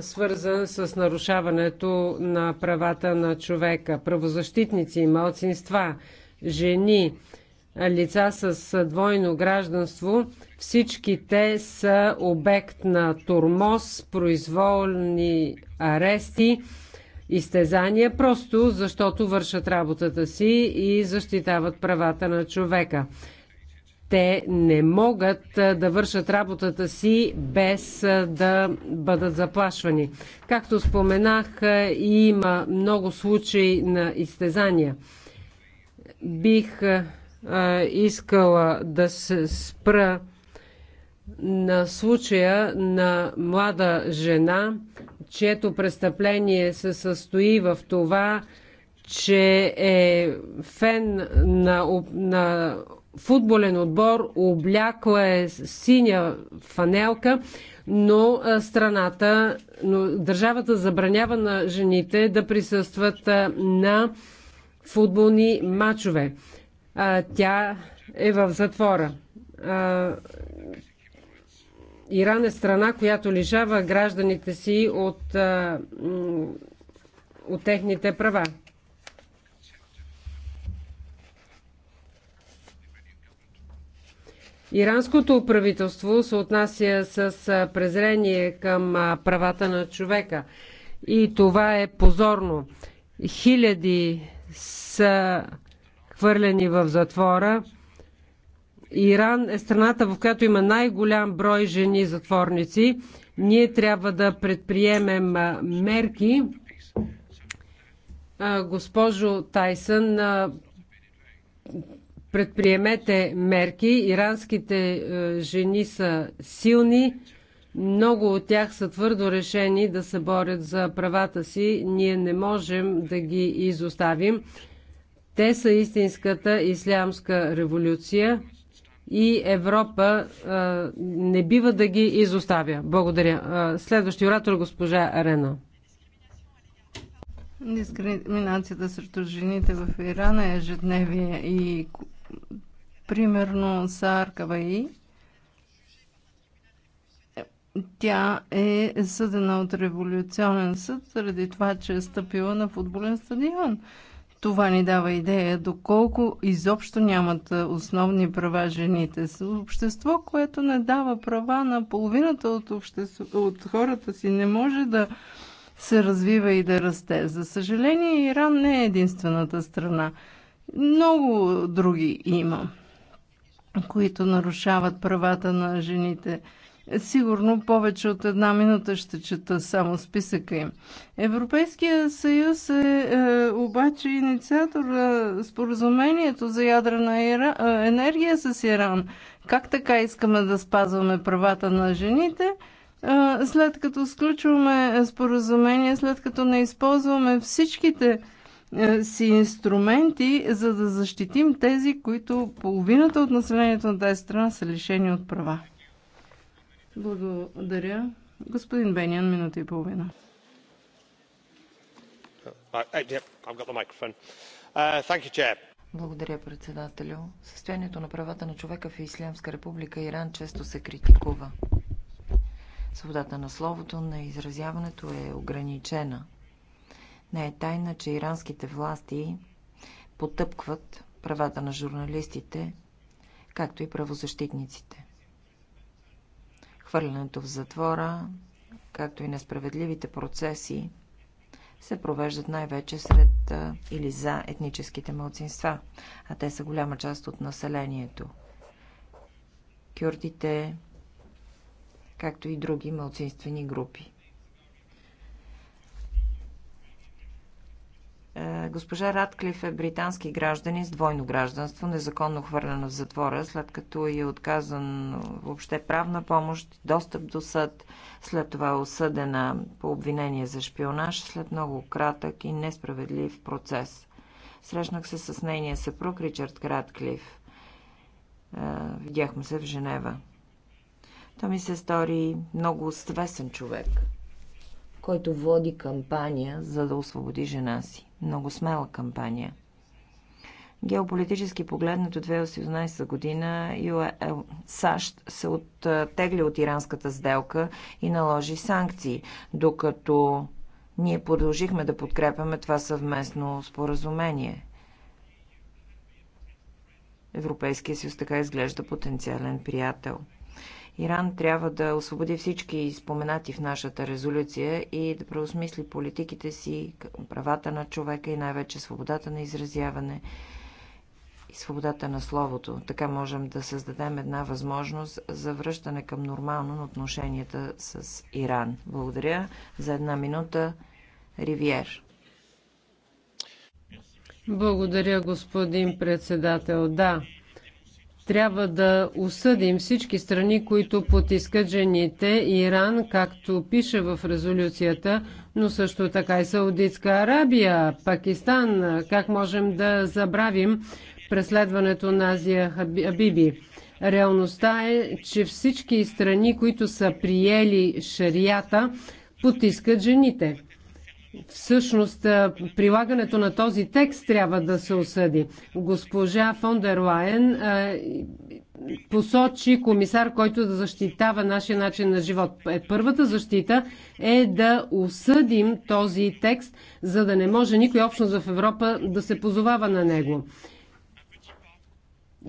S7: свързан с нарушаването на правата на човека. Правозащитници, малцинства, жени, лица с двойно гражданство, всички те са обект на турмоз, произволни арести, изтезания, просто защото вършат работата си и защитават правата на човека. Те не могат да вършат работата си без да бъдат заплашвани. Както споменах, има много случаи на изтезания. Бих искала да се спра на случая на млада жена, чието престъпление се състои в това, че е фен на, на футболен отбор, облякла е синя фанелка, но страната, но държавата забранява на жените да присъстват на футболни матчове. Тя е в затвора. Иран е страна, която лишава гражданите си от, от техните права. Иранското правителство се отнася с презрение към правата на човека. И това е позорно. Хиляди са хвърлени в затвора. Иран е страната, в която има най-голям брой жени затворници. Ние трябва да предприемем мерки. Госпожо Тайсън, предприемете мерки. Иранските жени са силни. Много от тях са твърдо решени да се борят за правата си. Ние не можем да ги изоставим. Те са истинската ислямска революция и Европа не бива да ги изоставя. Благодаря. Следващия оратор госпожа Арена.
S8: Дискриминацията срещу жените в Ирана е ежедневие и примерно Саар Каваи тя е съдена от революционен съд заради това, че е стъпила на футболен стадион. Това ни дава идея доколко изобщо нямат основни права жените. С общество, което не дава права на половината от, общество, от хората си, не може да се развива и да расте. За съжаление, Иран не е единствената страна. Много други има, които нарушават правата на жените. Сигурно повече от една минута ще чета само списъка им. Европейския съюз е, е обаче инициатор на е, споразумението за ядрена ера, е, енергия с Иран. Как така искаме да спазваме правата на жените? Е, след като сключваме споразумение, след като не използваме всичките е, си инструменти, за да защитим тези, които половината от населението на тази страна са лишени от права. Благодаря. Господин Бениан, минута и половина. Uh,
S3: uh, uh,
S8: Благодаря, председателю. Състоянието на правата
S9: на човека в Ислямска република Иран често се критикува. Свободата на словото, на изразяването е ограничена. Не е тайна, че иранските власти потъпкват правата на журналистите, както и правозащитниците. Хвърлянето в затвора, както и несправедливите процеси, се провеждат най-вече сред или за етническите мълцинства, а те са голяма част от населението. Кюрдите, както и други мълцинствени групи. Е, госпожа Радклиф е британски гражданин с двойно гражданство, незаконно хвърлена в затвора, след като е отказан въобще правна помощ, достъп до съд, след това е осъдена по обвинение за шпионаж, след много кратък и несправедлив процес. Срещнах се с нейния съпруг Ричард Радклиф. Е, видяхме се в Женева. Той ми се стори много свесен човек, който води кампания, за да освободи жена си много смела кампания. Геополитически погледнато 2018 година е, е, САЩ се оттегли е, от иранската сделка и наложи санкции, докато ние продължихме да подкрепяме това съвместно споразумение. Европейския съюз така изглежда потенциален приятел – Иран трябва да освободи всички споменати в нашата резолюция и да преосмисли политиките си, правата на човека и най-вече свободата на изразяване и свободата на словото. Така можем да създадем една възможност за връщане към нормално на отношенията с
S7: Иран. Благодаря за една минута. Ривиер. Благодаря, господин председател. Да, трябва да осъдим всички страни, които потискат жените, Иран, както пише в резолюцията, но също така и Саудитска Арабия, Пакистан. Как можем да забравим преследването на Азия Хабиби? Реалността е, че всички страни, които са приели шарията, потискат жените. Всъщност, прилагането на този текст трябва да се осъди. Госпожа фон дер Лайен посочи комисар, който да защитава нашия начин на живот. Е, първата защита е да осъдим този текст, за да не може никой общност в Европа да се позовава на него.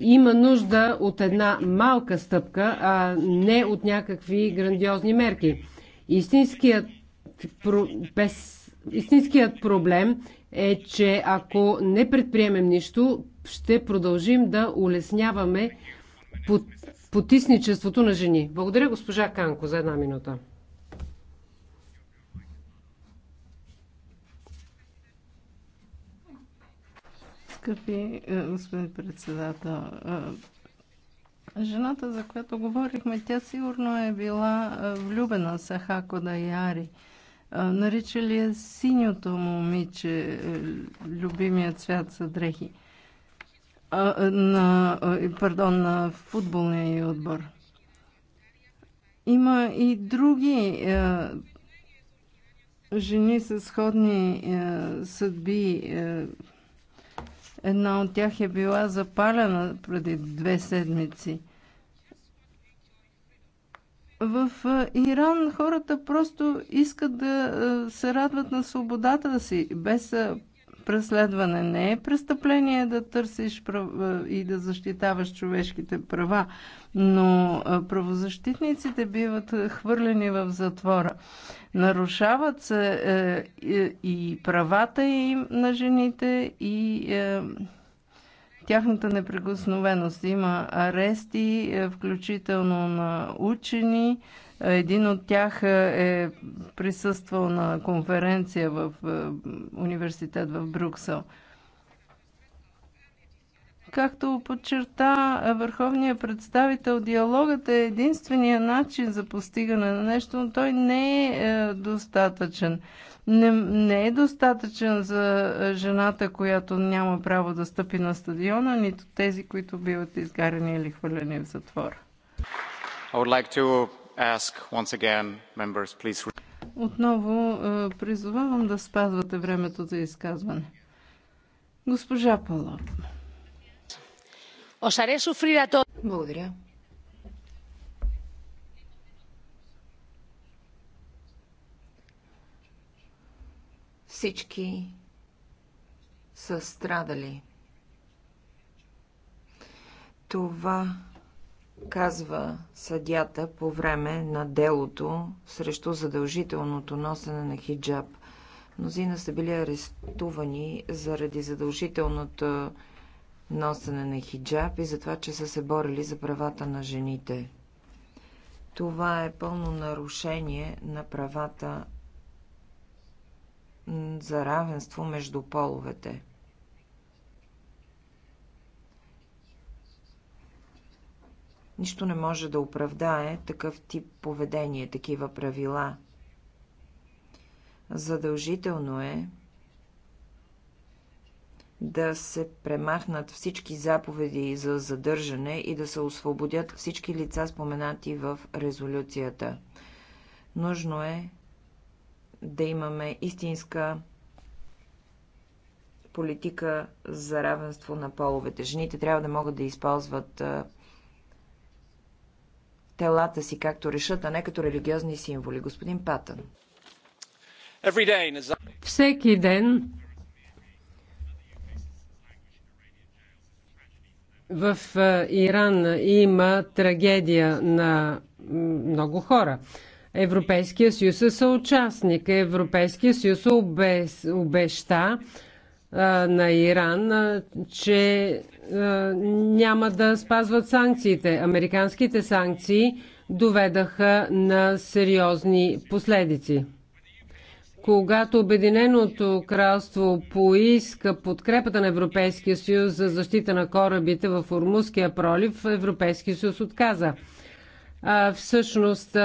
S7: Има нужда от една малка стъпка, а не от някакви грандиозни мерки. Истинският без Истинският проблем е, че ако не предприемем нищо, ще продължим да улесняваме потисничеството на жени. Благодаря госпожа Канко за една минута.
S8: Скъпи е, господин председател, е, жената, за която говорихме, тя сигурно е била е, влюбена Сахако Даяри. Яри наричали я синьото момиче, е, любимият цвят са дрехи. А, е, на, пардон, на футболния и отбор. Има и други а, е, жени с сходни а, съдби. една от тях е била запалена преди две седмици. В Иран хората просто искат да се радват на свободата си, без преследване. Не е престъпление да търсиш и да защитаваш човешките права, но правозащитниците биват хвърлени в затвора. Нарушават се е, и правата им на жените, и е, тяхната неприкосновеност. Има арести, е, включително на учени. Един от тях е, е присъствал на конференция в е, университет в Брюксел. Както подчерта върховният представител, диалогът е единствения начин за постигане на нещо, но той не е достатъчен не, не е достатъчен за жената, която няма право да стъпи на стадиона, нито тези, които биват изгарени или хвърлени в затвора.
S1: Like again, members,
S8: Отново е, призовавам да спазвате времето за изказване. Госпожа Палов. Благодаря.
S9: Всички са страдали. Това казва съдята по време на делото срещу задължителното носене на хиджаб. Мнозина са били арестувани заради задължителното носене на хиджаб и за това, че са се борили за правата на жените. Това е пълно нарушение на правата за равенство между половете. Нищо не може да оправдае такъв тип поведение, такива правила. Задължително е да се премахнат всички заповеди за задържане и да се освободят всички лица, споменати в резолюцията. Нужно е да имаме истинска политика за равенство на половете. Жените трябва да могат да използват телата си както решат, а не като религиозни символи. Господин
S7: Патън. Всеки ден в Иран има трагедия на много хора. Европейския съюз е съучастник. Европейския съюз обеща на Иран, че няма да спазват санкциите. Американските санкции доведаха на сериозни последици. Когато Обединеното кралство поиска подкрепата на Европейския съюз за защита на корабите в Ормузския пролив, Европейския съюз отказа всъщност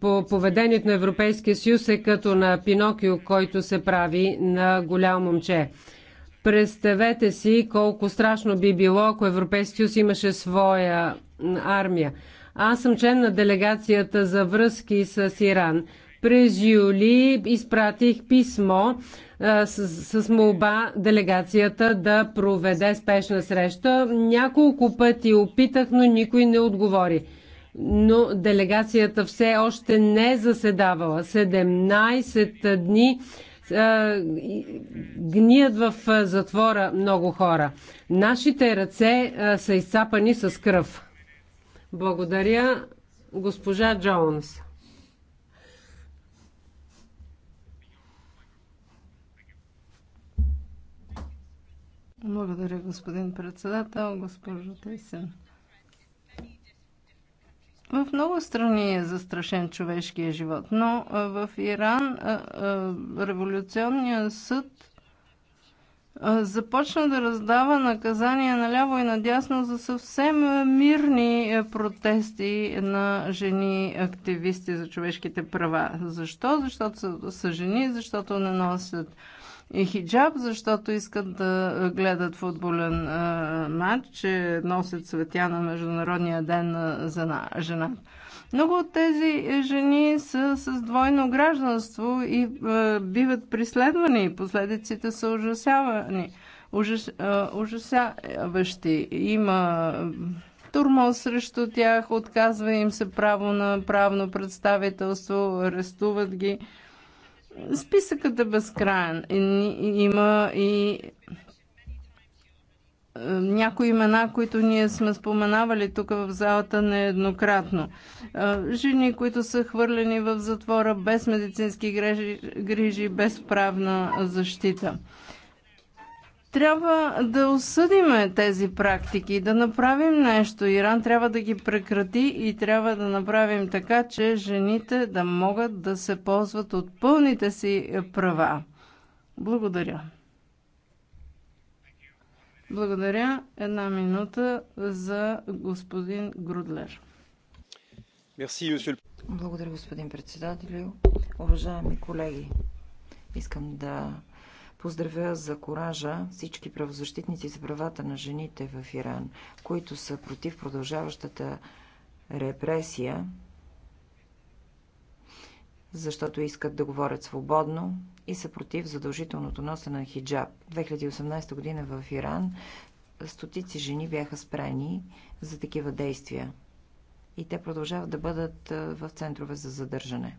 S7: по поведението на Европейския съюз е като на Пинокио, който се прави на голямо момче. Представете си колко страшно би било, ако Европейския съюз имаше своя армия. Аз съм член на делегацията за връзки с Иран. През юли изпратих писмо с, с молба делегацията да проведе спешна среща. Няколко пъти опитах, но никой не отговори но делегацията все още не е заседавала. 17 дни гният в затвора много хора. Нашите ръце са изцапани с кръв. Благодаря, госпожа Джонс.
S8: Благодаря, господин председател, госпожо Тейсен. В много страни е застрашен човешкия живот, но в Иран революционният съд започна да раздава наказания наляво и надясно за съвсем мирни протести на жени активисти за човешките права. Защо? Защото са, са жени, защото не носят и хиджаб, защото искат да гледат футболен матч, че носят светя на Международния ден на жена. Много от тези жени са с двойно гражданство и биват преследвани. Последиците са ужасявани. Ужас, ужасяващи. Има турмоз срещу тях, отказва им се право на правно представителство, арестуват ги. Списъкът е безкраен. Има и е, някои имена, които ние сме споменавали тук в залата нееднократно. Е, жени, които са хвърлени в затвора без медицински грижи, без правна защита трябва да осъдиме тези практики, да направим нещо. Иран трябва да ги прекрати и трябва да направим така, че жените да могат да се ползват от пълните си права. Благодаря. Благодаря. Една минута за господин Грудлер. Благодаря, господин председател.
S9: Уважаеми колеги, искам да поздравя за коража всички правозащитници за правата на жените в Иран, които са против продължаващата репресия, защото искат да говорят свободно и са против задължителното носене на хиджаб. 2018 година в Иран стотици жени бяха спрени за такива действия и те продължават да бъдат в центрове за задържане.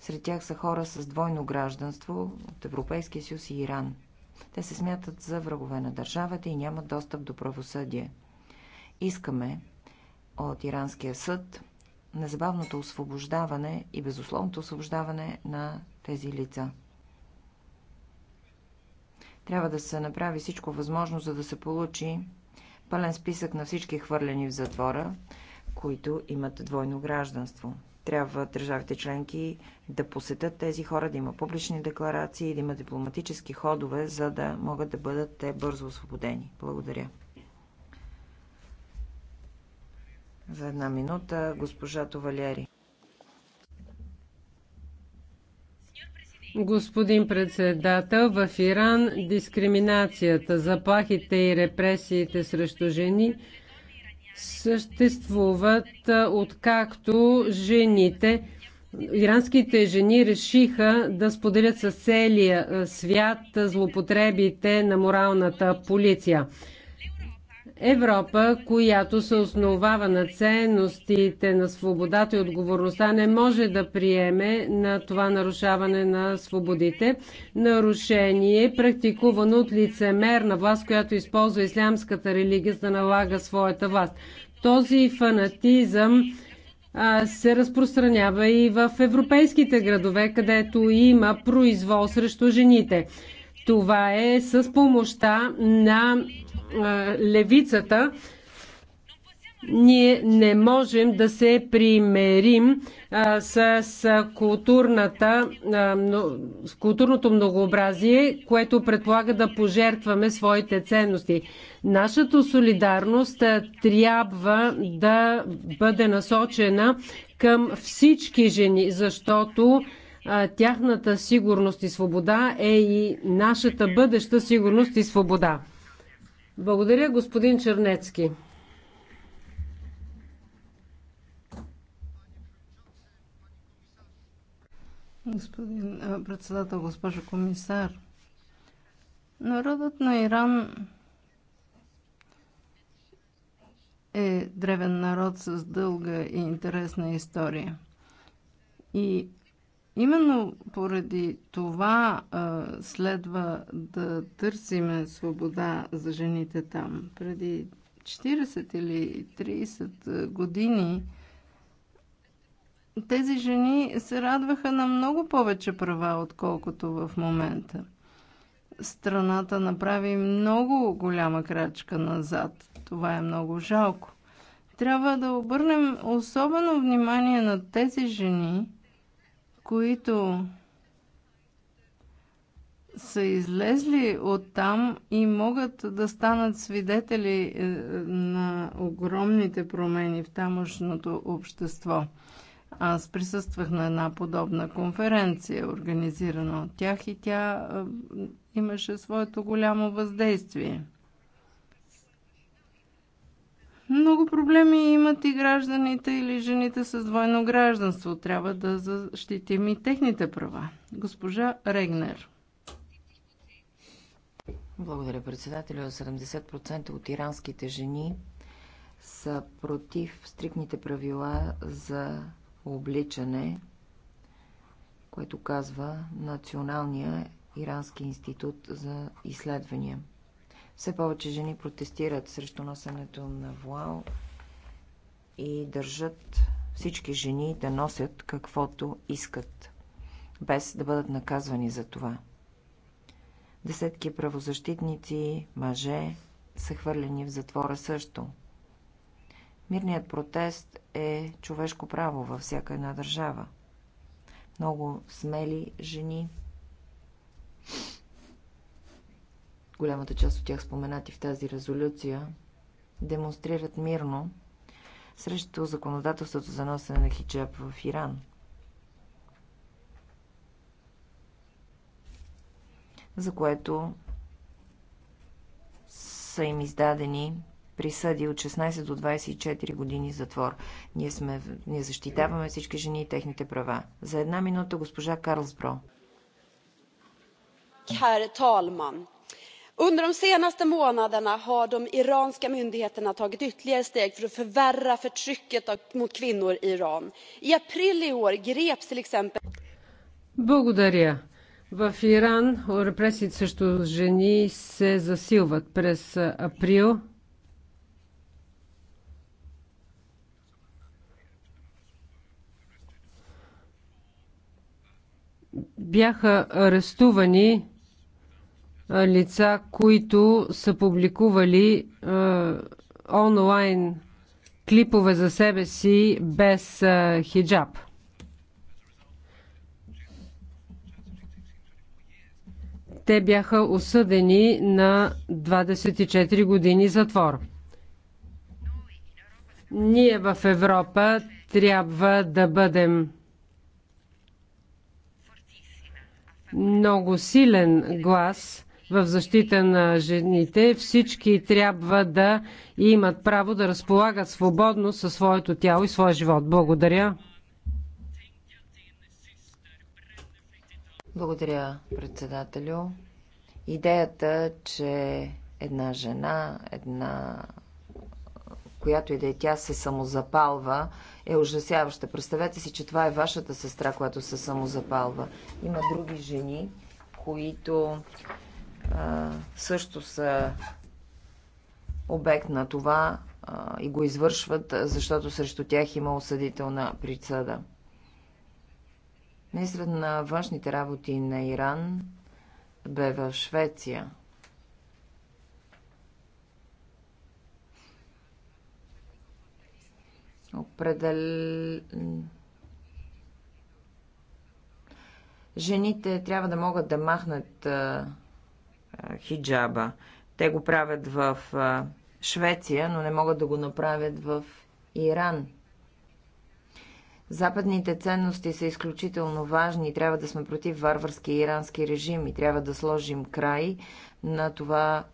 S9: Сред тях са хора с двойно гражданство от Европейския съюз и Иран. Те се смятат за врагове на държавата и нямат достъп до правосъдие. Искаме от Иранския съд незабавното освобождаване и безусловното освобождаване на тези лица. Трябва да се направи всичко възможно, за да се получи пълен списък на всички хвърлени в затвора, които имат двойно гражданство. Трябва държавите членки да посетят тези хора, да има публични декларации, да има дипломатически ходове, за да могат да бъдат те бързо освободени. Благодаря. За една минута госпожа Товалери.
S7: Господин председател, в Иран дискриминацията, заплахите и репресиите срещу жени съществуват откакто жените, иранските жени решиха да споделят с целия свят злопотребите на моралната полиция. Европа, която се основава на ценностите на свободата и отговорността, не може да приеме на това нарушаване на свободите. Нарушение, практикувано от лицемерна власт, която използва ислямската религия, за да налага своята власт. Този фанатизъм се разпространява и в европейските градове, където има произвол срещу жените. Това е с помощта на е, левицата, ние не можем да се примерим а, е, с, културната, а, е, с културното многообразие, което предполага да пожертваме своите ценности. Нашата солидарност а, трябва да бъде насочена към всички жени, защото а, тяхната сигурност и свобода е и нашата бъдеща сигурност и свобода. Благодаря, господин Чернецки.
S8: Господин председател, госпожо комисар, народът на Иран е древен народ с дълга и интересна история. И Именно поради това а, следва да търсиме свобода за жените там. Преди 40 или 30 години тези жени се радваха на много повече права, отколкото в момента. Страната направи много голяма крачка назад. Това е много жалко. Трябва да обърнем особено внимание на тези жени, които са излезли от там и могат да станат свидетели е, на огромните промени в тамошното общество. Аз присъствах на една подобна конференция, организирана от тях и тя е, имаше своето голямо въздействие – много проблеми имат и гражданите или жените с двойно гражданство. Трябва да защитим и техните права. Госпожа Регнер.
S9: Благодаря, председателю. 70% от иранските жени са против стрикните правила за обличане, което казва Националния ирански институт за изследвания. Все повече жени протестират срещу носенето на вуал и държат всички жени да носят каквото искат, без да бъдат наказвани за това. Десетки правозащитници, мъже са хвърлени в затвора също. Мирният протест е човешко право във всяка една държава. Много смели жени голямата част от тях споменати в тази резолюция, демонстрират мирно срещу законодателството за носене на хиджаб в Иран. За което са им издадени присъди от 16 до 24 години затвор. Ние, сме, ние защитаваме всички жени и техните права. За една минута госпожа Карлсбро.
S6: Herr талман,
S3: under de senaste månaderna har de iranska myndigheterna tagit ytterligare steg för att förvärra förtrycket mot kvinnor i Iran. I april i år greps till exempel...
S7: Благодаря. В Иран репресиите срещу жени се засилват. През април бяха арестувани лица, които са публикували онлайн клипове за себе си без хиджаб. Те бяха осъдени на 24 години затвор. Ние в Европа трябва да бъдем много силен глас в защита на жените. Всички трябва да имат право да разполагат свободно със своето тяло и своя живот. Благодаря.
S9: Благодаря, председателю. Идеята, че една жена, една която и да е тя, се самозапалва, е ужасяваща. Представете си, че това е вашата сестра, която се самозапалва. Има други жени, които също са обект на това и го извършват, защото срещу тях има осъдителна присъда. Министрът на външните работи на Иран бе в Швеция. Определ... Жените трябва да могат да махнат а, хиджаба. Те го правят в Швеция, но не могат да го направят в Иран. Западните ценности са изключително важни и трябва да сме против варварски ирански режим и трябва да сложим край на това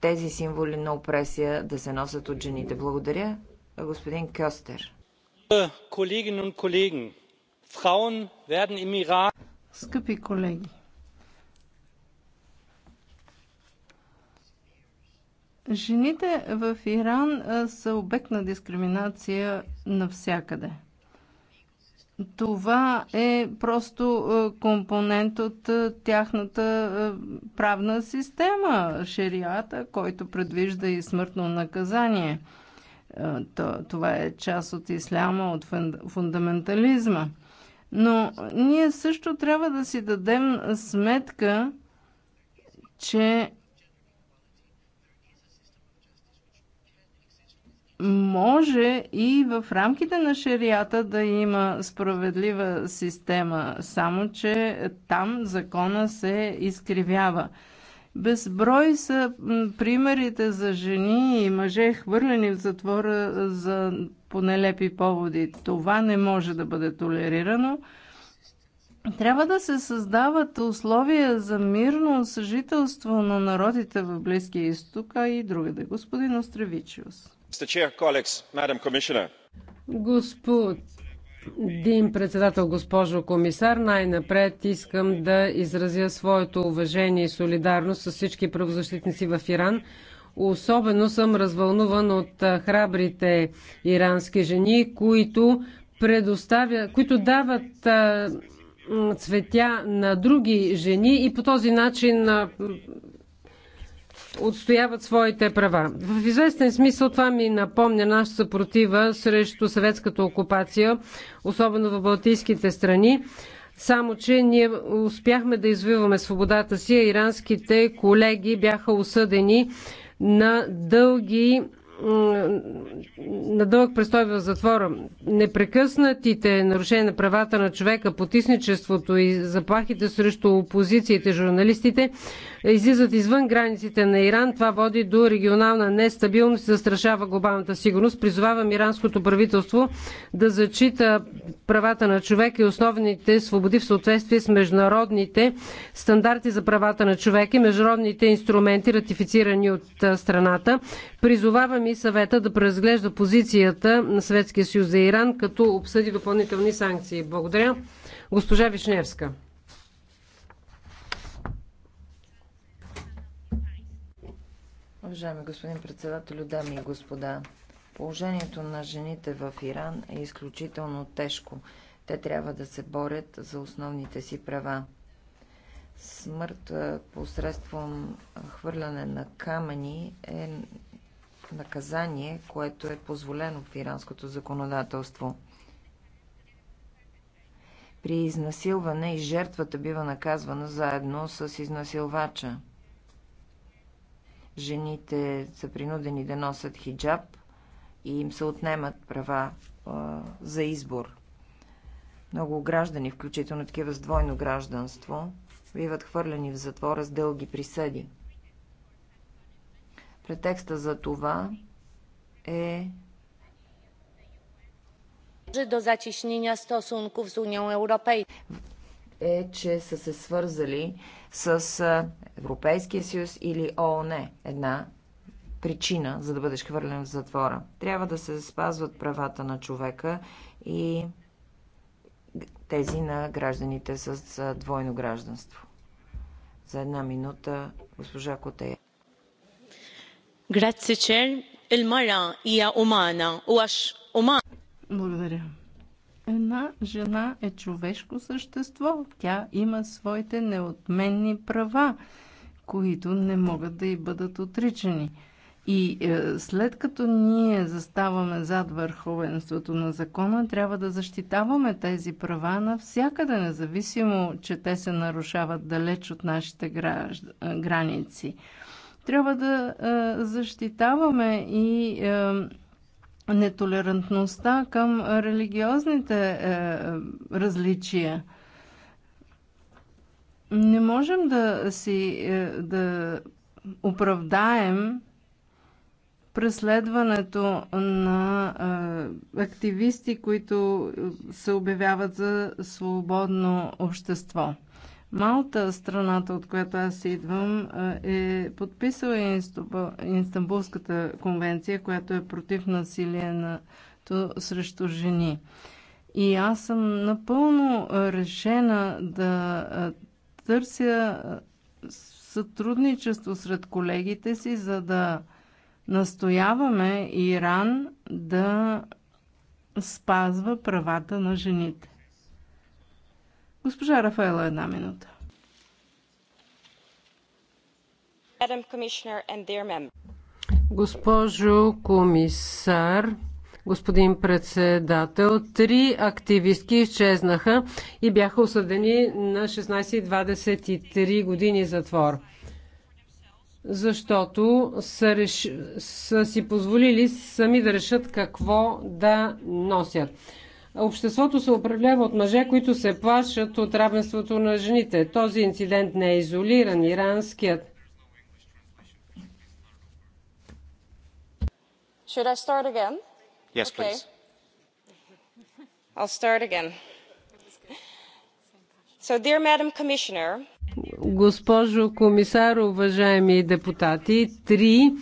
S9: тези символи на опресия да се носят от жените. Благодаря, господин
S8: Кьостер. Скъпи колеги, Жените в Иран са обект на дискриминация навсякъде. Това е просто компонент от тяхната правна система, шерията, който предвижда и смъртно наказание. Това е част от исляма, от фундаментализма. Но ние също трябва да си дадем сметка, че може и в рамките на шерията да има справедлива система, само че там закона се изкривява. Безброй са примерите за жени и мъже хвърлени в затвора за понелепи поводи. Това не може да бъде толерирано. Трябва да се създават условия за мирно съжителство на народите в Близкия изток и другаде. Господин Остревичиус.
S7: Господин председател, госпожо комисар, най-напред искам да изразя своето уважение и солидарност с всички правозащитници в Иран. Особено съм развълнуван от храбрите ирански жени, които предоставят, които дават цветя на други жени и по този начин отстояват своите права. В известен смисъл това ми напомня наша съпротива срещу съветската окупация, особено в Балтийските страни. Само, че ние успяхме да извиваме свободата си, а иранските колеги бяха осъдени на дълги на дълъг престой в затвора. Непрекъснатите нарушения на правата на човека, потисничеството и заплахите срещу опозициите, журналистите излизат извън границите на Иран. Това води до регионална нестабилност и застрашава глобалната сигурност. Призовавам иранското правителство да зачита правата на човек и основните свободи в съответствие с международните стандарти за правата на човек и международните инструменти, ратифицирани от страната. Призовавам и съвета да преразглежда позицията на Съветския съюз за Иран, като обсъди допълнителни санкции. Благодаря. Госпожа Вишневска.
S9: Уважаеми господин председател, дами и господа, положението на жените в Иран е изключително тежко. Те трябва да се борят за основните си права. Смърт посредством хвърляне на камъни е наказание, което е позволено в иранското законодателство. При изнасилване и жертвата бива наказвана заедно с изнасилвача. Жените са принудени да носят хиджаб и им се отнемат права а, за избор. Много граждани, включително такива с двойно гражданство, биват хвърлени в затвора с дълги присъди. Претекста за това е
S2: до зачишнения стосунков с Унион Европей
S9: Е, че са се свързали с Европейския съюз или ООН една причина, за да бъдеш хвърлен в затвора. Трябва да се спазват правата на човека и тези на гражданите с двойно гражданство. За една минута госпожа Котея.
S2: Грация
S3: чер. и ия умана. Уаш
S8: умана. Благодаря. Една жена е човешко същество. Тя има своите неотменни права които не могат да и бъдат отричани. И е, след като ние заставаме зад върховенството на закона, трябва да защитаваме тези права навсякъде, независимо, че те се нарушават далеч от нашите гражд... граници. Трябва да е, защитаваме и е, нетолерантността към религиозните е, е различия. Не можем да си е, да оправдаем преследването на е, активисти, които се обявяват за свободно общество. Малта, страната, от която аз идвам, е, е подписала Инстанбулската конвенция, която е против насилието срещу жени. И аз съм напълно решена да търся сътрудничество сред колегите си, за да настояваме Иран да спазва правата на жените. Госпожа Рафаела, една минута.
S7: Госпожо комисар, господин председател. Три активистки изчезнаха и бяха осъдени на 16 и 23 години затвор. Защото са, реш... са си позволили сами да решат какво да носят. Обществото се управлява от мъже, които се плашат от равенството на жените. Този инцидент не е изолиран. Иранският
S2: Should I start again? Yes, okay. please. I'll start again. So,
S9: dear Madam Commissioner,
S7: Госпожо комисар, уважаеми депутати, три е,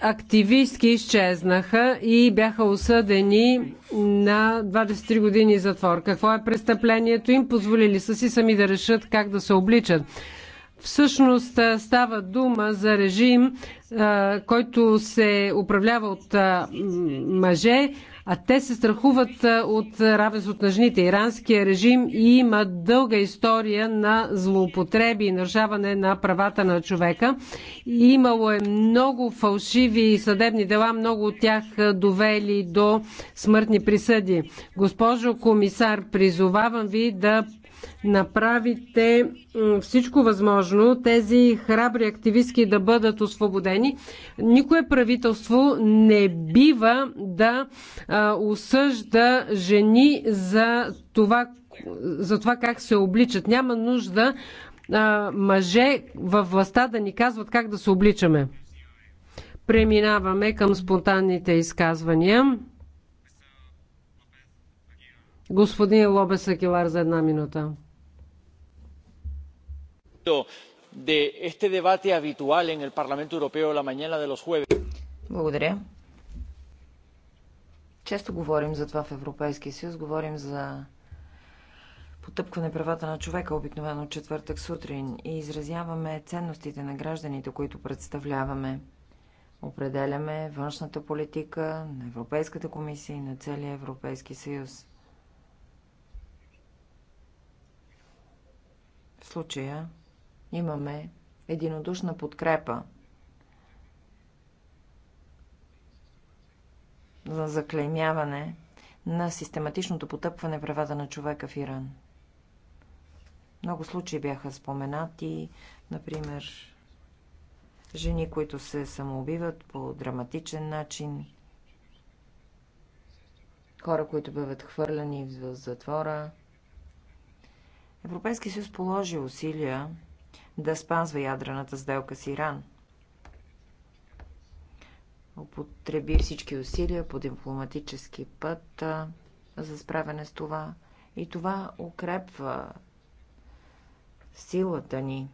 S7: активистки изчезнаха и бяха осъдени на 23 години затвор. Какво е престъплението им? Позволили са си сами да решат как да се обличат. Всъщност става дума за режим, който се управлява от мъже, а те се страхуват от равенството на жените. Иранския режим има дълга история на злоупотреби и нарушаване на правата на човека. Имало е много фалшиви съдебни дела, много от тях довели до смъртни присъди. Госпожо комисар, призовавам ви да направите всичко възможно тези храбри активистки да бъдат освободени. Никое правителство не бива да осъжда жени за това, за това как се обличат. Няма нужда мъже във властта да ни казват как да се обличаме. Преминаваме към спонтанните изказвания. Господин Лобес Акилар за една минута. Благодаря.
S9: Често говорим за това в Европейския съюз. Говорим за потъпкване правата на човека обикновено четвъртък сутрин и изразяваме ценностите на гражданите, които представляваме. Определяме външната политика на Европейската комисия и на целия Европейски съюз. В случая имаме единодушна подкрепа за заклеймяване на систематичното потъпване правата на човека в Иран. Много случаи бяха споменати, например, жени, които се самоубиват по драматичен начин, хора, които биват хвърляни в затвора, Европейски съюз положи усилия да спазва ядрената сделка с Иран. Употреби всички усилия по дипломатически път а, за справяне с това. И това укрепва силата ни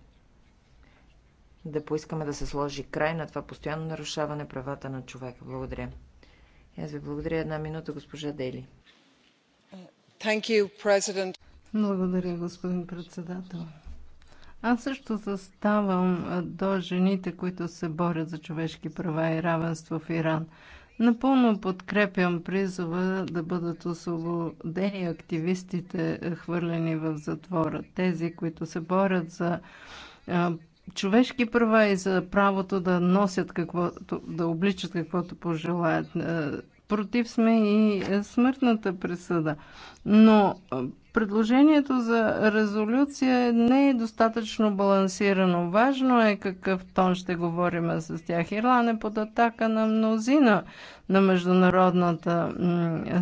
S9: да поискаме да се сложи край на това постоянно нарушаване правата на човека. Благодаря. Аз ви благодаря една минута, госпожа Дели. Thank you, President.
S8: Благодаря, господин председател. Аз също заставам до жените, които се борят за човешки права и равенство в Иран. Напълно подкрепям призова да бъдат освободени активистите, хвърлени в затвора. Тези, които се борят за човешки права и за правото да носят каквото, да обличат каквото пожелаят против сме и смъртната присъда. Но предложението за резолюция не е достатъчно балансирано. Важно е какъв тон ще говорим с тях. Ирлан е под атака на мнозина на международната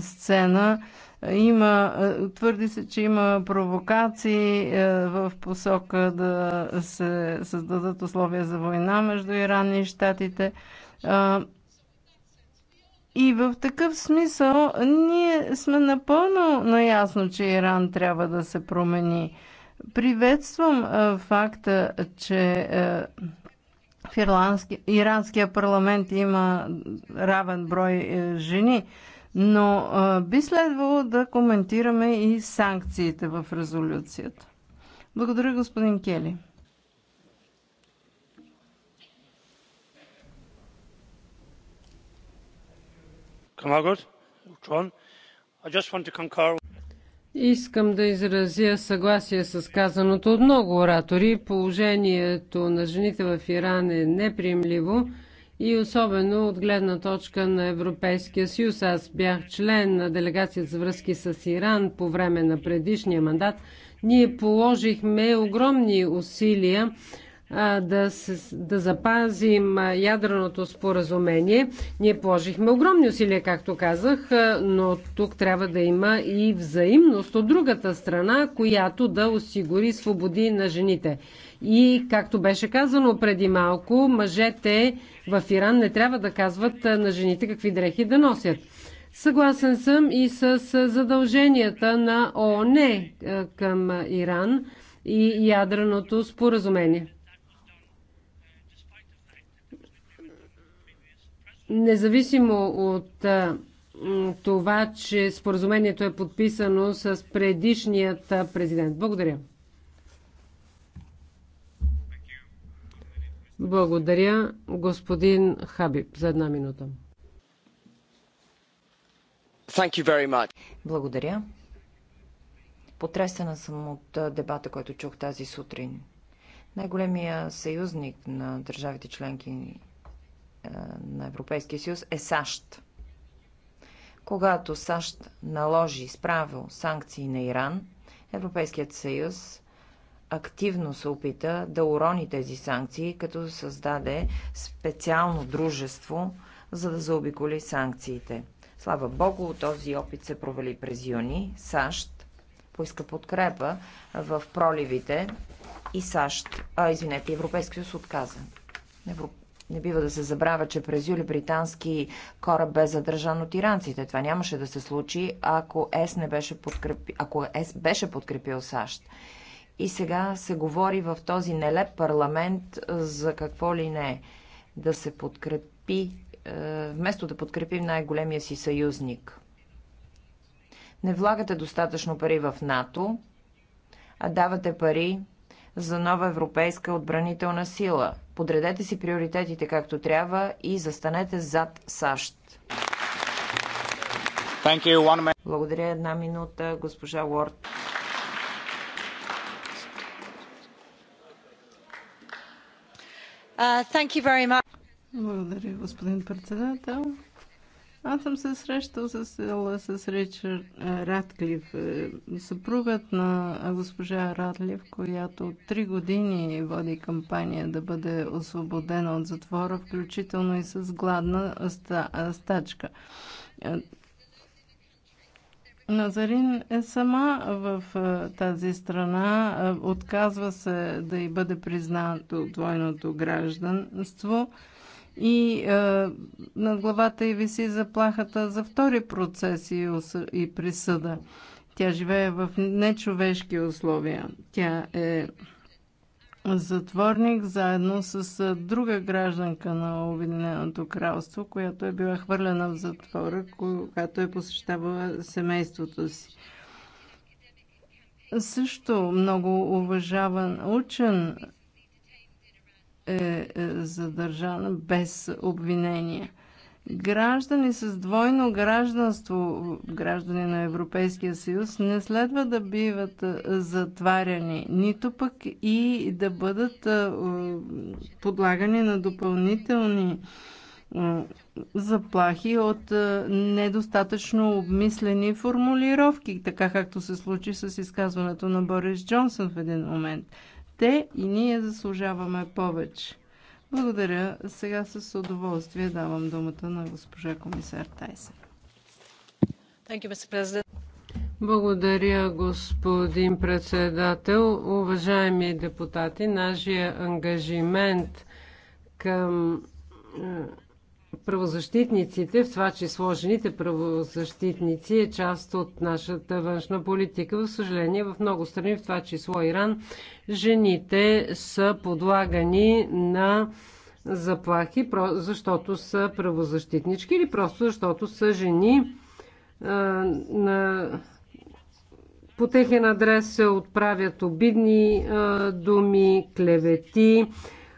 S8: сцена. Има, твърди се, че има провокации в посока да се създадат условия за война между Иран и Штатите и в такъв смисъл ние сме напълно наясно, че Иран трябва да се промени. Приветствам а, факта, че а, иранския парламент има равен брой а, е, жени, но а, би следвало да коментираме и санкциите в резолюцията. Благодаря, господин Кели.
S7: Искам да изразя съгласие с казаното от много оратори. Положението на жените в Иран е неприемливо и особено от гледна точка на Европейския съюз. Аз бях член на делегацията за връзки с Иран по време на предишния мандат. Ние положихме огромни усилия да, се, да запазим ядреното споразумение. Ние положихме огромни усилия, както казах, но тук трябва да има и взаимност от другата страна, която да осигури свободи на жените. И, както беше казано преди малко, мъжете в Иран не трябва да казват на жените какви дрехи да носят. Съгласен съм и с задълженията на ООН към Иран и ядреното споразумение. Независимо от това, че споразумението е подписано с предишният президент. Благодаря. Благодаря, господин Хабиб, за една минута.
S9: Thank you very much.
S7: Благодаря. Потресена
S9: съм от дебата, който чух тази сутрин. Най-големия съюзник на държавите членки е, на Европейския съюз е САЩ. Когато САЩ наложи справо санкции на Иран, Европейският съюз активно се опита да урони тези санкции, като създаде специално дружество, за да заобиколи санкциите. Слава Богу, този опит се провали през юни. САЩ поиска подкрепа в проливите и САЩ, а, извинете, Европейския съюз отказа. Европ... Не бива да се забравя, че през юли британски кораб бе задържан от иранците. Това нямаше да се случи, ако ЕС, не беше, подкрепи, ако ЕС беше подкрепил САЩ. И сега се говори в този нелеп парламент е, за какво ли не. Да се подкрепи, е, вместо да подкрепим най-големия си съюзник. Не влагате достатъчно пари в НАТО, а давате пари за нова европейска отбранителна сила – Подредете си приоритетите както трябва и застанете зад САЩ. Благодаря една минута, госпожа Уорд.
S8: Uh, Благодаря, господин председател. Аз съм се срещал с, с Ричард е, Радклиф, е, съпругът на госпожа Радлив, която от три години води кампания да бъде освободена от затвора, включително и с гладна стачка. Е, Назарин е сама в тази страна, отказва се да й бъде признато двойното гражданство – и е, над главата й виси заплахата за втори процес и, и присъда. Тя живее в нечовешки условия. Тя е затворник заедно с е, друга гражданка на Обединеното кралство, която е била хвърлена в затвора, когато е посещавала семейството си. Също много уважаван учен е, е задържан без обвинение. Граждани с двойно гражданство, граждани на Европейския съюз, не следва да биват е, затваряни, нито пък и да бъдат е, подлагани на допълнителни заплахи от недостатъчно обмислени формулировки, така както се случи с изказването на Борис Джонсън в един момент. Те и ние заслужаваме повече. Благодаря. Сега с удоволствие давам думата на госпожа комисар Тайсен. Благодаря, господин
S7: председател. Уважаеми депутати, нашия ангажимент към е, правозащитниците, в това число жените правозащитници, е част от нашата външна политика. В съжаление, в много страни, в това число Иран, жените са подлагани на заплахи, защото са правозащитнички или просто защото са жени. На... По техен адрес се отправят обидни думи, клевети,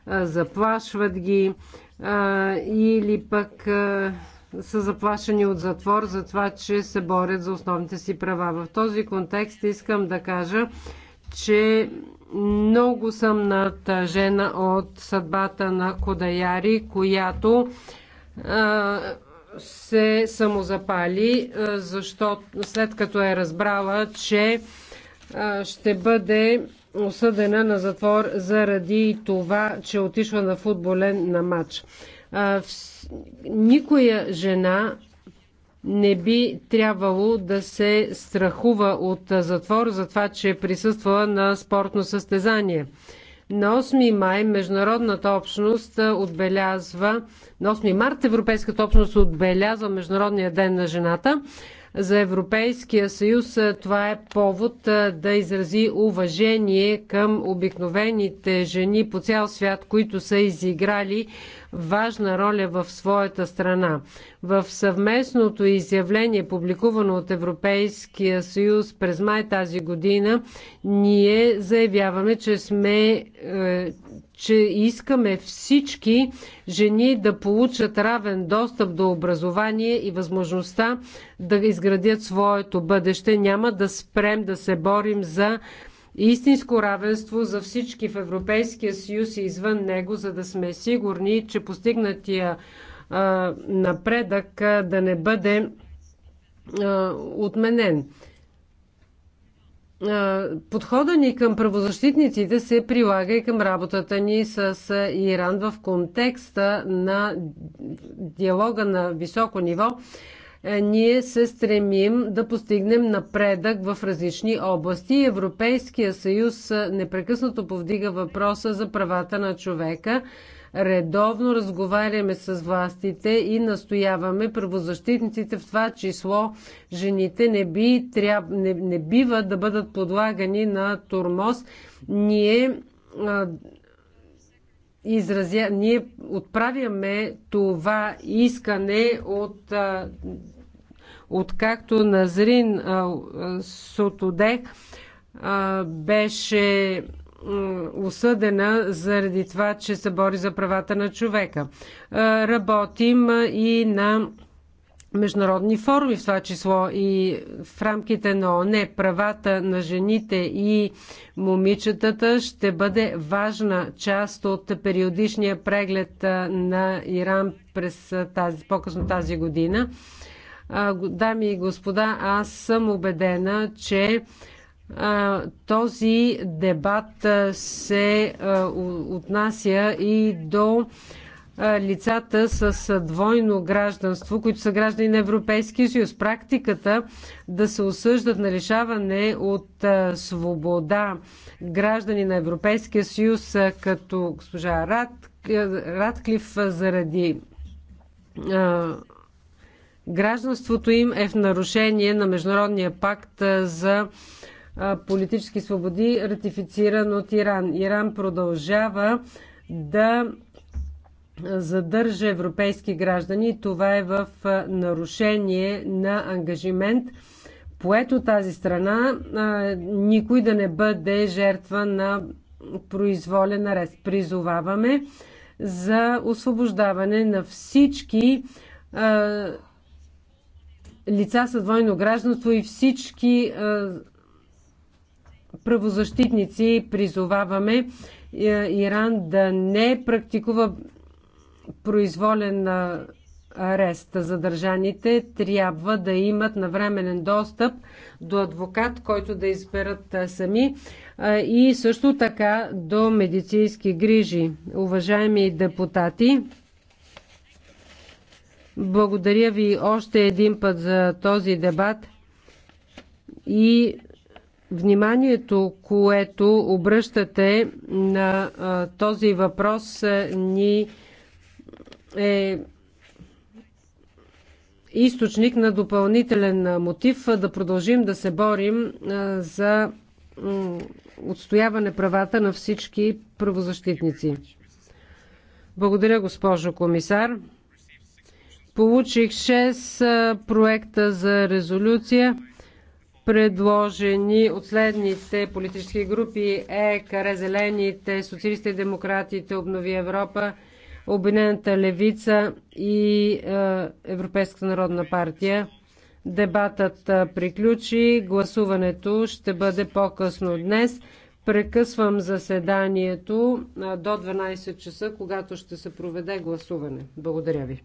S7: заплашват ги а, или пък а, са заплашени от затвор за това, че се борят за основните си права. В този контекст искам да кажа, че много съм натъжена от съдбата на Кодаяри, която а, се самозапали, защото след като е разбрала, че ще бъде осъдена на затвор заради това, че е отишла на футболен на матч. Никоя жена не би трябвало да се страхува от затвор за това, че е присъствала на спортно състезание. На 8 май международната общност отбелязва, на 8 март Европейската общност отбелязва Международния ден на жената за Европейския съюз това е повод да изрази уважение към обикновените жени по цял свят, които са изиграли важна роля в своята страна. В съвместното изявление, публикувано от Европейския съюз през май тази година, ние заявяваме, че сме е, че искаме всички жени да получат равен достъп до образование и възможността да изградят своето бъдеще. Няма да спрем да се борим за истинско равенство за всички в Европейския съюз и извън него, за да сме сигурни, че постигнатия напредък да не бъде отменен подхода ни към правозащитниците се прилага и към работата ни с Иран в контекста на диалога на високо ниво. Е, ние се стремим да постигнем напредък в различни области. Европейския съюз е, непрекъснато повдига въпроса за правата на човека Редовно разговаряме с властите и настояваме правозащитниците, в това число жените, не, би, тряб, не, не бива да бъдат подлагани на турмоз. Ние изразя, ние отправяме това искане от откакто Назрин Сотодех беше осъдена заради това, че се бори за правата на човека. Работим и на международни форуми, в това число и в рамките на ОНЕ, правата на жените и момичетата ще бъде важна част от периодичния преглед на Иран през тази, по-късно тази година. Дами и господа, аз съм убедена, че този дебат се отнася и до лицата с двойно гражданство, които са граждани на Европейския съюз. Практиката да се осъждат на лишаване от свобода граждани на Европейския съюз, като госпожа Рад, Радклиф заради гражданството им е в нарушение на Международния пакт за политически свободи, ратифициран от Иран. Иран продължава да задържа европейски граждани. Това е в нарушение на ангажимент, поето тази страна никой да не бъде жертва на произволен арест. Призоваваме за освобождаване на всички лица с двойно гражданство и всички правозащитници призоваваме е, Иран да не практикува произволен арест. Задържаните трябва да имат навременен достъп до адвокат, който да изберат сами и също така до медицински грижи. Уважаеми депутати, благодаря ви още един път за този дебат и Вниманието, което обръщате на този въпрос, ни е източник на допълнителен мотив да продължим да се борим за отстояване правата на всички правозащитници. Благодаря, госпожо комисар. Получих 6 проекта за резолюция предложени от следните политически групи Каре Зелените, Социалистите и Демократите, Обнови Европа, Обединената левица и е, Европейската народна партия. Дебатът е, приключи. Гласуването ще бъде по-късно днес. Прекъсвам заседанието е, до 12 часа, когато ще се проведе гласуване. Благодаря ви.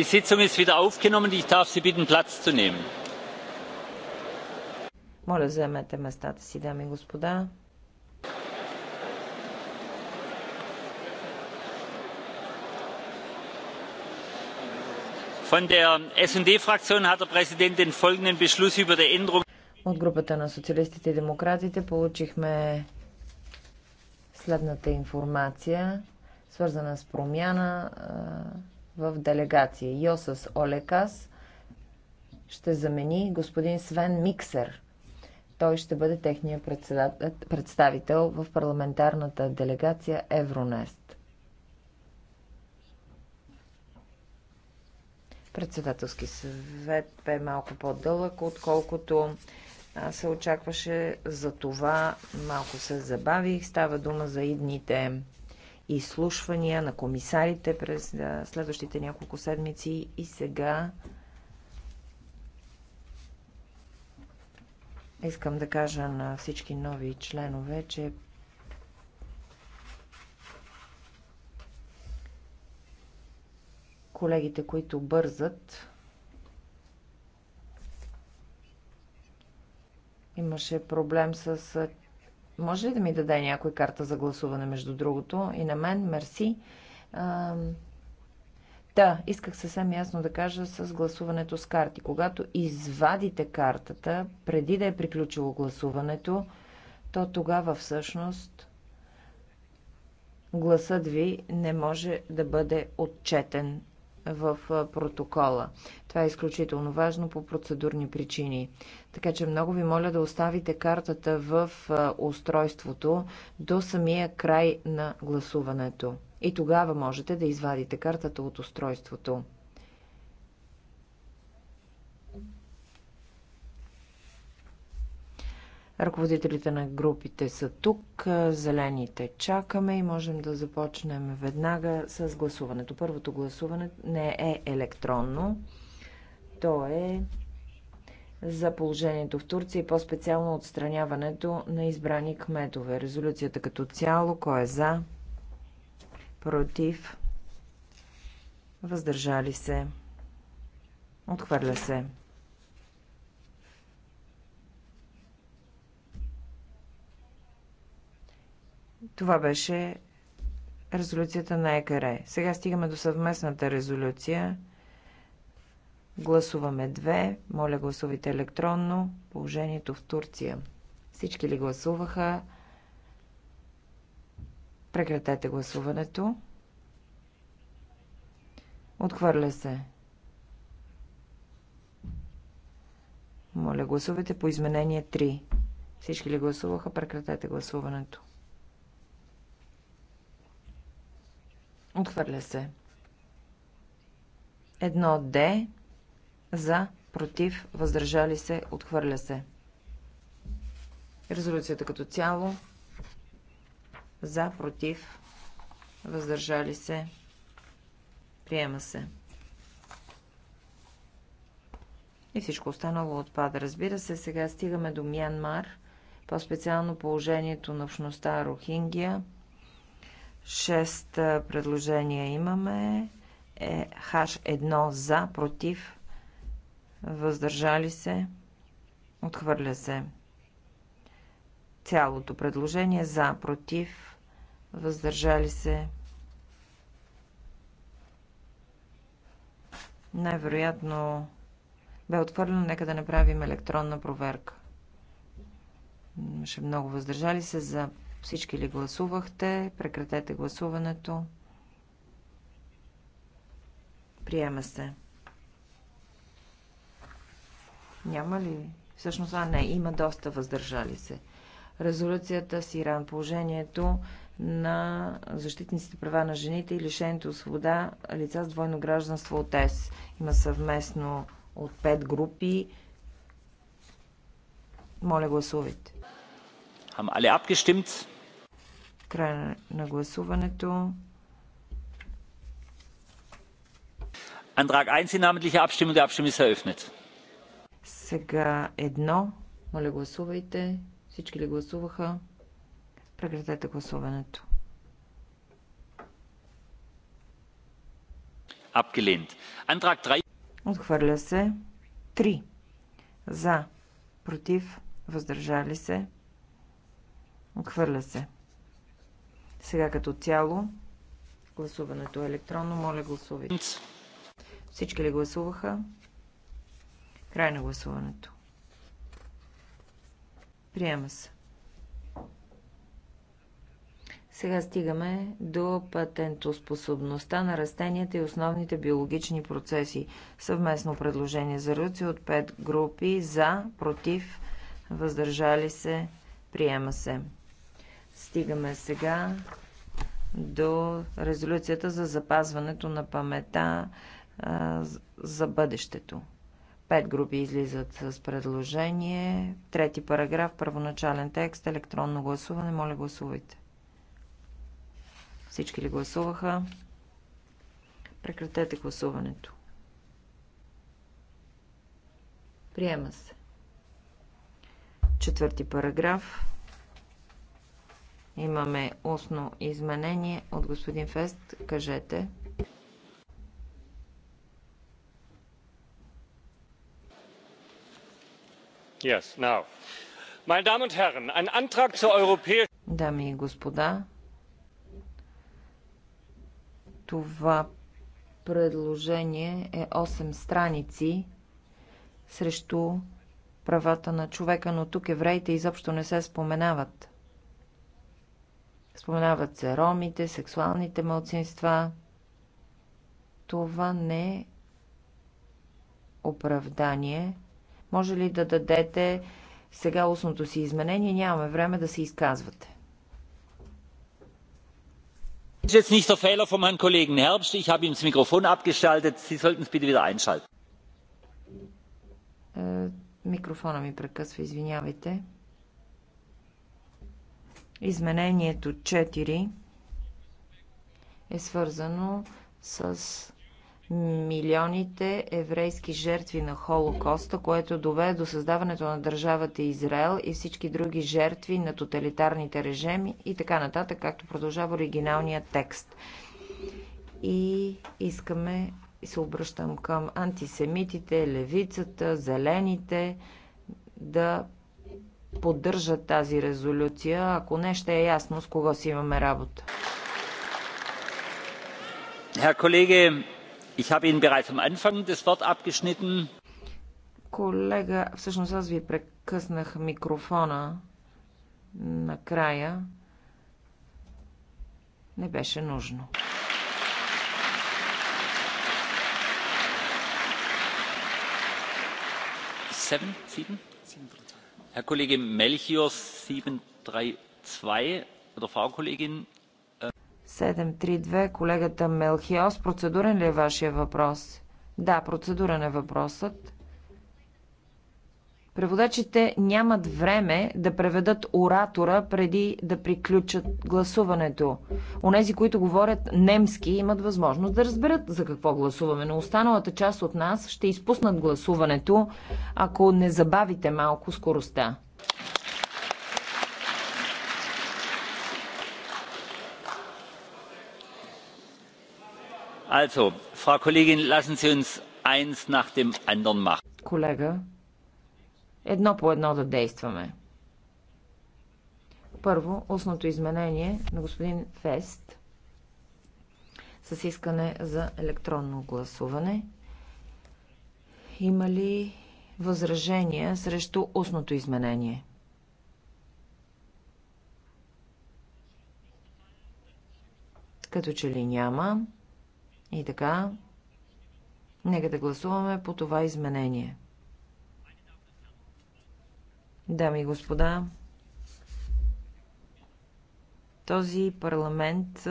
S5: die sitzung ist wieder aufgenommen ich darf sie bitten platz zu nehmen
S9: моля, заемете местата си, дами и господа.
S5: Von der SD-Fraktion hat der Präsident den folgenden Beschluss über die Änderung.
S9: От групата на социалистите и демократите получихме следната информация, свързана с промяна в делегация. Йосас Олекас ще замени господин Свен Миксер. Той ще бъде техния представител в парламентарната делегация Евронест. Председателски съвет бе малко по-дълъг, отколкото се очакваше. За това малко се забавих. Става дума за идните изслушвания на комисарите през следващите няколко седмици и сега искам да кажа на всички нови членове, че колегите, които бързат, имаше проблем с може ли да ми даде някой карта за гласуване, между другото? И на мен, мерси. А, да, исках съвсем ясно да кажа с гласуването с карти. Когато извадите картата, преди да е приключило гласуването, то тогава всъщност гласът ви не може да бъде отчетен в протокола. Това е изключително важно по процедурни причини. Така че много ви моля да оставите картата в устройството до самия край на гласуването. И тогава можете да извадите картата от устройството. Ръководителите на групите са тук, зелените чакаме и можем да започнем веднага с гласуването. Първото гласуване не е електронно то е за положението в Турция и по-специално отстраняването на избрани кметове. Резолюцията като цяло, кой е за, против, въздържали се, отхвърля се. Това беше резолюцията на ЕКР. Сега стигаме до съвместната резолюция Гласуваме две. Моля, гласувайте електронно. Положението в Турция. Всички ли гласуваха? Прекратете гласуването. Отхвърля се. Моля, гласувайте по изменение 3. Всички ли гласуваха? Прекратете гласуването. Отхвърля се. Едно Д. За, против, въздържали се, отхвърля се. Резолюцията като цяло. За, против, въздържали се, приема се. И всичко останало отпада. Разбира се, сега стигаме до Мянмар, по-специално положението на общността Рохингия. Шест предложения имаме. Е, H1 за, против, въздържали се, отхвърля се. Цялото предложение за, против, въздържали се. Най-вероятно бе отхвърлено, нека да направим електронна проверка. Ще много въздържали се за всички ли гласувахте. Прекратете гласуването. Приема се. Няма ли? Всъщност, а не, има доста въздържали се. Резолюцията с Иран, положението на защитниците права на жените и лишението от свобода лица с двойно гражданство от ЕС. Има съвместно от пет групи. Моля, гласувайте.
S5: Хам alle abgestimmt?
S9: Край на гласуването.
S5: Antrag 1 in namentlicher Abstimmung. Der Abstimmung ist eröffnet.
S9: Сега едно. Моля, гласувайте. Всички ли гласуваха? Прекратете гласуването.
S5: Abgelehnt. Антрак 3.
S9: Отхвърля се. 3. За. Против. Въздържали се. Отхвърля се. Сега като цяло. Гласуването е електронно. Моля, гласувайте. Всички ли гласуваха? Край на гласуването. Приема се. Сега стигаме до патентоспособността на растенията и основните биологични процеси. Съвместно предложение за Руци от 5 групи за, против, въздържали се, приема се. Стигаме сега до резолюцията за запазването на памета а, за бъдещето. Пет групи излизат с предложение. Трети параграф, първоначален текст, електронно гласуване. Моля, гласувайте. Всички ли гласуваха? Прекратете гласуването. Приема се. Четвърти параграф. Имаме устно изменение от господин Фест. Кажете. Дами и господа, това предложение е 8 страници срещу правата на човека, но тук евреите изобщо не се споменават. Споменават се ромите, сексуалните мълцинства. Това не е оправдание може ли да дадете сега устното си изменение? Нямаме време да се изказвате.
S5: Das ist jetzt nicht der Fehler von meinem Kollegen Herbst. Ich habe ihm das Mikrofon abgeschaltet. Sie sollten es bitte wieder einschalten.
S9: Микрофона ми прекъсва, извинявайте. Изменението 4 е свързано с милионите еврейски жертви на Холокоста, което доведе до създаването на държавата Израел и всички други жертви на тоталитарните режими и така нататък, както продължава оригиналния текст. И искаме и се обръщам към антисемитите, левицата, зелените, да поддържат тази резолюция, ако не ще е ясно с кого си имаме работа.
S5: Herr Kollege, Ich habe Ihnen bereits am Anfang das Wort abgeschnitten.
S9: Колега, всъщност аз ви прекъснах микрофона накрая. Не беше нужно.
S5: Seven, seven? Herr Kollege Melchior 732 oder Frau Kollegin
S9: 732, колегата Мелхиос. Процедурен ли е вашия въпрос? Да, процедурен е въпросът. Преводачите нямат време да преведат оратора преди да приключат гласуването. Онези, които говорят немски, имат възможност да разберат за какво гласуваме, но останалата част от нас ще изпуснат гласуването, ако не забавите малко скоростта.
S5: Also, Frau Kollegin, lassen Sie uns eins nach dem anderen machen.
S9: Колега, едно по едно да действаме. Първо, устното изменение на господин Фест с искане за електронно гласуване. Има ли възражения срещу устното изменение? Като че ли няма, и така, нека да гласуваме по това изменение. Дами и господа, този парламент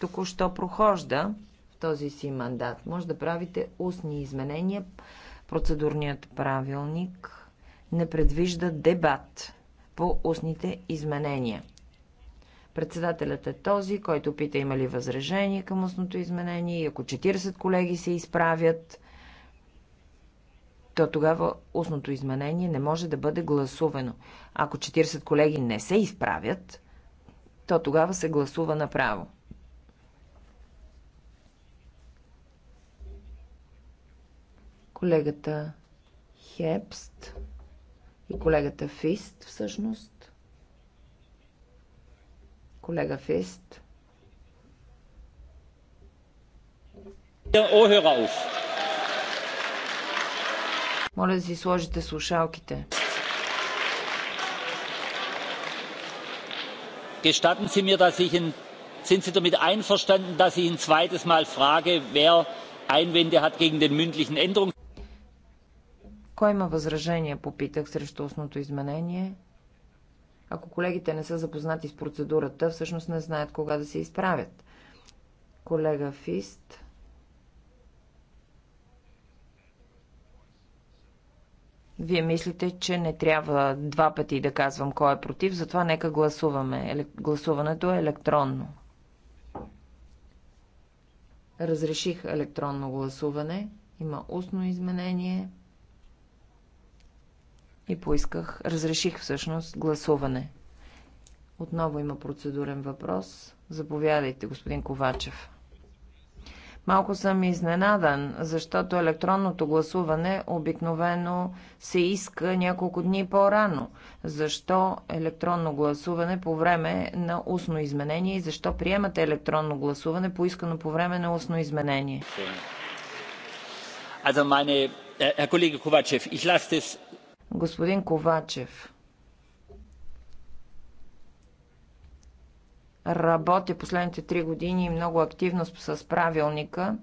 S9: току-що прохожда в този си мандат. Може да правите устни изменения. Процедурният правилник не предвижда дебат по устните изменения. Председателят е този, който пита има ли възражение към устното изменение и ако 40 колеги се изправят, то тогава устното изменение не може да бъде гласувано. Ако 40 колеги не се изправят, то тогава се гласува направо. Колегата Хепст и колегата Фист всъщност колега Фест.
S5: Моля да си сложите слушалките. Gestatten Sie mir, dass ich in, sind Sie damit einverstanden, dass ich ein zweites Mal frage, wer Einwände hat gegen den mündlichen Änderungsantrag?
S9: Кой има възражение, попитах срещу устното изменение. Ако колегите не са запознати с процедурата, всъщност не знаят кога да се изправят. Колега Фист. Вие мислите, че не трябва два пъти да казвам кой е против, затова нека гласуваме. Гласуването е електронно. Разреших електронно гласуване. Има устно изменение и поисках, разреших всъщност гласуване. Отново има процедурен въпрос. Заповядайте, господин Ковачев. Малко съм изненадан, защото електронното гласуване обикновено се иска няколко дни по-рано. Защо електронно гласуване по време на устно изменение и защо приемате електронно гласуване поискано по време на устно изменение?
S5: Also meine, Herr Kollege Kovacev, ich lasse das
S9: Господин Ковачев. Работя последните три години много активно с правилника.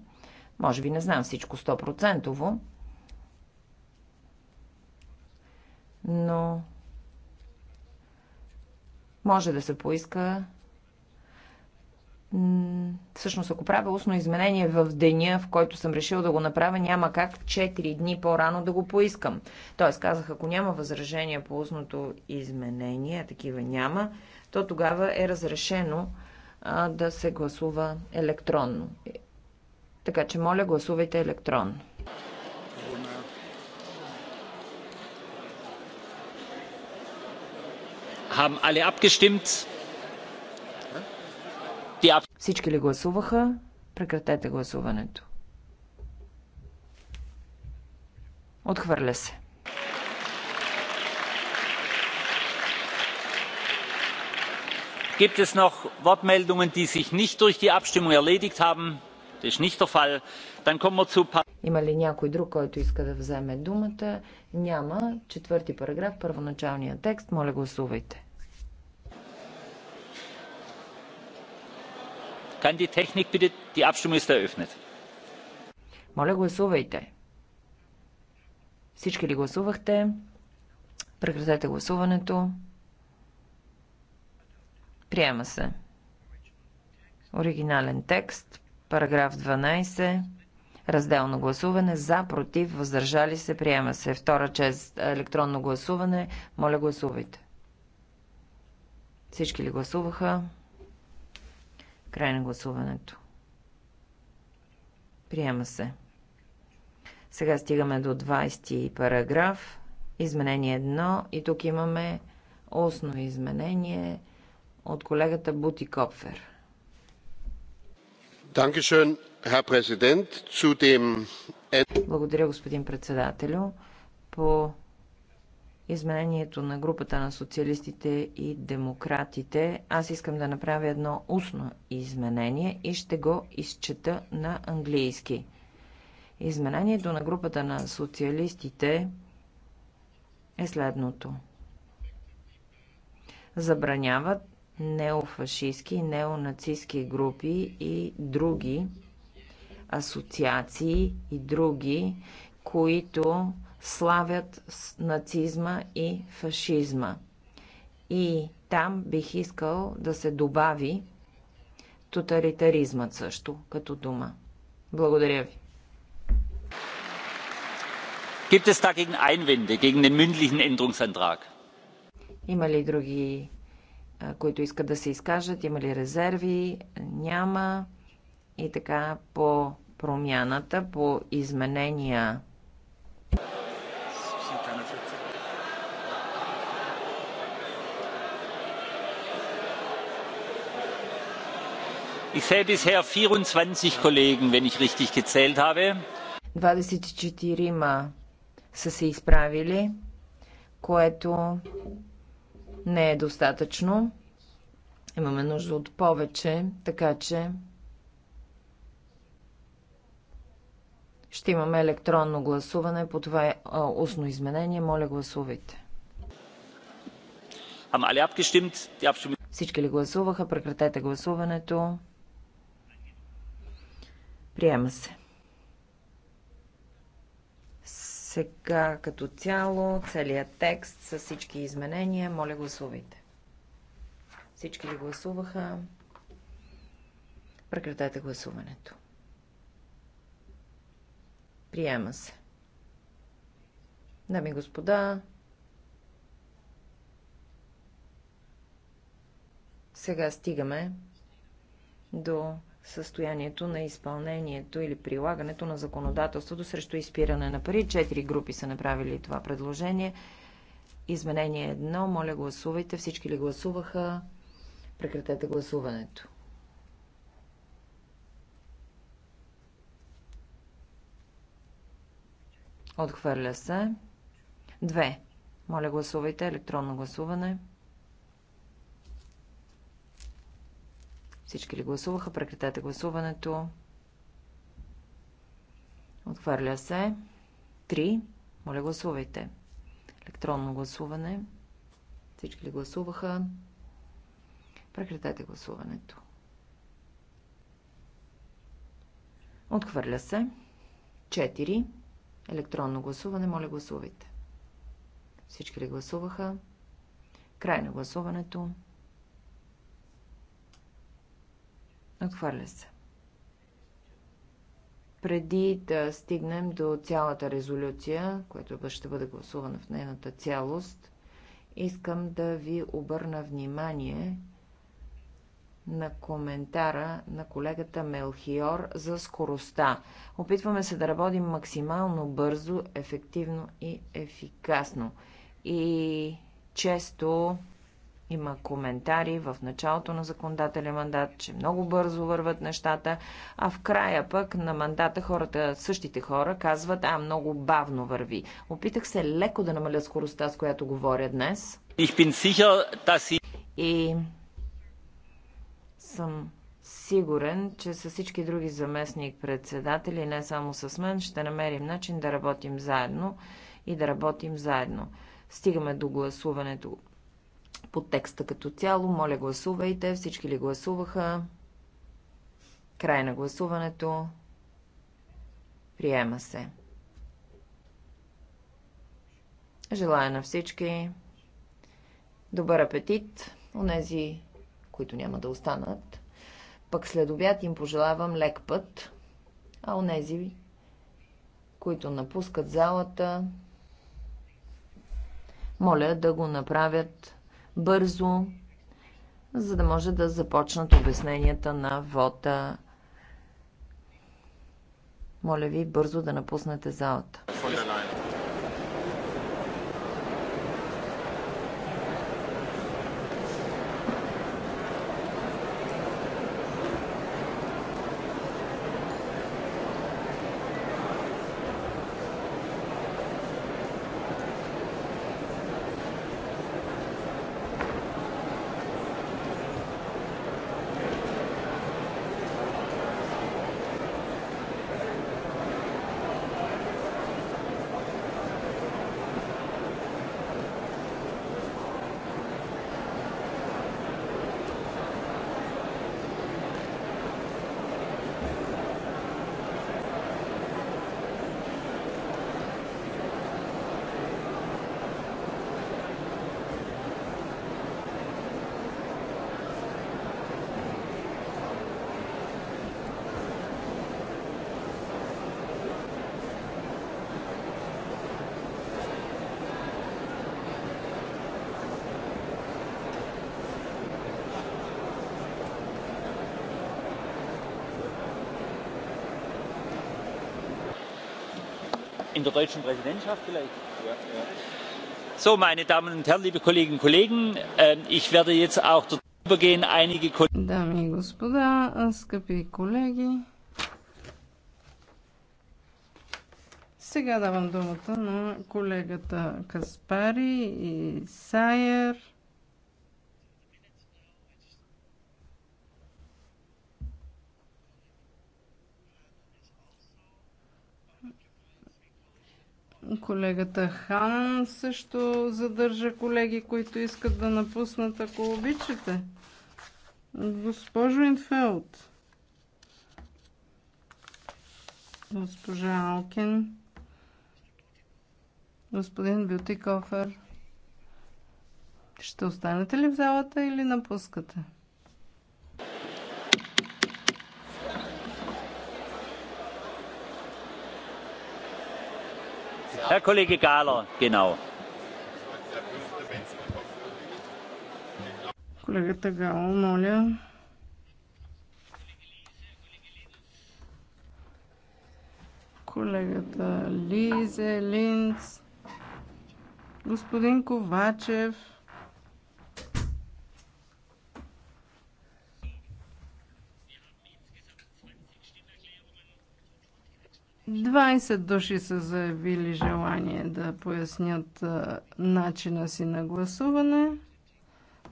S9: Може би не знам всичко 100%, но може да се поиска всъщност ако правя устно изменение в деня, в който съм решил да го направя, няма как 4 дни по-рано да го поискам. Тоест казах, ако няма възражения по устното изменение, а такива няма, то тогава е разрешено а, да се гласува електронно. Така че моля, гласувайте електронно.
S5: Haben alle abgestimmt?
S9: Всички ли гласуваха? Прекратете гласуването.
S5: Отхвърля се. Gibt es noch Wortmeldungen, die sich nicht durch die Abstimmung erledigt haben? Das ist nicht der Fall. Dann kommen wir zu Има ли
S9: някой друг, който иска да вземе думата? Няма. Четвърти параграф, първоначалния текст. Моля, гласувайте. Моля, гласувайте. Всички ли гласувахте? Прекратете гласуването. Приема се. Оригинален текст, параграф 12, разделно гласуване, за, против, въздържали се, приема се. Втора чест, електронно гласуване, моля гласувайте. Всички ли гласуваха? Край на гласуването. Приема се. Сега стигаме до 20 параграф. Изменение 1 и тук имаме осно изменение от колегата Бути Копфер. Благодаря, господин председателю. По изменението на групата на социалистите и демократите, аз искам да направя едно устно изменение и ще го изчета на английски. Изменението на групата на социалистите е следното. Забраняват неофашистски, неонацистски групи и други асоциации и други, които славят с нацизма и фашизма. И там бих искал да се добави тоталитаризмът също като дума. Благодаря ви.
S5: Gibt es Einwände gegen den mündlichen Änderungsantrag?
S9: Има ли други, които искат да се изкажат? Има ли резерви? Няма. И така по промяната, по изменения
S5: Ich sehe bisher 24 Kollegen, wenn ich richtig gezählt habe.
S9: 24 са се изправили, което не е достатъчно. Имаме нужда от повече, така че ще имаме електронно гласуване по това е, устно изменение. Моля, гласувайте. Всички ли гласуваха? Прекратете гласуването. Приема се. Сега като цяло, целият текст с всички изменения, моля гласувайте. Всички ли гласуваха? Прекратете гласуването. Приема се. Дами и господа, сега стигаме до състоянието на изпълнението или прилагането на законодателството срещу изпиране на пари. Четири групи са направили това предложение. Изменение едно. Моля, гласувайте. Всички ли гласуваха? Прекратете гласуването. Отхвърля се. Две. Моля, гласувайте. Електронно гласуване. Всички ли гласуваха? Прекратете гласуването. Отхвърля се. 3. Моля гласувайте. Електронно гласуване. Всички ли гласуваха? Прекратете гласуването. Отхвърля се. 4. Електронно гласуване. Моля гласувайте. Всички ли гласуваха? Край на гласуването. Отхвърля се. Преди да стигнем до цялата резолюция, която ще бъде гласувана в нейната цялост, искам да ви обърна внимание на коментара на колегата Мелхиор за скоростта. Опитваме се да работим максимално бързо, ефективно и ефикасно. И често има коментари в началото на законодателя мандат, че много бързо върват нещата, а в края пък на мандата хората, същите хора казват, а много бавно върви. Опитах се леко да намаля скоростта, с която говоря днес.
S5: си. И
S9: съм сигурен, че с всички други заместник председатели, не само с мен, ще намерим начин да работим заедно и да работим заедно. Стигаме до гласуването по текста като цяло. Моля, гласувайте. Всички ли гласуваха? Край на гласуването. Приема се. Желая на всички добър апетит. Онези, които няма да останат, пък след обяд им пожелавам лек път, а онези, които напускат залата, моля да го направят бързо, за да може да започнат обясненията на вота. Моля ви бързо да напуснете залата.
S5: in der deutschen Präsidentschaft vielleicht. So, meine Damen und Herren, liebe Kolleginnen und Kollegen, ich werde jetzt auch dazu übergehen, einige Kollegen. господа,
S8: скъпи колеги, сега давам думата на колегата Каспари и Сайер. Колегата Хан също задържа колеги, които искат да напуснат, ако обичате. Госпожо Инфелд. Госпожа Алкин. Господин Бютикофер. Ще останете ли в залата или напускате?
S5: Herr Kollege Gahler, genau.
S8: Колегата Гал, моля. Колегата Лизе, Линц, господин Ковачев. 20 души са заявили желание да пояснят начина си на гласуване.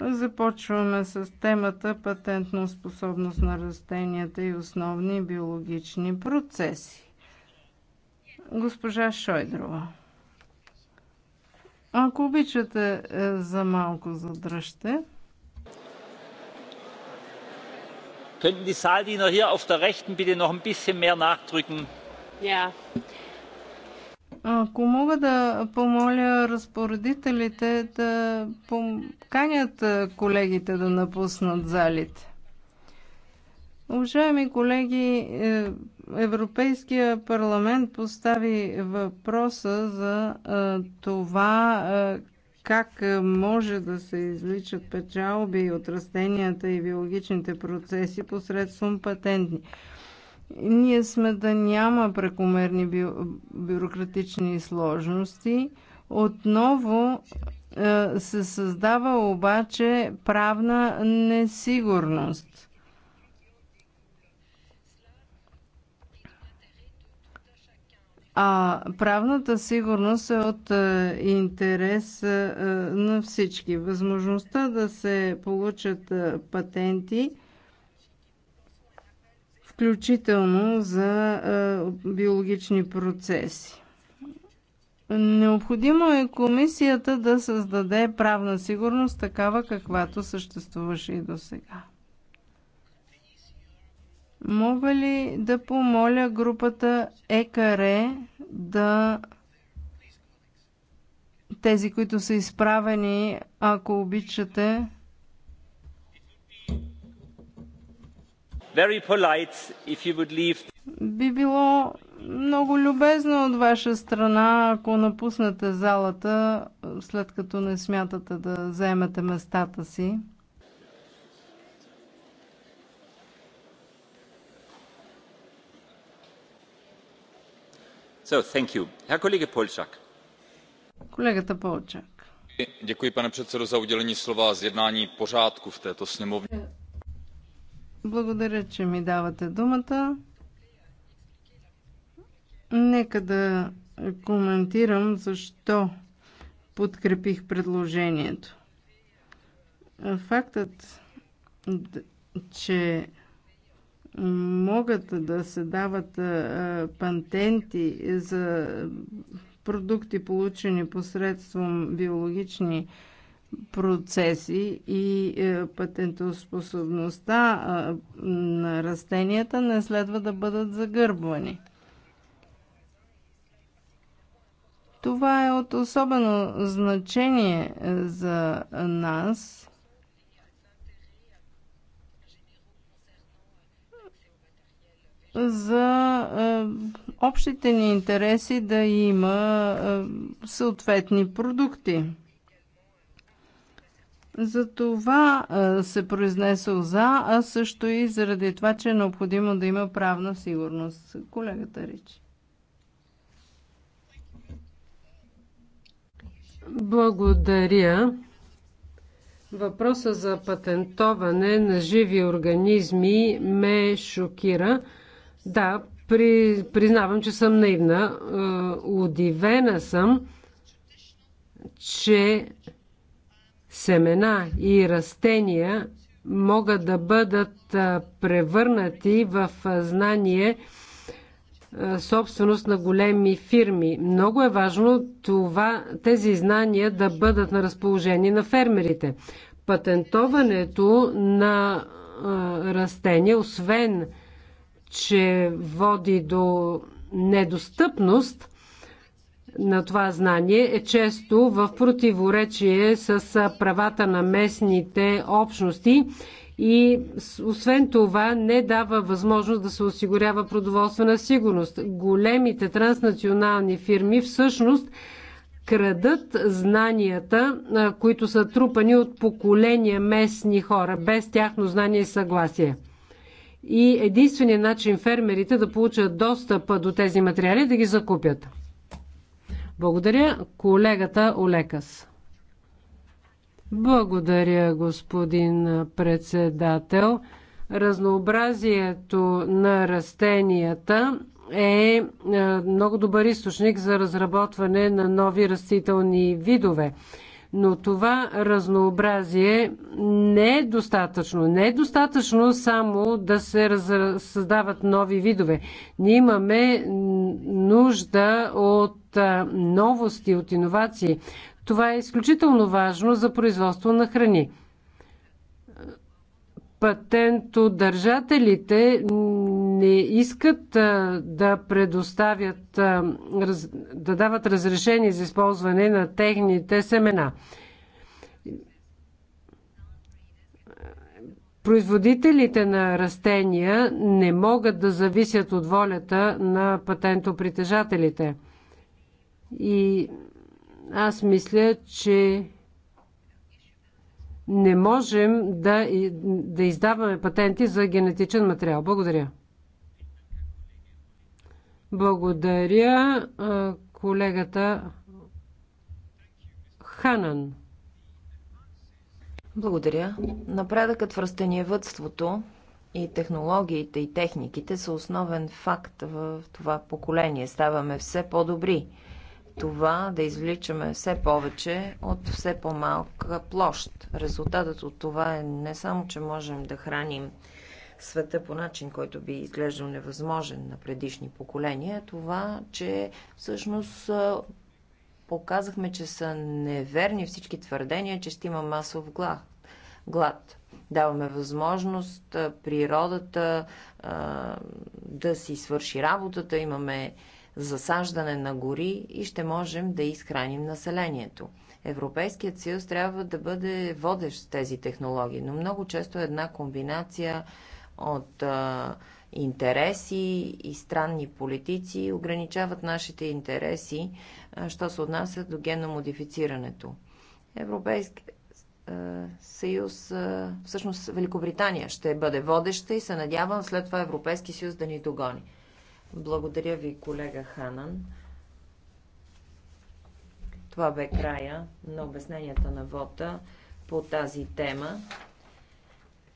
S8: Започваме с темата патентно способност на растенията и основни биологични процеси. Госпожа Шойдрова. Ако обичате е, за малко задръжте.
S5: Könnten die Saaldiener hier auf der rechten bitte noch ein bisschen mehr nachdrücken?
S8: Ако мога да помоля разпоредителите да поканят колегите да напуснат залите. Уважаеми колеги, е, Европейския парламент постави въпроса за това как може да се изличат печалби от растенията и биологичните процеси посредством патентни. Ние сме да няма прекомерни бю, бюрократични сложности. Отново е, се създава обаче правна несигурност. А правната сигурност е от е, интерес е, е на всички. Възможността да се получат е, патенти – включително за биологични процеси. Необходимо е комисията да създаде правна сигурност, такава каквато съществуваше и до сега. Мога ли да помоля групата ЕКАРЕ да тези, които са изправени, ако обичате, Би било много любезно от ваша страна, ако напуснете залата, след като не смятате да заемете местата си.
S5: So, thank you.
S1: Herr Kollege Polčak.
S8: Колегата Полчак.
S1: Děkuji, pane předsedo, za udělení slova a zjednání pořádku v této sněmovně
S8: благодаря, че ми давате думата. Нека да коментирам защо подкрепих предложението. Фактът, че могат да се дават пантенти за продукти, получени посредством биологични процеси и е, патентоспособността на растенията не следва да бъдат загърбвани. Това е от особено значение е, за нас. За е, общите ни интереси да има съответни продукти. За това се произнесох за, а също и заради това, че е необходимо да има правна сигурност. Колегата Ричи. Благодаря.
S7: Въпроса за патентоване на живи организми ме шокира. Да, при, признавам, че съм наивна. Е, удивена съм, че семена и растения могат да бъдат превърнати в знание собственост на големи фирми. Много е важно това, тези знания да бъдат на разположение на фермерите. Патентоването на растения, освен че води до недостъпност, на това знание е често в противоречие с правата на местните общности и освен това не дава възможност да се осигурява продоволствена сигурност. Големите транснационални фирми всъщност крадат знанията, които са трупани от поколения местни хора, без тяхно знание и съгласие. И единственият начин фермерите да получат достъп до тези материали е да ги закупят. Благодаря колегата Олекас. Благодаря, господин председател. Разнообразието на растенията е, е много добър източник за разработване на нови растителни видове. Но това разнообразие не е достатъчно. Не е достатъчно само да се раз... създават нови видове. Ние имаме нужда от новости, от иновации. Това е изключително важно за производство на храни. Патентодържателите не искат да предоставят, да дават разрешение за използване на техните семена. Производителите на растения не могат да зависят от волята на патентопритежателите. И аз мисля, че не можем да, да издаваме патенти за генетичен материал. Благодаря. Благодаря колегата Ханан.
S9: Благодаря. Напредъкът в растениевътството и технологиите и техниките са основен факт в това поколение. Ставаме все по-добри. Това да извличаме все повече от все по-малка площ. Резултатът от това е не само, че можем да храним света по начин, който би изглеждал невъзможен на предишни поколения, е това, че всъщност показахме, че са неверни всички твърдения, че ще има масов глад. Даваме възможност природата да си свърши работата, имаме засаждане на гори и ще можем да изхраним населението. Европейският съюз трябва да бъде водещ с тези технологии, но много често е една комбинация от а, интереси и странни политици ограничават нашите интереси, а, що се отнася до генномодифицирането. Европейски а, съюз, а, всъщност Великобритания ще бъде водеща и се надявам след това Европейски съюз да ни догони. Благодаря ви, колега Ханан. Това бе края на обясненията на вота по тази тема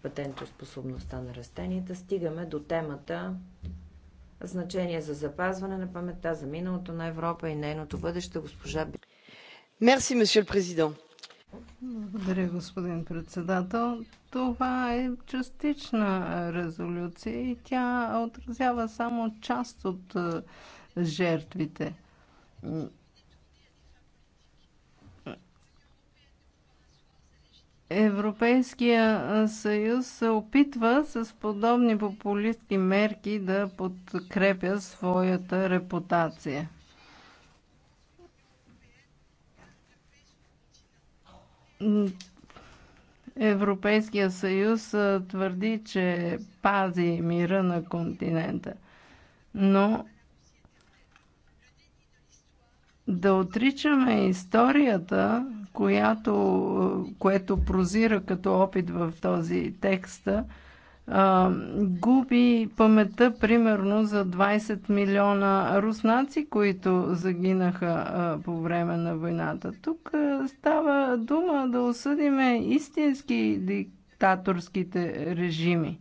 S9: патентоспособността на растенията, стигаме до темата значение за запазване на паметта за миналото на Европа и нейното бъдеще, госпожа Мерси, месье президент.
S8: Благодаря, господин председател. Това е частична резолюция и тя отразява само част от е, жертвите. Европейския съюз се опитва с подобни популистски мерки да подкрепя своята репутация. Европейския съюз твърди, че пази мира на континента. Но да отричаме историята която, е, което прозира като опит в този текст, е, губи паметта примерно за 20 милиона руснаци, които загинаха е, по време на войната. Тук става дума да осъдиме истински диктаторските режими.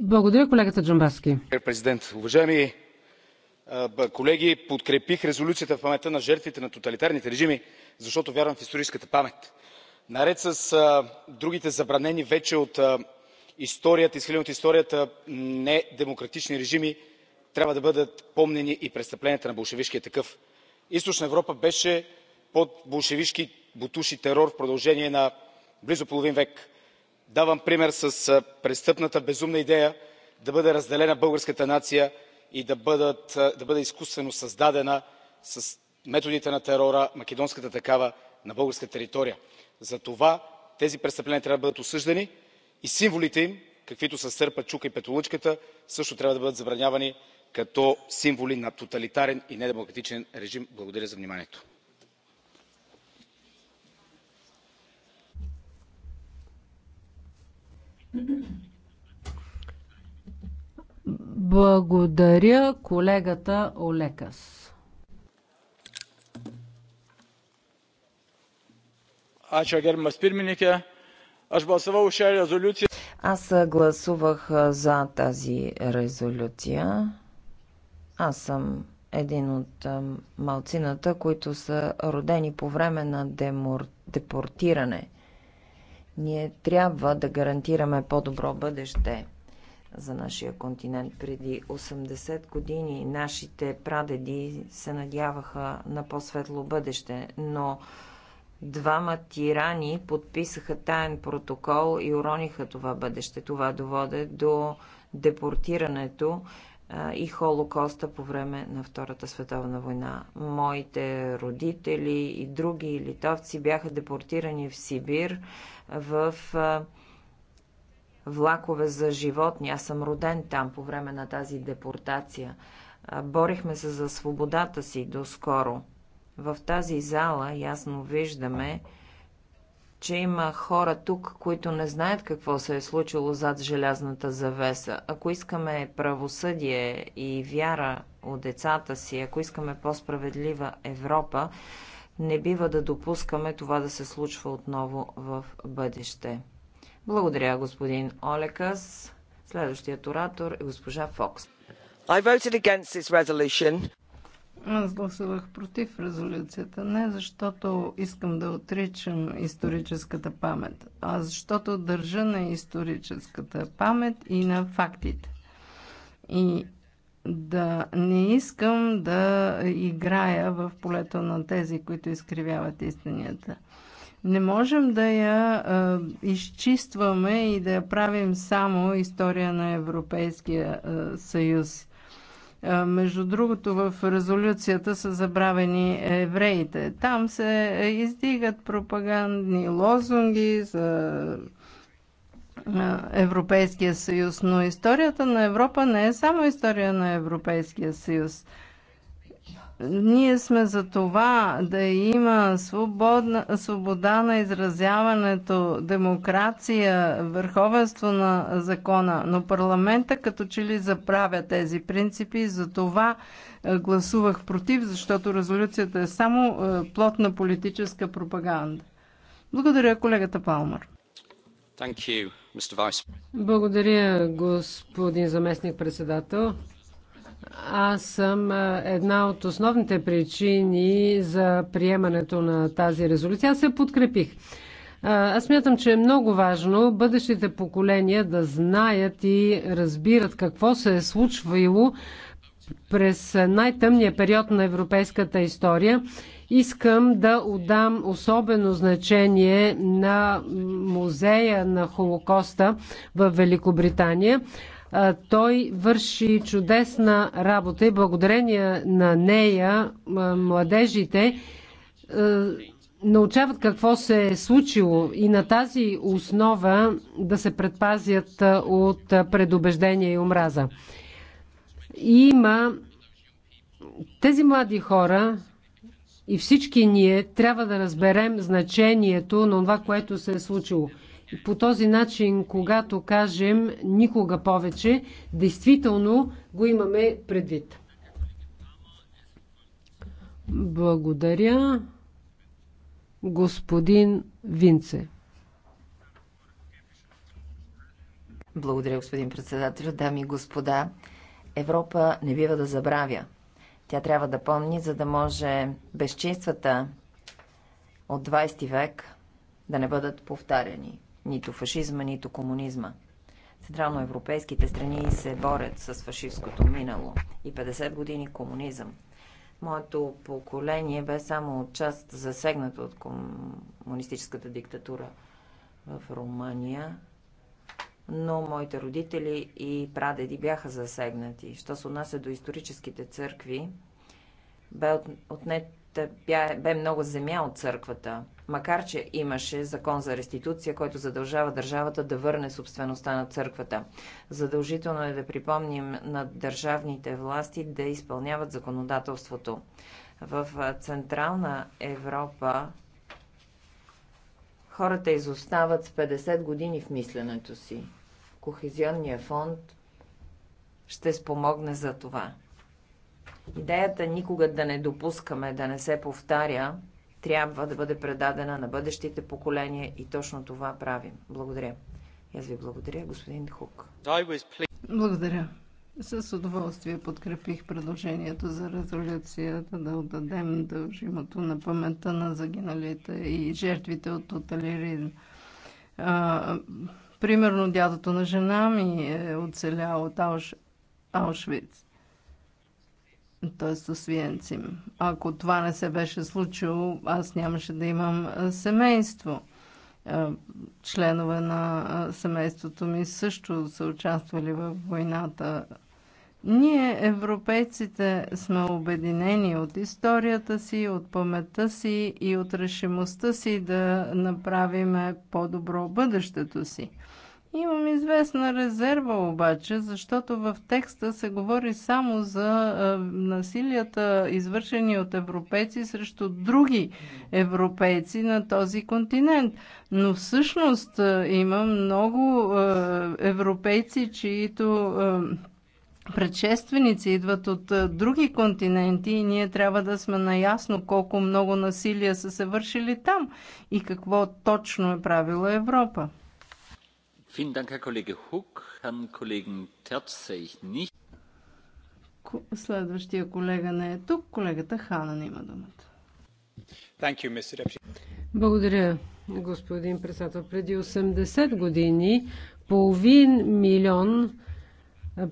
S8: Благодаря, колегата
S7: Джамбаски.
S1: Президент, уважаеми колеги подкрепих резолюцията в паметта на жертвите на тоталитарните режими защото вярвам в историческата памет. наред с другите забранени вече от историята изхвърлени от историята недемократични режими трябва да бъдат помнени и престъпленията на болшевишкия такъв. източна европа беше под болшевишки ботуши и терор в продължение на близо половин век. давам пример с престъпната безумна идея да бъде разделена българската нация и да бъде изкуствено създадена с методите на терора македонската такава на българска територия. затова тези престъпления трябва да бъдат осъждани и символите им каквито са сърпът чука и петолъчката също трябва да бъдат забранявани като символи на тоталитарен и недемократичен режим. благодаря за вниманието.
S7: Благодаря колегата Олекас.
S5: Ačiū, герма pirmininkė. Aš balsavau šią резолюция.
S9: Аз гласувах за тази резолюция. Аз съм един от малцината, които са родени по време на демор... депортиране. Ние трябва да гарантираме по-добро бъдеще за нашия континент. Преди 80 години нашите прадеди се надяваха на по-светло бъдеще, но двама тирани подписаха таен протокол и урониха това бъдеще. Това доводе до депортирането и Холокоста по време на Втората световна война. Моите родители и други литовци бяха депортирани в Сибир в влакове за животни. Аз съм роден там по време на тази депортация. Борихме се за свободата си доскоро. В тази зала ясно виждаме, че има хора тук, които не знаят какво се е случило зад желязната завеса. Ако искаме правосъдие и вяра от децата си, ако искаме по-справедлива Европа, не бива да допускаме това да се случва отново в бъдеще. Благодаря, господин Олекас. Следващият оратор е госпожа Фокс. I voted against this resolution.
S8: Аз гласувах против резолюцията не защото искам да отричам историческата памет, а защото държа на историческата памет и на фактите. И да не искам да играя в полето на тези, които изкривяват истинията. Не можем да я а, изчистваме и да я правим само история на Европейския а, съюз. А, между другото, в резолюцията са забравени евреите. Там се издигат пропагандни лозунги за Европейския съюз, но историята на Европа не е само история на Европейския съюз. Ние сме за това да има свободна, свобода на изразяването, демокрация, върховенство на закона, но парламента като че ли заправя тези принципи за това е, гласувах против, защото резолюцията е само е, плод на политическа пропаганда. Благодаря, колегата Палмар. Благодаря, господин заместник
S7: председател. Аз съм една от основните причини за приемането на тази резолюция. Аз се подкрепих. Аз мятам, че е много важно бъдещите поколения да знаят и разбират какво се е случвало през най-тъмния период на европейската история. Искам да отдам особено значение на музея на Холокоста в Великобритания. Той върши чудесна работа и благодарение на нея младежите научават какво се е случило и на тази основа да се предпазят от предубеждение и омраза. И Има тези млади хора и всички ние трябва да разберем значението на това, което се е случило – по този начин, когато кажем никога повече, действително го имаме предвид. Благодаря, господин Винце.
S9: Благодаря, господин председател. Дами и господа, Европа не бива да забравя. Тя трябва да помни, за да може безчинствата от 20 век да не бъдат повтаряни нито фашизма, нито комунизма. Централноевропейските страни се борят с фашистското минало и 50 години комунизъм. Моето поколение бе само част засегнато от комунистическата диктатура в Румъния, но моите родители и прадеди бяха засегнати. Що се отнася до историческите църкви, бе, отнет, бе, бе много земя от църквата макар че имаше закон за реституция, който задължава държавата да върне собствеността на църквата. Задължително е да припомним на държавните власти да изпълняват законодателството. В Централна Европа хората изостават с 50 години в мисленето си. Кохезионния фонд ще спомогне за това. Идеята никога да не допускаме, да не се повтаря, трябва да бъде предадена на бъдещите поколения и точно това правим. Благодаря. аз ви благодаря, господин Хук.
S8: Благодаря. С удоволствие подкрепих предложението за резолюцията да отдадем дължимото на паметта на загиналите и жертвите от тоталирин. примерно дядото на жена ми е оцелял от Ауш... Аушвиц т.е. с Виенцим. Ако това не се беше случило, аз нямаше да имам семейство. Членове на семейството ми също са участвали в войната. Ние, европейците, сме обединени от историята си, от паметта си и от решимостта си да направиме по-добро бъдещето си. Имам известна резерва обаче, защото в текста се говори само за насилията, извършени от европейци срещу други европейци на този континент. Но всъщност има много европейци, чието предшественици идват от други континенти и ние трябва да сме наясно колко много насилие са се вършили там и какво точно е правила Европа. Следващия колега не е тук. Колегата Ханан има думата. Благодаря, господин председател. Преди
S7: 80 години половин милион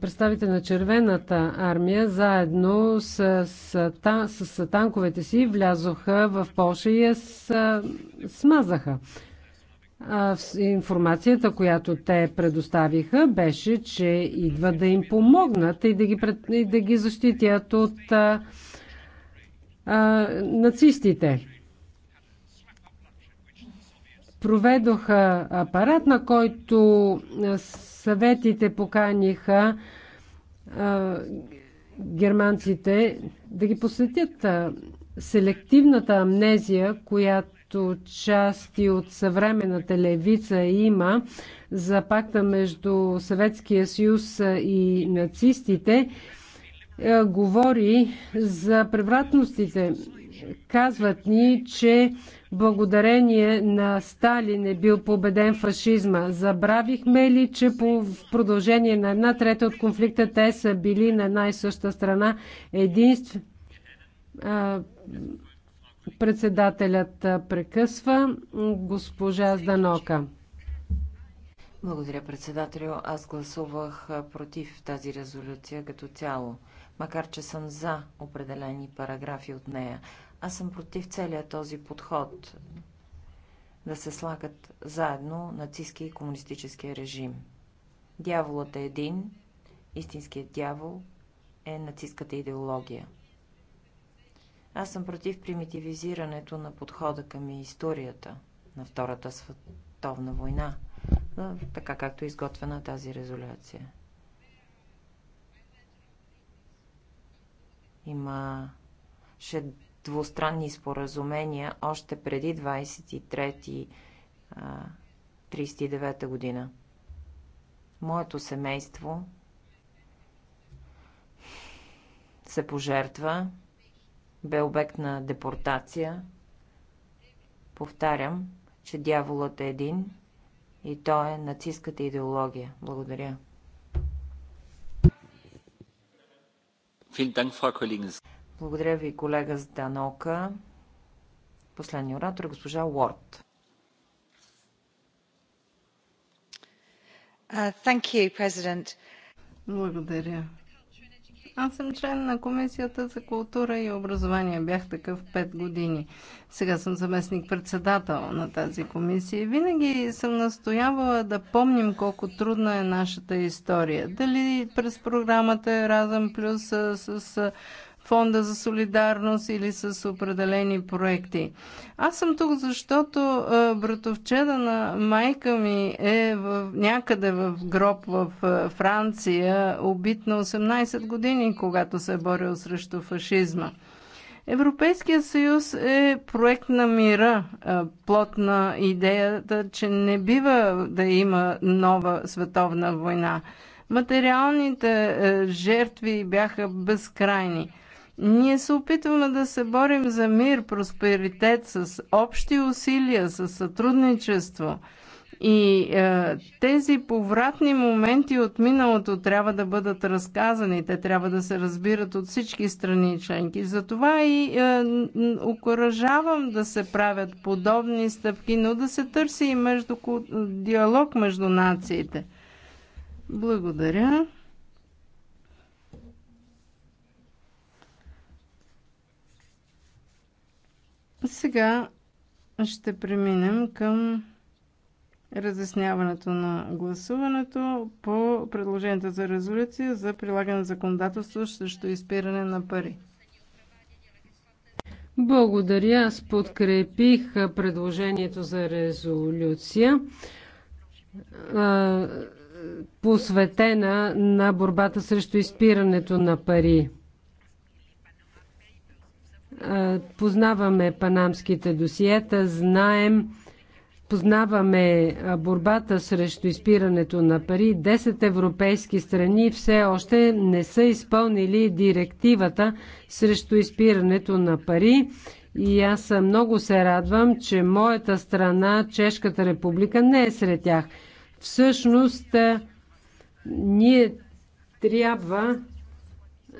S7: представите на Червената армия заедно с, с, с, танковете си влязоха в Польша и я с, смазаха информацията, която те предоставиха, беше, че идва да им помогнат и да ги, пред... и да ги защитят от а, а, нацистите. Проведоха апарат, на който съветите поканиха а, германците да ги посетят. Селективната амнезия, която също части от съвременната левица има за пакта между Съветския съюз и нацистите, е, говори за превратностите. Казват ни, че благодарение на Сталин е бил победен фашизма. Забравихме ли, че по в продължение на една трета от конфликта те са били на една и съща страна единствено Председателят прекъсва госпожа Зданока.
S9: Благодаря, председателю. Аз гласувах против тази резолюция като цяло, макар че съм за определени параграфи от нея. Аз съм против целият този подход да се слагат заедно нацистски и комунистическия режим. Дяволът е един, истинският дявол е нацистската идеология – аз съм против примитивизирането на подхода към историята на Втората световна война, така както е изготвена тази резолюция. ще двустранни споразумения още преди 23 39 година. Моето семейство се пожертва бе обект на депортация. Повтарям, че дяволът е един и то е нацистската идеология. Благодаря. Благодаря ви, колега Зданока. Последният оратор е госпожа Уорд.
S8: Uh, Благодаря. Аз съм член на Комисията за култура и образование. Бях такъв 5 години. Сега съм заместник-председател на тази комисия. Винаги съм настоявала да помним колко трудна е нашата история. Дали през програмата Разъм Плюс с фонда за солидарност или с определени проекти. Аз съм тук, защото братовчеда на майка ми е в, някъде в гроб в Франция, убит на 18 години, когато се е борил срещу фашизма. Европейския съюз е проект на мира, плод на идеята, че не бива да има нова световна война. Материалните е, жертви бяха безкрайни. Ние се опитваме да се борим за мир, просперитет, с общи усилия, с сътрудничество. И е, тези повратни моменти от миналото трябва да бъдат разказани, те трябва да се разбират от всички страни членки. Затова и е, окоръжавам да се правят подобни стъпки, но да се търси и между, диалог между нациите. Благодаря. Сега ще преминем към разясняването на гласуването по предложението за резолюция за прилагане на законодателство срещу изпиране на пари.
S7: Благодаря. Аз подкрепих предложението за резолюция посветена на борбата срещу изпирането на пари. Познаваме панамските досиета, знаем, познаваме борбата срещу изпирането на пари. Десет европейски страни все още не са изпълнили директивата срещу изпирането на пари. И аз много се радвам, че моята страна, Чешката република, не е сред тях. Всъщност, ние трябва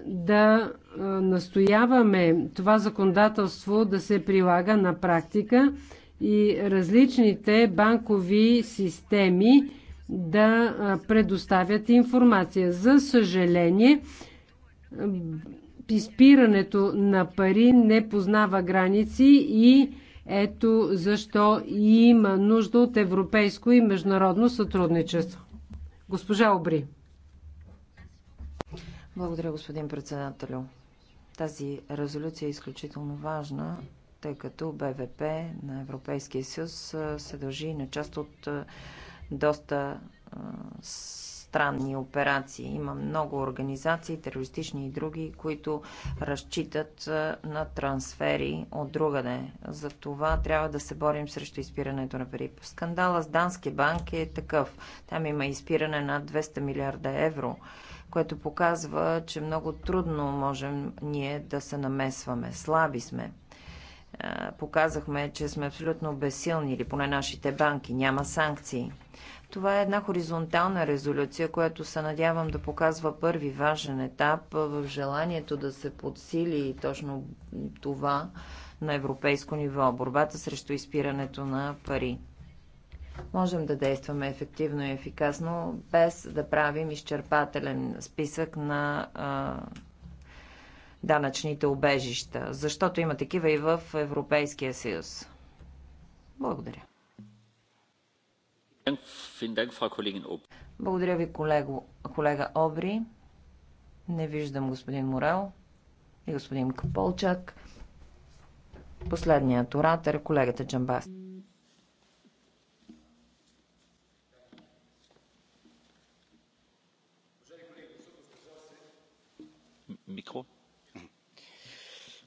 S7: да настояваме това законодателство да се прилага на практика и различните банкови системи да предоставят информация. За съжаление, изпирането на пари не познава граници и ето защо има нужда от европейско и международно сътрудничество. Госпожа Обри.
S9: Благодаря, господин председателю. Тази резолюция е изключително важна, тъй като БВП на Европейския съюз се дължи на част от доста странни операции. Има много организации, терористични и други, които разчитат на трансфери от другаде. За това трябва да се борим срещу изпирането на пари. Скандала с Дански банк е такъв. Там има изпиране на 200 милиарда евро което показва, че много трудно можем ние да се намесваме. Слаби сме. Показахме, че сме абсолютно безсилни, или поне нашите банки. Няма санкции. Това е една хоризонтална резолюция, която се надявам да показва първи важен етап в желанието да се подсили точно това на европейско ниво борбата срещу изпирането на пари можем да действаме ефективно и ефикасно, без да правим изчерпателен списък на а, данъчните обежища, защото има такива и в Европейския съюз. Благодаря. Благодаря ви, колего, колега Обри. Не виждам господин Морел и господин Каполчак. Последният оратор е колегата Джамбаст.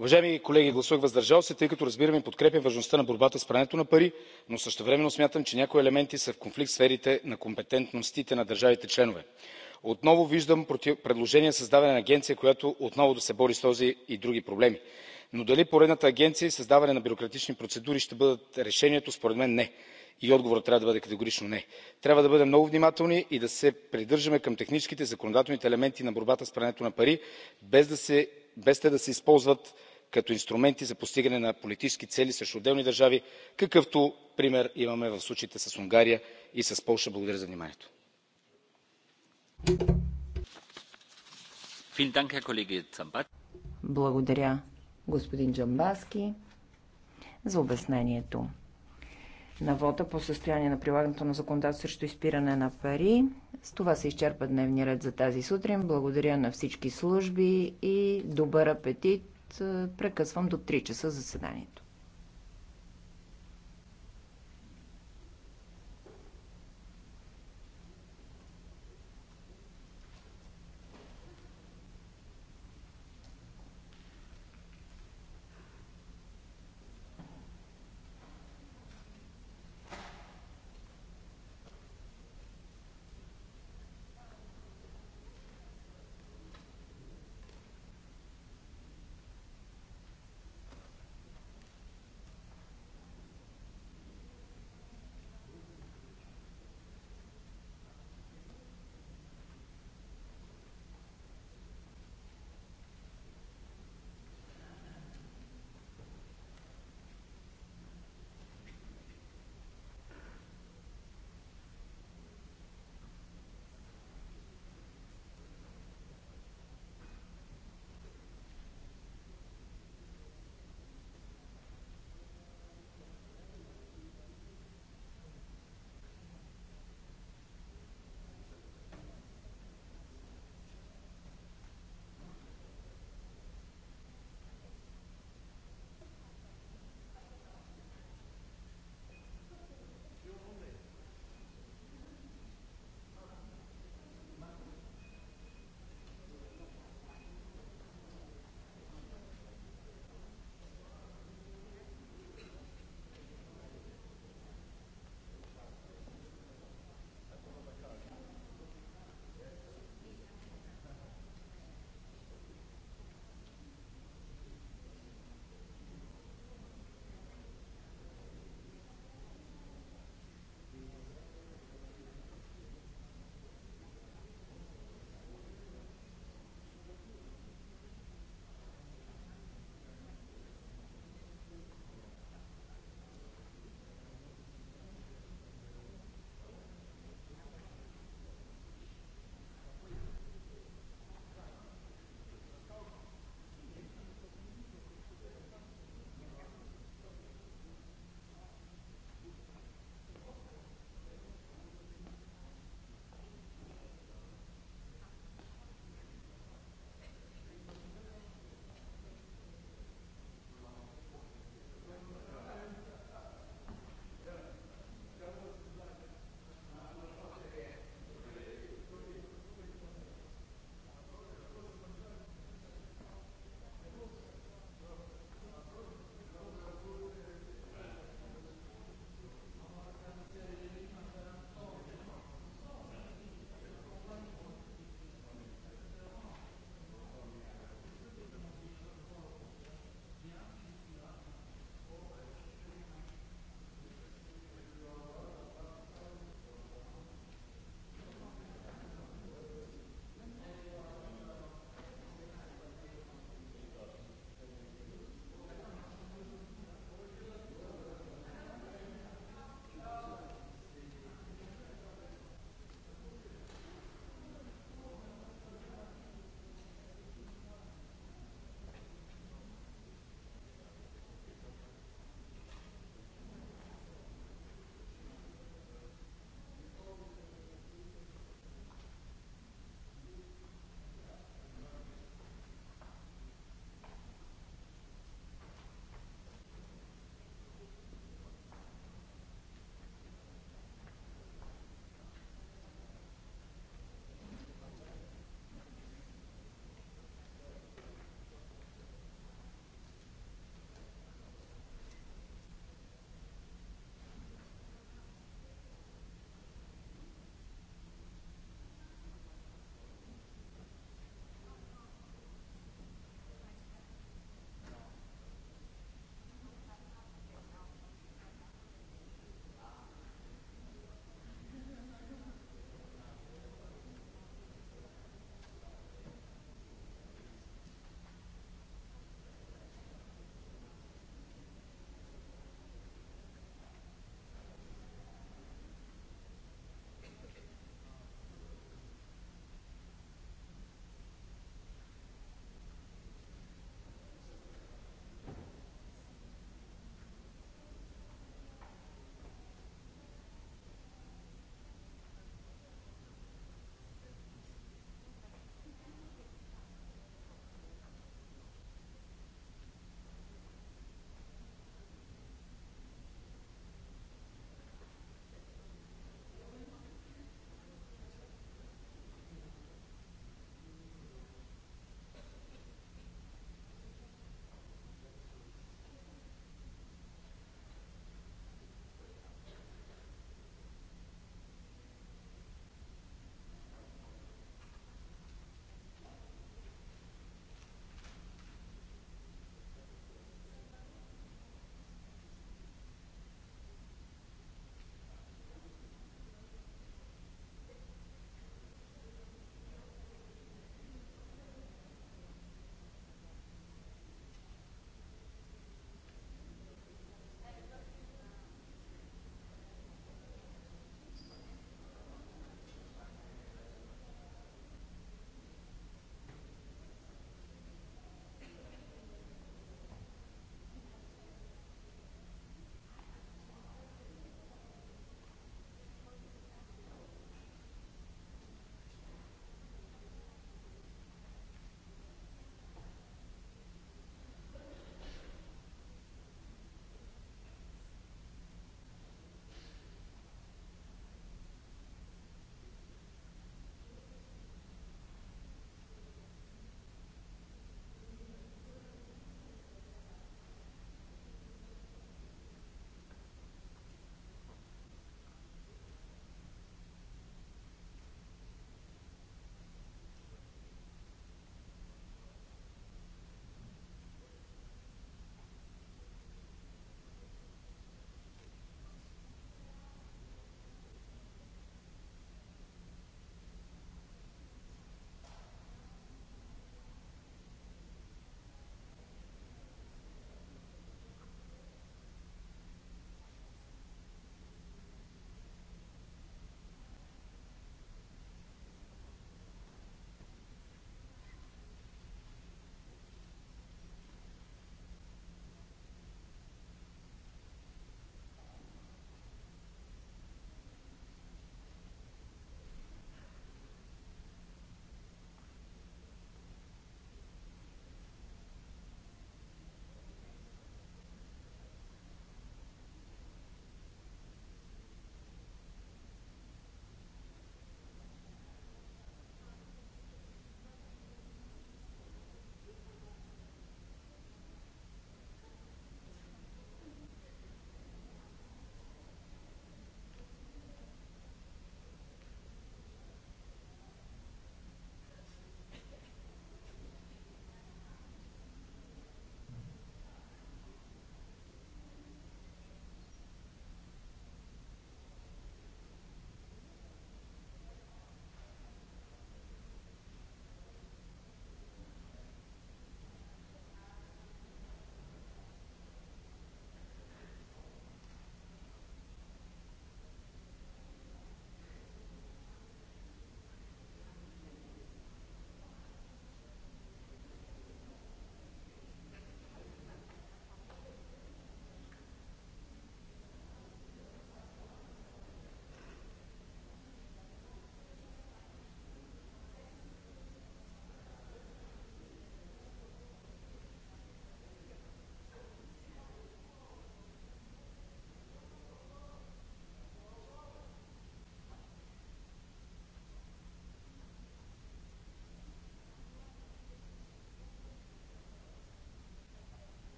S1: уважаеми колеги гласувах въздържал се тъй като разбирам и подкрепям важността на борбата с прането на пари но същевременно смятам че някои елементи са в конфликт в сферите на компетентностите на държавите членки. отново виждам предложение за създаване на агенция която отново да се бори с този и други проблеми. но дали поредната агенция и създаване на бюрократични процедури ще бъдат решението? според мен не и отговорът трябва да бъде категорично не. трябва да бъдем много внимателни и да се придържаме към техническите и законодателните елементи на борбата с прането на пари без те да се използват като инструменти за постигане на политически цели срещу отделни държави какъвто пример имаме в случаите с унгария и с полша. благодаря за вниманието.
S9: Благодаря, господин Джамбаски за обяснението на вота по състояние на прилагането на законодателство срещу изпиране на пари. С това се изчерпа дневния ред за тази сутрин. Благодаря на всички служби и добър апетит! Е, прекъсвам до 3 часа заседанието.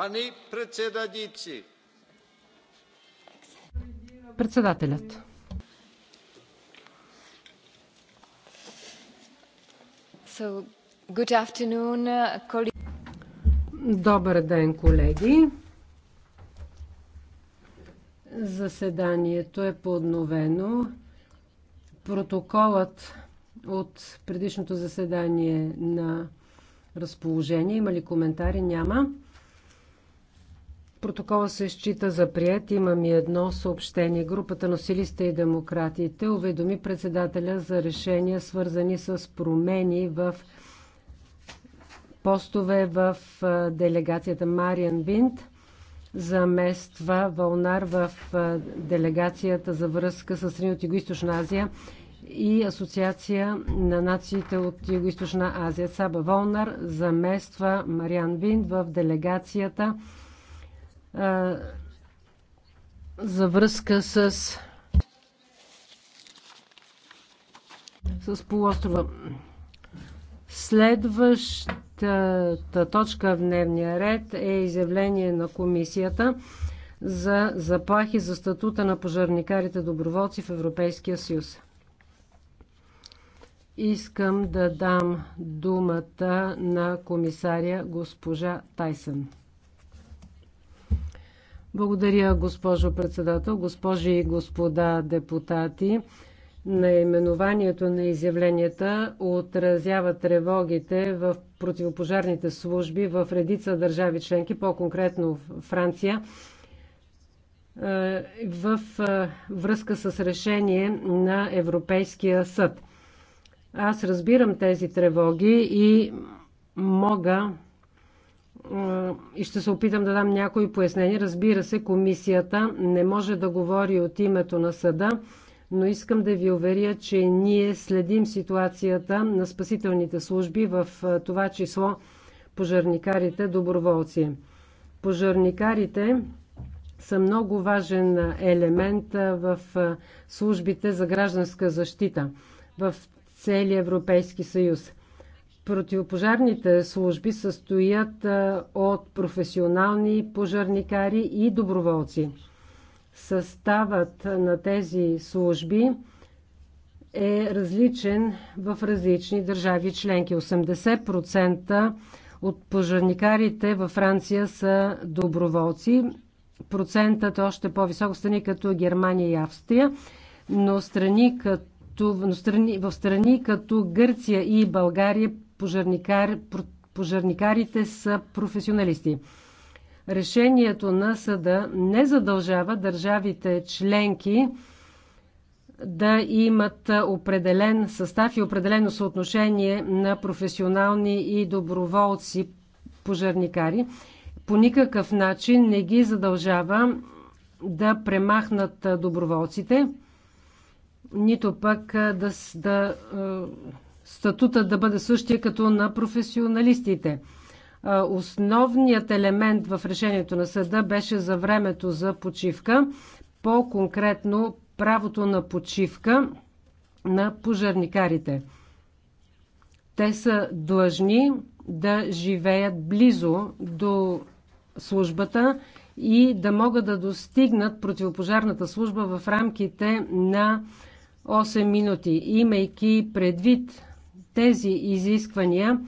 S1: Пани председадици!
S7: Председателят.
S1: So, good afternoon, uh,
S7: Добър ден, колеги! Заседанието е подновено. Протоколът от предишното заседание на разположение. Има ли коментари? Няма. Протокола се счита за прият. Имам и едно съобщение. Групата на силиста и демократите уведоми председателя за решения, свързани с промени в постове в делегацията Мариан Винт замества Вълнар в делегацията за връзка с страни от Юго-Источна Азия и Асоциация на нациите от Юго-Източна Азия. Саба Вълнар замества Мариан Винт в делегацията за връзка с с полуострова. Следващата точка в дневния ред е изявление на комисията за заплахи за статута на пожарникарите доброволци в Европейския съюз. Искам да дам думата на комисаря госпожа Тайсън. Благодаря, госпожо председател, госпожи и господа депутати. Наименованието на изявленията отразява тревогите в противопожарните служби в редица държави членки, по-конкретно в Франция, е, в е, връзка с решение на Европейския съд. Аз разбирам тези тревоги и мога и ще се опитам да дам някои пояснения. Разбира се, комисията не може да говори от името на съда, но искам да ви уверя, че ние следим ситуацията на спасителните служби в това число пожарникарите доброволци. Пожарникарите са много важен елемент в службите за гражданска защита в целия Европейски съюз. Противопожарните служби състоят от професионални пожарникари и доброволци. Съставът на тези служби е различен в различни държави членки. 80% от пожарникарите във Франция са доброволци. Процентът е още по-висок в страни като Германия и Австрия, но, страни като, но страни, в страни като Гърция и България пожарникар, пожарникарите са професионалисти. Решението на съда не задължава държавите членки да имат определен състав и определено съотношение на професионални и доброволци пожарникари. По никакъв начин не ги задължава да премахнат доброволците, нито пък да, да е, Статута да бъде същия като на професионалистите. Основният елемент в решението на съда беше за времето за почивка, по-конкретно правото на почивка на пожарникарите. Те са длъжни да живеят близо до службата и да могат да достигнат противопожарната служба в рамките на 8 минути, имайки предвид тези изисквания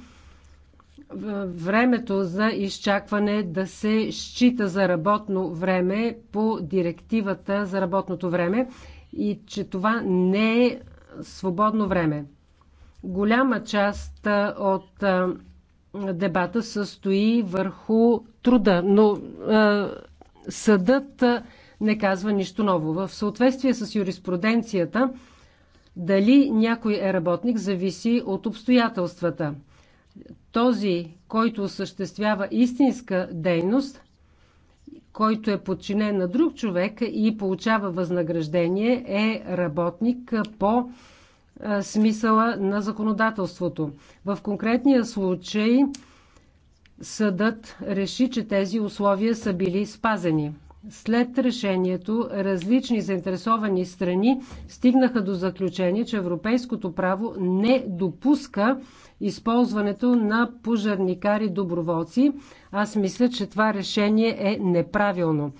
S7: времето за изчакване да се счита за работно време по директивата за работното време и че това не е свободно време. Голяма част от дебата състои върху труда, но съдът не казва нищо ново. В съответствие с юриспруденцията, дали някой е работник, зависи от обстоятелствата. Този, който осъществява истинска дейност, който е подчинен на друг човек и получава възнаграждение, е работник по е, смисъла на законодателството. В конкретния случай съдът реши, че тези условия са били спазени. След решението, различни заинтересовани страни стигнаха до заключение, че европейското право не допуска използването на пожарникари-доброволци. Аз мисля, че това решение е неправилно.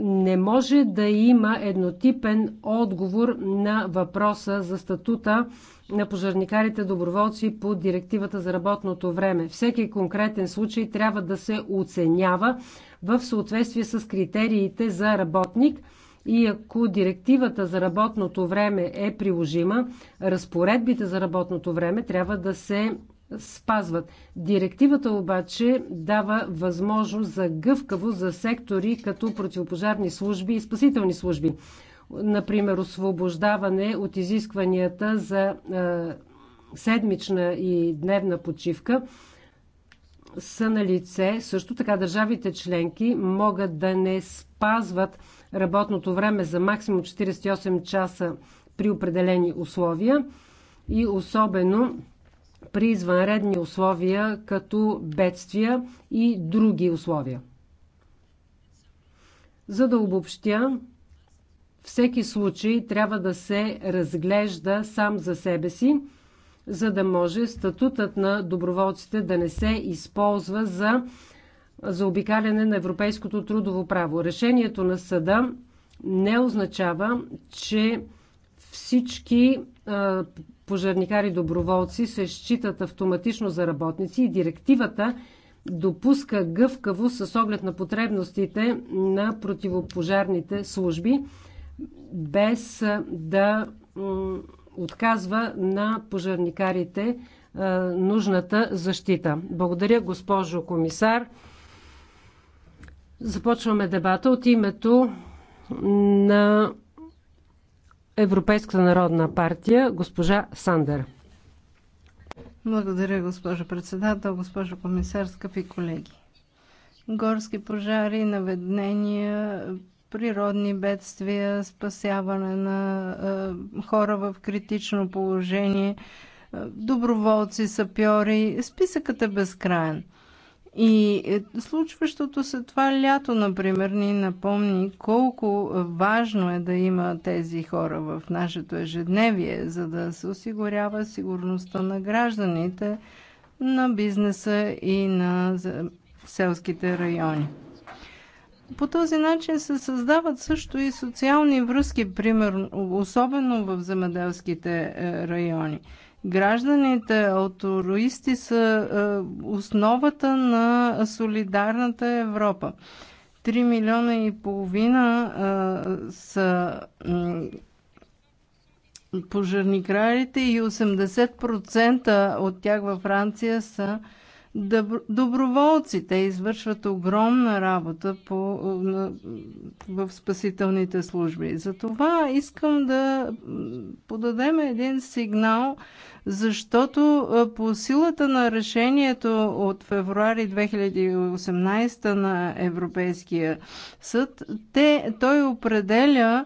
S7: Не може да има еднотипен отговор на въпроса за статута на пожарникарите доброволци по директивата за работното време. Всеки конкретен случай трябва да се оценява в съответствие с критериите за работник и ако директивата за работното време е приложима, разпоредбите за работното време трябва да се спазват. Директивата обаче дава възможност за гъвкаво за сектори като противопожарни служби и спасителни служби. Например, освобождаване от изискванията за седмична и дневна почивка са на лице. Също така държавите членки могат да не спазват работното време за максимум 48 часа при определени условия и особено при извънредни условия, като бедствия и други условия. За да обобщя, всеки случай трябва да се разглежда сам за себе си за да може статутът на доброволците да не се използва за заобикаляне на европейското трудово право. Решението на съда не означава, че всички пожарникари доброволци се считат автоматично за работници и директивата допуска гъвкаво с оглед на потребностите на противопожарните служби, без да отказва на пожарникарите нужната защита. Благодаря, госпожо комисар. Започваме дебата от името на Европейската народна партия, госпожа Сандер.
S8: Благодаря, госпожо председател, госпожо комисар, скъпи колеги. Горски пожари, наведнения, природни бедствия, спасяване на е, хора в критично положение, е, доброволци, сапьори. Списъкът е безкраен. И е, случващото се това лято, например, ни напомни колко важно е да има тези хора в нашето ежедневие, за да се осигурява сигурността на гражданите, на бизнеса и на селските райони. По този начин се създават също и социални връзки, примерно, особено в земеделските е, райони. Гражданите, алтуристи са е, основата на солидарната Европа. 3 милиона и половина е, са пожарникарите и 80% от тях във Франция са а, Доброволците извършват огромна работа по, в спасителните служби. Затова искам да подадем един сигнал, защото по силата на решението от февруари 2018 на Европейския съд, те, той определя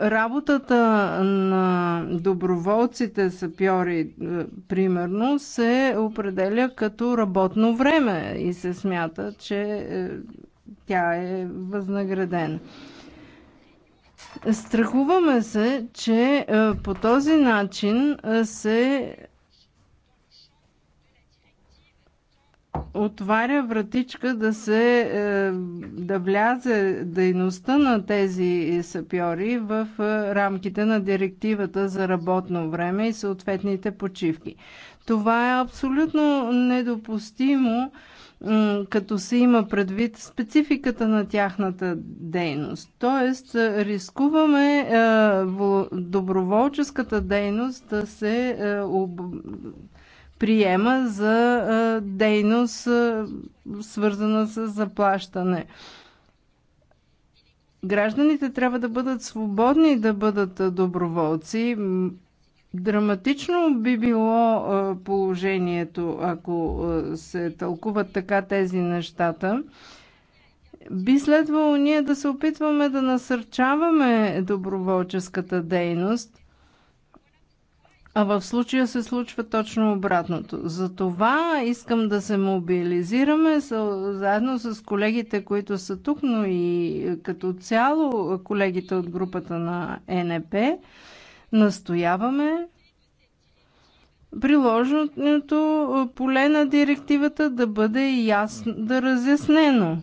S8: работата на доброволците сапьори, е, примерно, се определя като работно време и се смята, че е, тя е възнаградена. Страхуваме се, че е, по този начин се отваря вратичка да се е, да влязе дейността на тези сапьори в е, рамките на директивата за работно време и съответните почивки. Това е абсолютно недопустимо, като се има предвид спецификата на тяхната дейност. Тоест, е, рискуваме доброволческата дейност да се приема за дейност, свързана с заплащане. Гражданите трябва да бъдат свободни да бъдат доброволци. Драматично би било положението, ако се тълкуват така тези нещата. Би следвало ние да се опитваме да насърчаваме доброволческата дейност – а в случая се случва точно обратното. За това искам да се мобилизираме заедно с колегите, които са тук, но и е, като цяло колегите от групата на е НП. Настояваме приложеното е, поле на директивата да бъде ясно, да разяснено.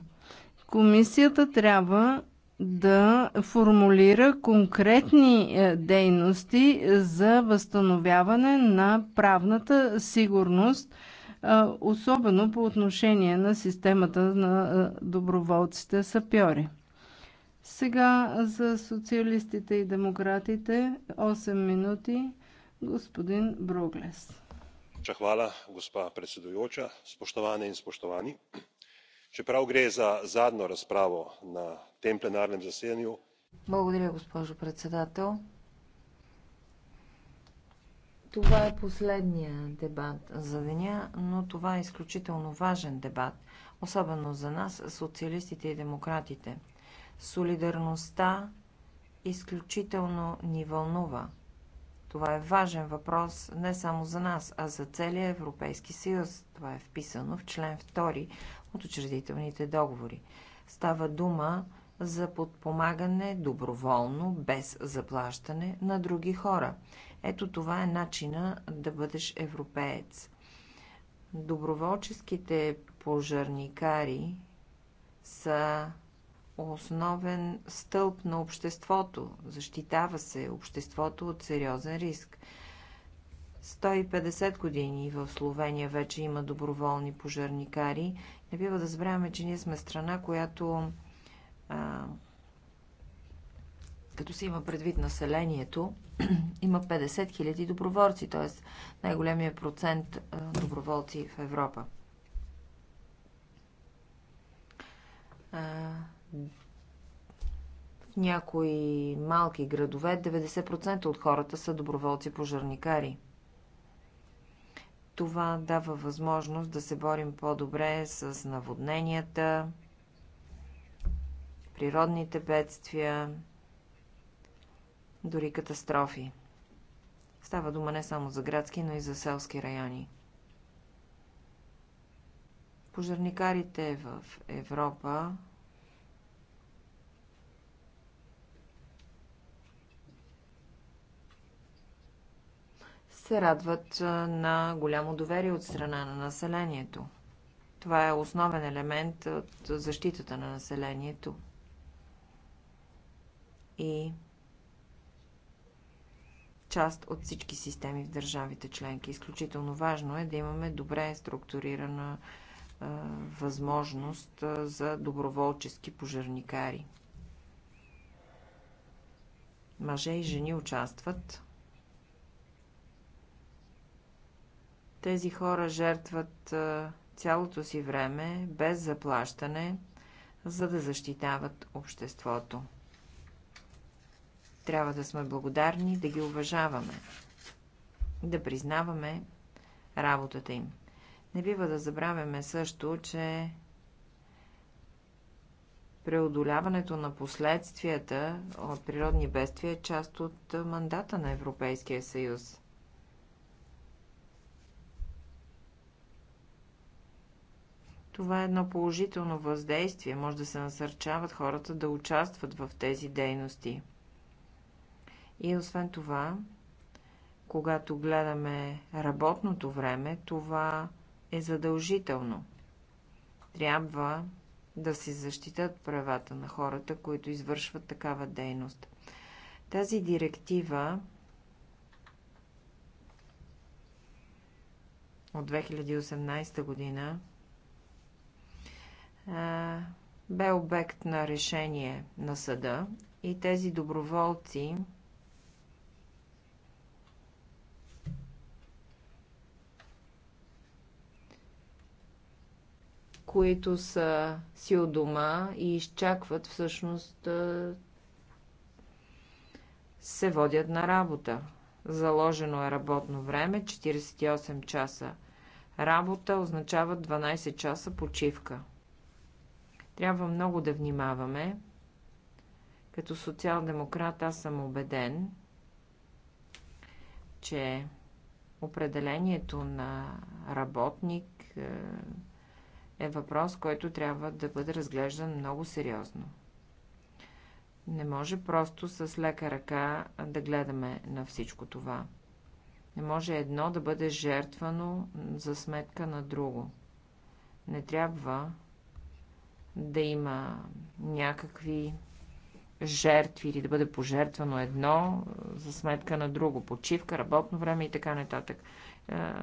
S8: Комисията трябва да формулира конкретни е, дейности за възстановяване на правната сигурност, е, особено по отношение на системата на е, доброволците сапьори. Сега за социалистите и демократите 8 минути господин Броглес.
S4: Чахвала, госпа председуюча, Spoštovane и spoštovani. Čeprav gre за задно разправо на tem plenarnem zasedanju.
S9: Благодаря, госпожо председател. Това е последния дебат за деня, но това е изключително важен дебат, особено за нас, социалистите и демократите. Солидарността изключително ни вълнува. Това е важен въпрос не само за нас, а за целия Европейски съюз. Това е вписано в член 2 от учредителните договори. Става дума за подпомагане доброволно, без заплащане на други хора. Ето това е начина да бъдеш европеец. Доброволческите пожарникари са основен стълб на обществото. Защитава се обществото от сериозен риск. 150 години в Словения вече има доброволни пожарникари. Не бива да забравяме, че ние сме страна, която а, като се има предвид населението, има 50 000 доброволци, т.е. най-големия процент доброволци в Европа. В някои малки градове 90% от хората са доброволци-пожарникари. Това дава възможност да се борим по-добре с наводненията, природните бедствия, дори катастрофи. Става дума не само за градски, но и за селски райони. Пожарникарите в Европа се радват на голямо доверие от страна на населението. Това е основен елемент от защитата на населението и част от всички системи в държавите членки. Изключително важно е да имаме добре структурирана а, възможност а, за доброволчески пожарникари. Мъже и жени участват. Тези хора жертват а, цялото си време без заплащане, за да защитават обществото. Трябва да сме благодарни, да ги уважаваме, да признаваме работата им. Не бива да забравяме също, че преодоляването на последствията от природни бедствия е част от мандата на Европейския съюз. Това е едно положително въздействие. Може да се насърчават хората да участват в тези дейности – и освен това, когато гледаме работното време, това е задължително. Трябва да си защитат правата на хората, които извършват такава дейност. Тази директива от 2018 година бе обект на решение на съда и тези доброволци които са си у дома и изчакват всъщност се водят на работа. Заложено е работно време, 48 часа. Работа означава 12 часа почивка. Трябва много да внимаваме. Като социал-демократ аз съм убеден, че определението на работник е, е въпрос, който трябва да бъде разглеждан много сериозно. Не може просто с лека ръка да гледаме на всичко това. Не може едно да бъде жертвано за сметка на друго. Не трябва да има някакви жертви или да бъде пожертвано едно за сметка на друго. Почивка, работно време и така нататък. Е,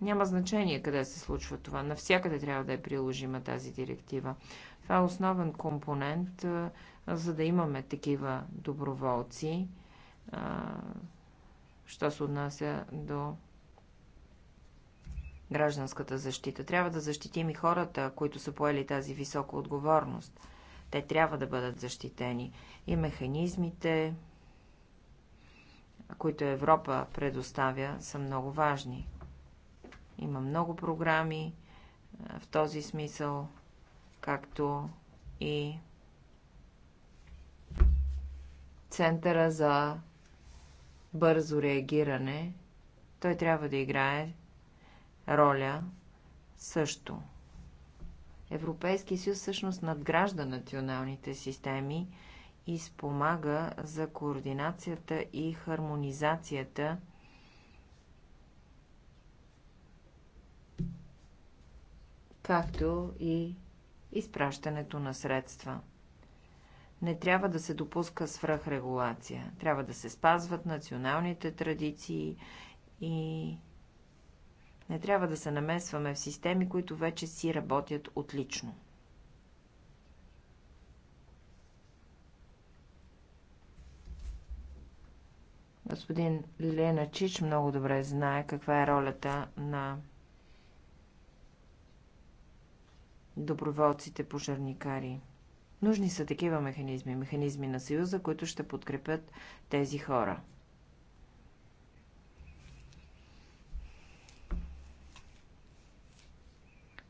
S9: няма значение къде се случва това. Навсякъде трябва да е приложима тази директива. Това е основен компонент, за да имаме такива доброволци, що се отнася до гражданската защита. Трябва да защитим и хората, които са поели тази висока отговорност. Те трябва да бъдат защитени. И механизмите, които Европа предоставя, са много важни. Има много програми в този смисъл, както и Центъра за бързо реагиране. Той трябва да играе роля също. Европейския съюз всъщност надгражда националните системи и спомага за координацията и хармонизацията както и изпращането на средства. Не трябва да се допуска свръхрегулация. Трябва да се спазват националните традиции и не трябва да се намесваме в системи, които вече си работят отлично. Господин Лена Чич, много добре знае каква е ролята на доброволците пожарникари. Нужни са такива механизми, механизми на Съюза, които ще подкрепят тези хора.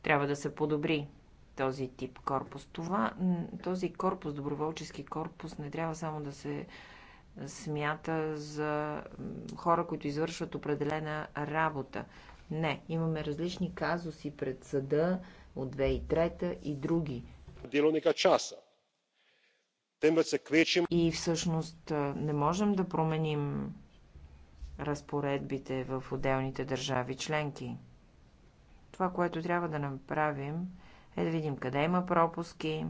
S9: Трябва да се подобри този тип корпус. Това, този корпус, доброволчески корпус, не трябва само да се смята за хора, които извършват определена работа. Не, имаме различни казуси пред съда, от 2003 и други. И всъщност не можем да променим разпоредбите в отделните държави членки. Това, което трябва да направим, е да видим къде има пропуски,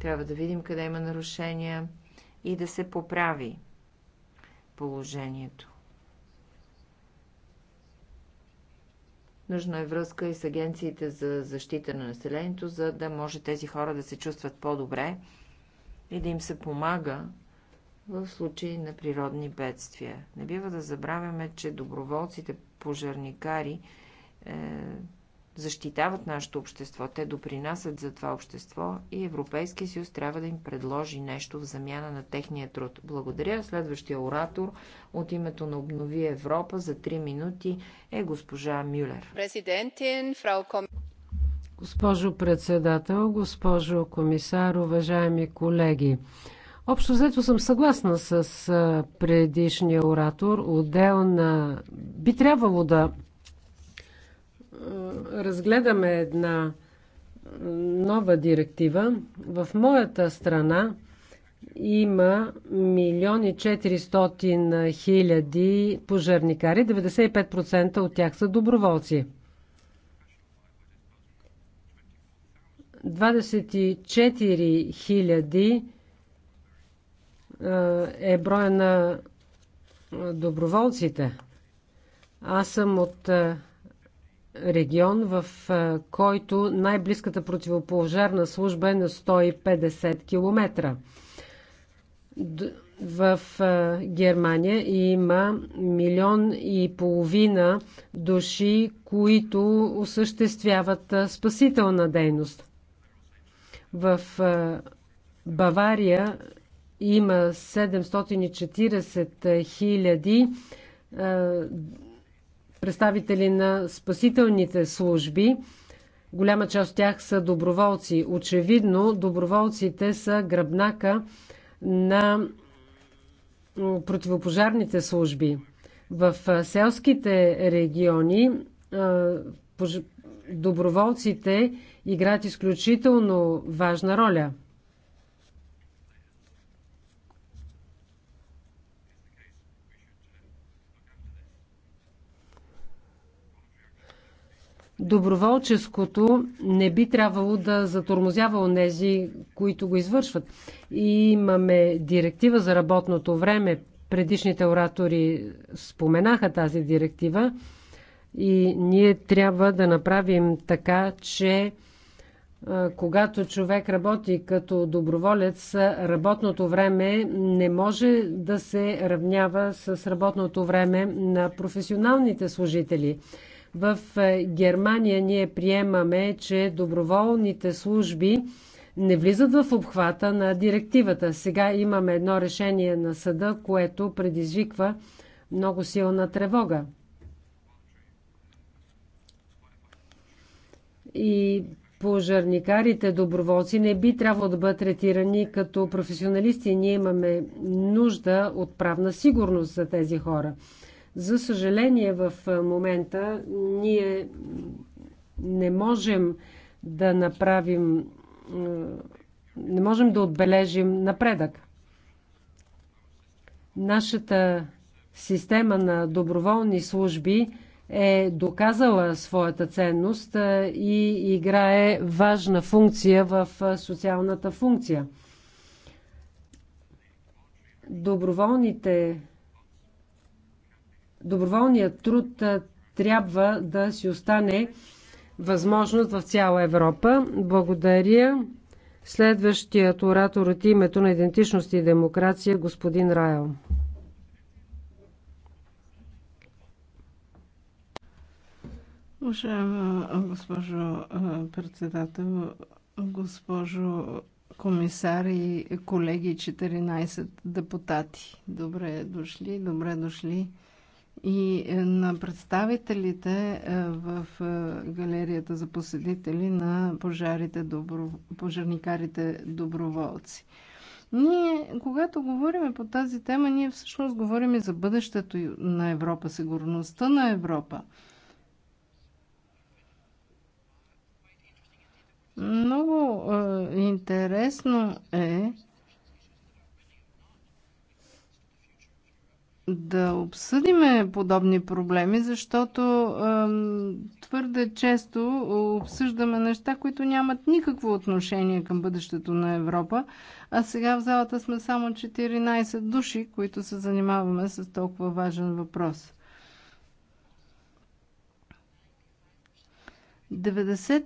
S9: трябва да видим къде има нарушения и да се поправи положението. Нужна е връзка и с агенциите за защита на населението, за да може тези хора да се чувстват по-добре и да им се помага в случай на природни бедствия. Не бива да забравяме, че доброволците, пожарникари, е, защитават нашето общество, те допринасят за това общество и Европейския съюз трябва да им предложи нещо в замяна на техния труд. Благодаря. Следващия оратор от името на
S7: Обнови Европа
S9: за 3 минути е госпожа
S7: Мюлер. Госпожо председател, госпожо комисар, уважаеми колеги. Общо взето съм съгласна с предишния оратор. Отделна би трябвало да е, разгледаме една е, нова директива. В моята страна има милиони 400 хиляди пожарникари, 95% от тях са доброволци. 24 хиляди е, е броя на доброволците. Аз съм от регион, в който най-близката противопожарна служба е на 150 км. В Германия има милион и половина души, които осъществяват спасителна дейност. В Бавария има 740 хиляди представители на спасителните служби. Голяма част от тях са доброволци. Очевидно, доброволците са гръбнака на противопожарните служби. В селските региони доброволците играят изключително важна роля – доброволческото не би трябвало да затормозява онези, които го извършват. И имаме директива за работното време. Предишните оратори споменаха тази директива и ние трябва да направим така, че когато човек работи като доброволец, работното време не може да се равнява с работното време на професионалните служители. В е, Германия ние приемаме, че доброволните служби не влизат в обхвата на директивата. Сега имаме едно решение на съда, което предизвиква много силна тревога. И пожарникарите, доброволци не би трябвало да бъдат третирани като професионалисти. Ние имаме нужда от правна сигурност за тези хора. За съжаление, в момента ние не можем да направим, не можем да отбележим напредък. Нашата система на доброволни служби е доказала своята ценност и играе важна функция в социалната функция. Доброволните доброволният труд трябва да си остане възможност в цяла Европа. Благодаря. Следващият оратор от името на идентичност и демокрация, господин Райл.
S8: Уважаема госпожо председател, госпожо комисар и колеги 14 депутати. Добре дошли, добре дошли и е, на представителите е, в е, галерията за посетители на пожарите, добро... пожарникарите доброволци. Ние, когато говорим по тази тема, ние всъщност говорим и за бъдещето на Европа, сигурността на Европа. Много е, интересно е, да обсъдиме подобни проблеми, защото твърде често обсъждаме неща, които нямат никакво отношение към бъдещето на Европа, а сега в залата сме само 14 души, които се занимаваме с толкова важен въпрос. 95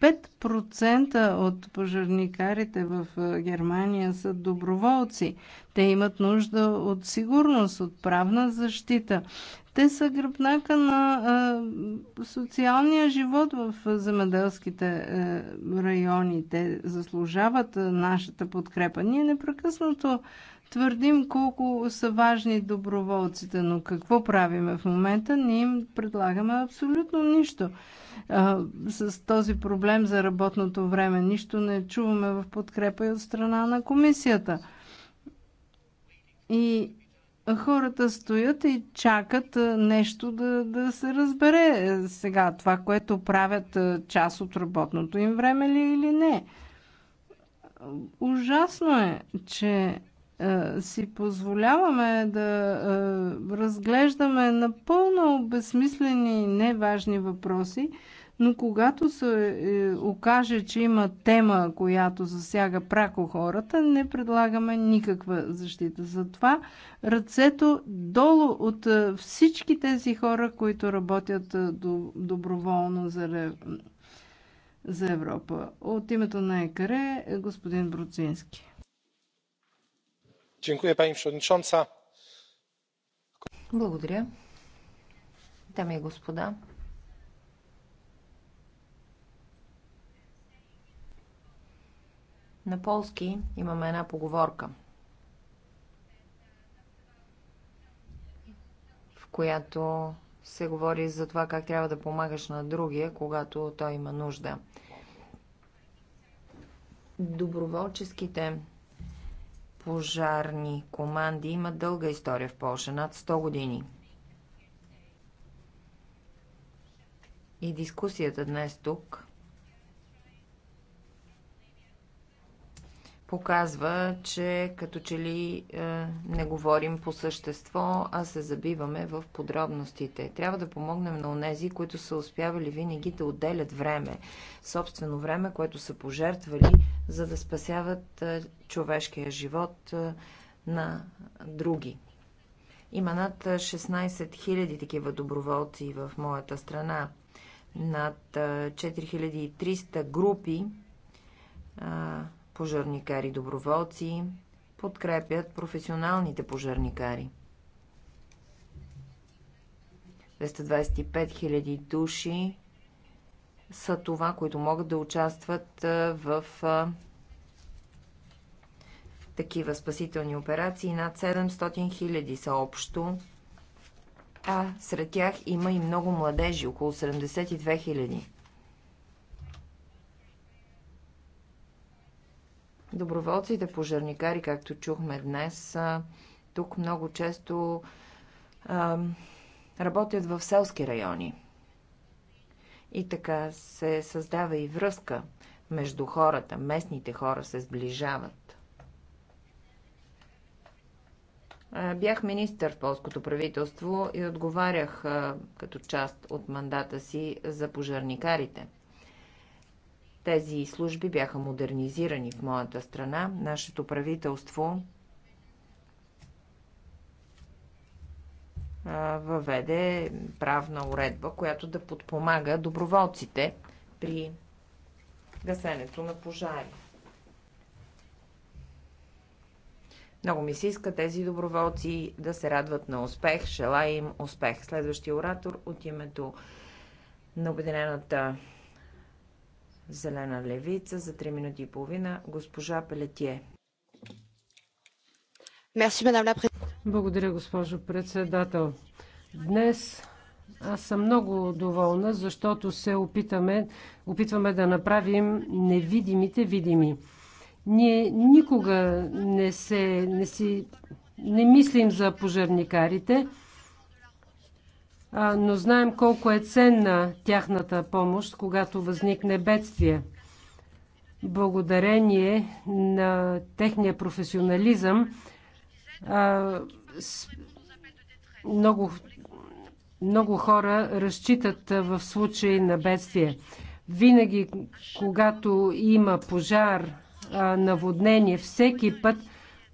S8: 5% от пожарникарите в Германия са доброволци. Те имат нужда от сигурност, от правна защита. Те са гръбнака на а, социалния живот в земеделските а, райони. Те заслужават а, нашата подкрепа. Ние непрекъснато твърдим колко са важни доброволците, но какво правиме в момента? Ние им предлагаме абсолютно нищо. А, с този проблем за работното време нищо не чуваме в подкрепа и от страна на комисията. И хората стоят и чакат нещо да, да се разбере сега това, което правят част от работното им време ли или не. Ужасно е, че е, си позволяваме да е, разглеждаме напълно безсмислени, неважни въпроси, но когато се е, окаже, че има тема, която засяга прако хората, не предлагаме никаква защита. Затова ръцето долу от всички тези хора, които работят доброволно за, за Европа. От името на ЕКРЕ, господин Бруцински.
S9: Благодаря. Дами и господа, на полски имаме една поговорка, в която се говори за това как трябва да помагаш на другия, когато той има нужда. Доброволческите пожарни команди имат дълга история в Польша, над 100 години. И дискусията днес тук показва, че като че ли е, не говорим по същество, а се забиваме в подробностите. Трябва да помогнем на онези, които са успявали винаги да отделят време, собствено време, което са пожертвали, за да спасяват е, човешкия живот е, на други. Има над 16 е, 000 такива доброволци в моята страна. Над 4300 е, групи а, пожарникари-доброволци подкрепят професионалните пожарникари. 225 000 души са това, които могат да участват в такива спасителни операции. Над 700 000 са общо, а сред тях има и много младежи, около 72 000. Доброволците пожарникари, както чухме днес, тук много често а, работят в селски райони. И така се създава и връзка между хората. Местните хора се сближават. Бях министър в полското правителство и отговарях като част от мандата си за пожарникарите. Тези служби бяха модернизирани в моята страна. Нашето правителство въведе правна уредба, която да подпомага доброволците при гасенето на пожари. Много ми се иска тези доброволци да се радват на успех. Желая им успех. Следващия оратор от името на Обединената Зелена левица за 3 минути и половина. Госпожа Пелетие.
S7: Благодаря, госпожо председател. Днес аз съм много доволна, защото се опитаме, опитваме да направим невидимите видими. Ние никога не, се, не, си, не мислим за пожарникарите, но знаем колко е ценна тяхната помощ, когато възникне бедствие. Благодарение на техния професионализъм, много, много хора разчитат в случай на бедствие. Винаги, когато има пожар, наводнение, всеки път,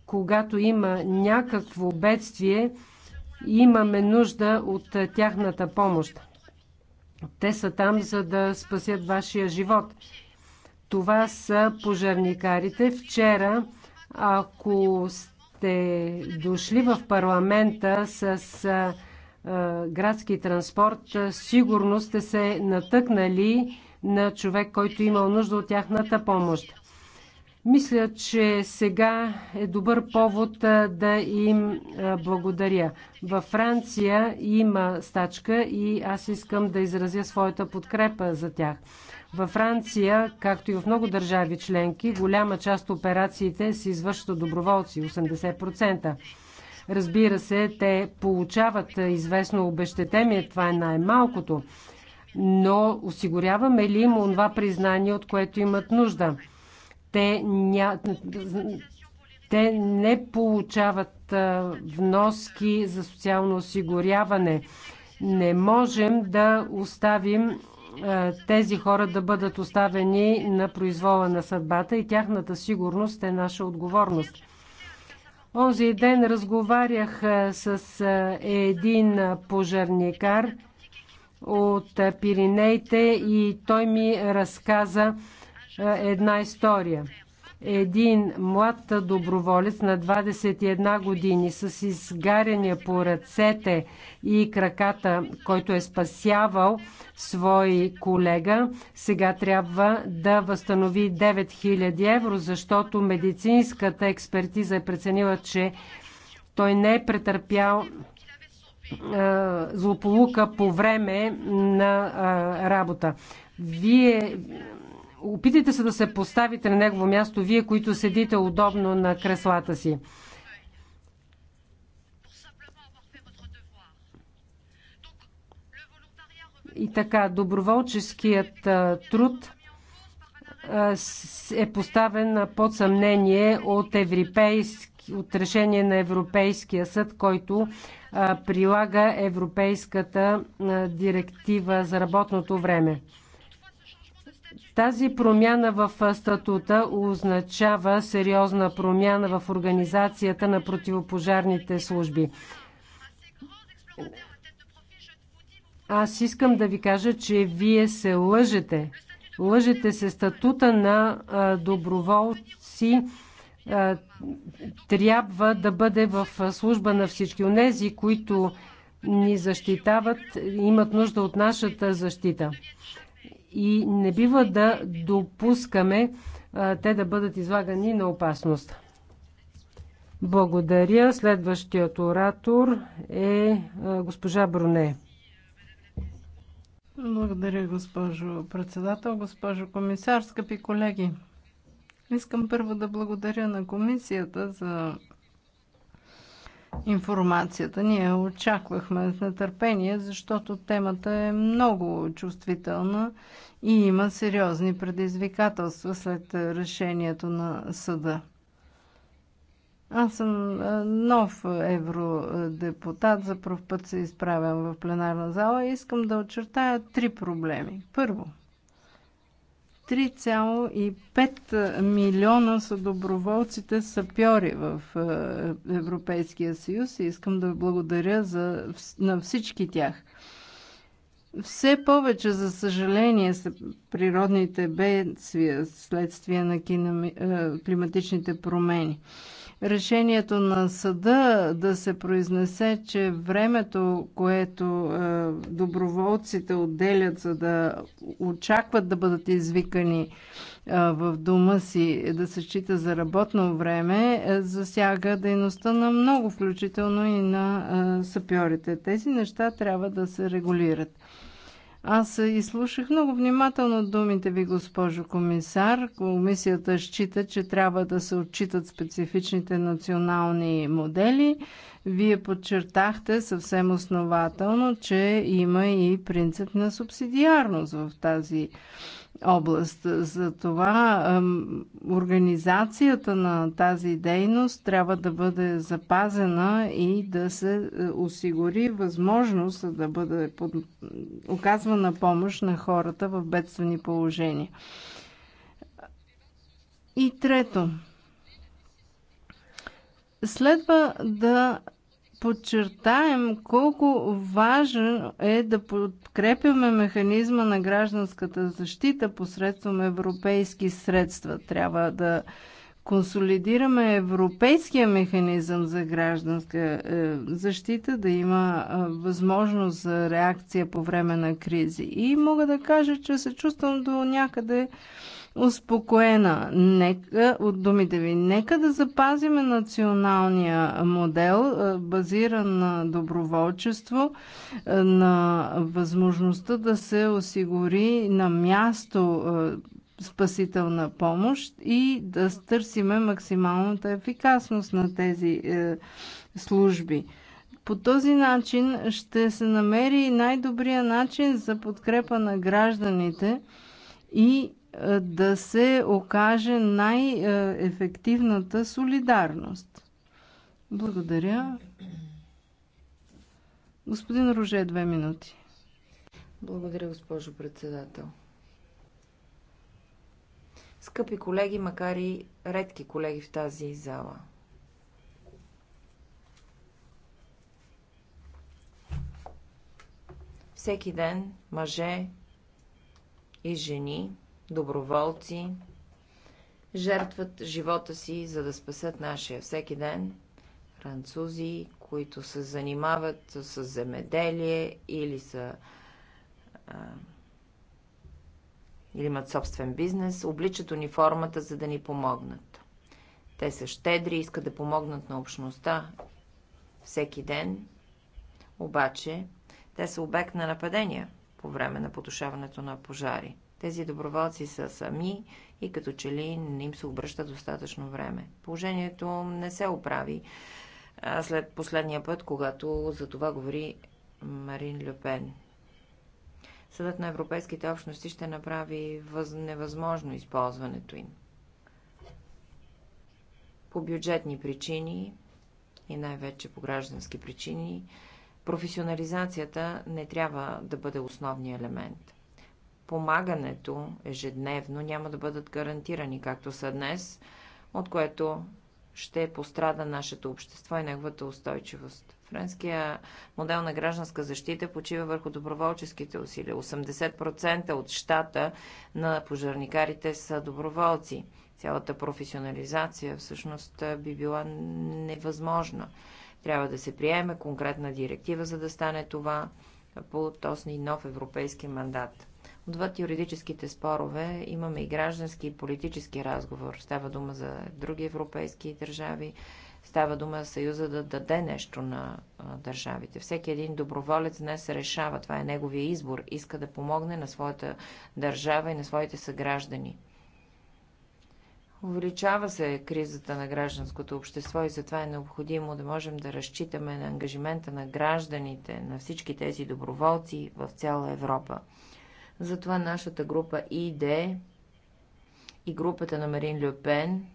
S7: когато има някакво бедствие, Имаме нужда от е, тяхната помощ. Те са там, за да спасят вашия живот. Това са пожарникарите. Вчера, ако сте дошли в парламента с е, е, градски транспорт, сигурно сте се натъкнали на човек, който имал нужда от тяхната помощ. Мисля, че сега е добър повод да им благодаря. Във Франция има стачка и аз искам да изразя своята подкрепа за тях. Във Франция, както и в много държави членки, голяма част от операциите се извършват от доброволци 80%. Разбира се, те получават известно обещетение, това е най-малкото, но осигуряваме ли им това признание, от което имат нужда? Те, ня... Те не получават вноски за социално осигуряване. Не можем да оставим тези хора да бъдат оставени на произвола на съдбата и тяхната сигурност е наша отговорност. Онзи ден разговарях с един пожарникар от пиринейте и той ми разказа е, една история. Един млад доброволец на 21 години с изгаряния по ръцете и краката, който е спасявал свой колега, сега трябва да възстанови 9000 евро, защото медицинската експертиза е преценила, че той не е претърпял е, злополука по време на е, работа. Вие опитайте се да се поставите на негово място, вие, които седите удобно на креслата си. И така, доброволческият труд е поставен под съмнение от, европейски, от решение на Европейския съд, който прилага Европейската директива за работното време. Тази промяна в статута означава сериозна промяна в организацията на противопожарните служби. Аз искам да ви кажа, че вие се лъжете. Лъжете се статута на доброволци трябва да бъде в служба на всички. Онези, които ни защитават, имат нужда от нашата защита и не бива да допускаме а, те да бъдат излагани на опасност. Благодаря. Следващият оратор е а, госпожа Бруне.
S8: Благодаря, госпожо председател, госпожо комисар, скъпи колеги. Искам първо да благодаря на комисията за информацията. Ние очаквахме с нетърпение, защото темата е много чувствителна и има сериозни предизвикателства след решението на съда. Аз съм нов евродепутат, за първ път се изправям в пленарна зала и искам да очертая три проблеми. Първо – 3,5 милиона са доброволците сапьори в Европейския съюз и искам да благодаря за, на всички тях. Все повече, за съжаление, са природните бедствия следствие на климатичните промени решението на съда да се произнесе, че времето, което е, доброволците отделят, за да очакват да бъдат извикани е, в дома си, да се счита за работно време, е, засяга дейността на много, включително и на сапьорите. Тези неща трябва да се регулират. Аз изслушах много внимателно думите ви, госпожо комисар. Комисията счита, че трябва да се отчитат специфичните национални модели. Вие подчертахте съвсем основателно, че има и принцип на субсидиарност в тази област. За това организацията на тази дейност трябва да бъде запазена и да се е, осигури възможност да бъде под... оказвана помощ на хората в бедствени положения. И трето, следва да подчертаем колко важно е да подкрепяме механизма на гражданската защита посредством европейски средства. Трябва да консолидираме европейския механизъм за гражданска е, защита, да има е, възможност за реакция по време на кризи. И мога да кажа, че се чувствам до някъде успокоена нека, от думите ви. Нека да запазиме националния модел, е, базиран на доброволчество, е, на възможността да се осигури на място е, спасителна помощ и да търсиме максималната ефикасност на тези служби. По този начин ще се намери най-добрия начин за подкрепа на гражданите и да се окаже най-ефективната солидарност. Благодаря. Господин Роже, две минути.
S9: Благодаря, госпожо председател. Скъпи колеги, макар и редки колеги в тази зала. Всеки ден мъже и жени доброволци жертват живота си, за да спасят нашия всеки ден. Французи, които се занимават с земеделие или са или имат собствен бизнес, обличат униформата, за да ни помогнат. Те са щедри, искат да помогнат на общността всеки ден, обаче те са обект на нападения по време на потушаването на пожари. Тези доброволци са сами и като че ли не им се обръща достатъчно време. Положението не се оправи след последния път, когато за това говори Марин Люпен. Съдът на европейските общности ще направи въз... невъзможно използването им. По бюджетни причини и най-вече по граждански причини професионализацията не трябва да бъде основния елемент подпомагането ежедневно няма да бъдат гарантирани, както са днес, от което ще пострада нашето общество и неговата устойчивост. Френския модел на гражданска защита почива върху доброволческите усилия. 80% от щата на пожарникарите са доброволци. Цялата професионализация всъщност би била невъзможна. Трябва да се приеме конкретна директива, за да стане това по този нов европейски мандат. Отвъд юридическите спорове имаме и граждански и политически разговор. Става дума за други европейски държави, става дума Съюза да даде нещо на държавите. Всеки един доброволец днес решава, това е неговия избор, иска да помогне на своята държава и на своите съграждани. Увеличава се кризата на гражданското общество и затова е необходимо да можем да разчитаме на ангажимента на гражданите, на всички тези доброволци в цяла Европа. Затова нашата група ИД и групата на Марин Люпен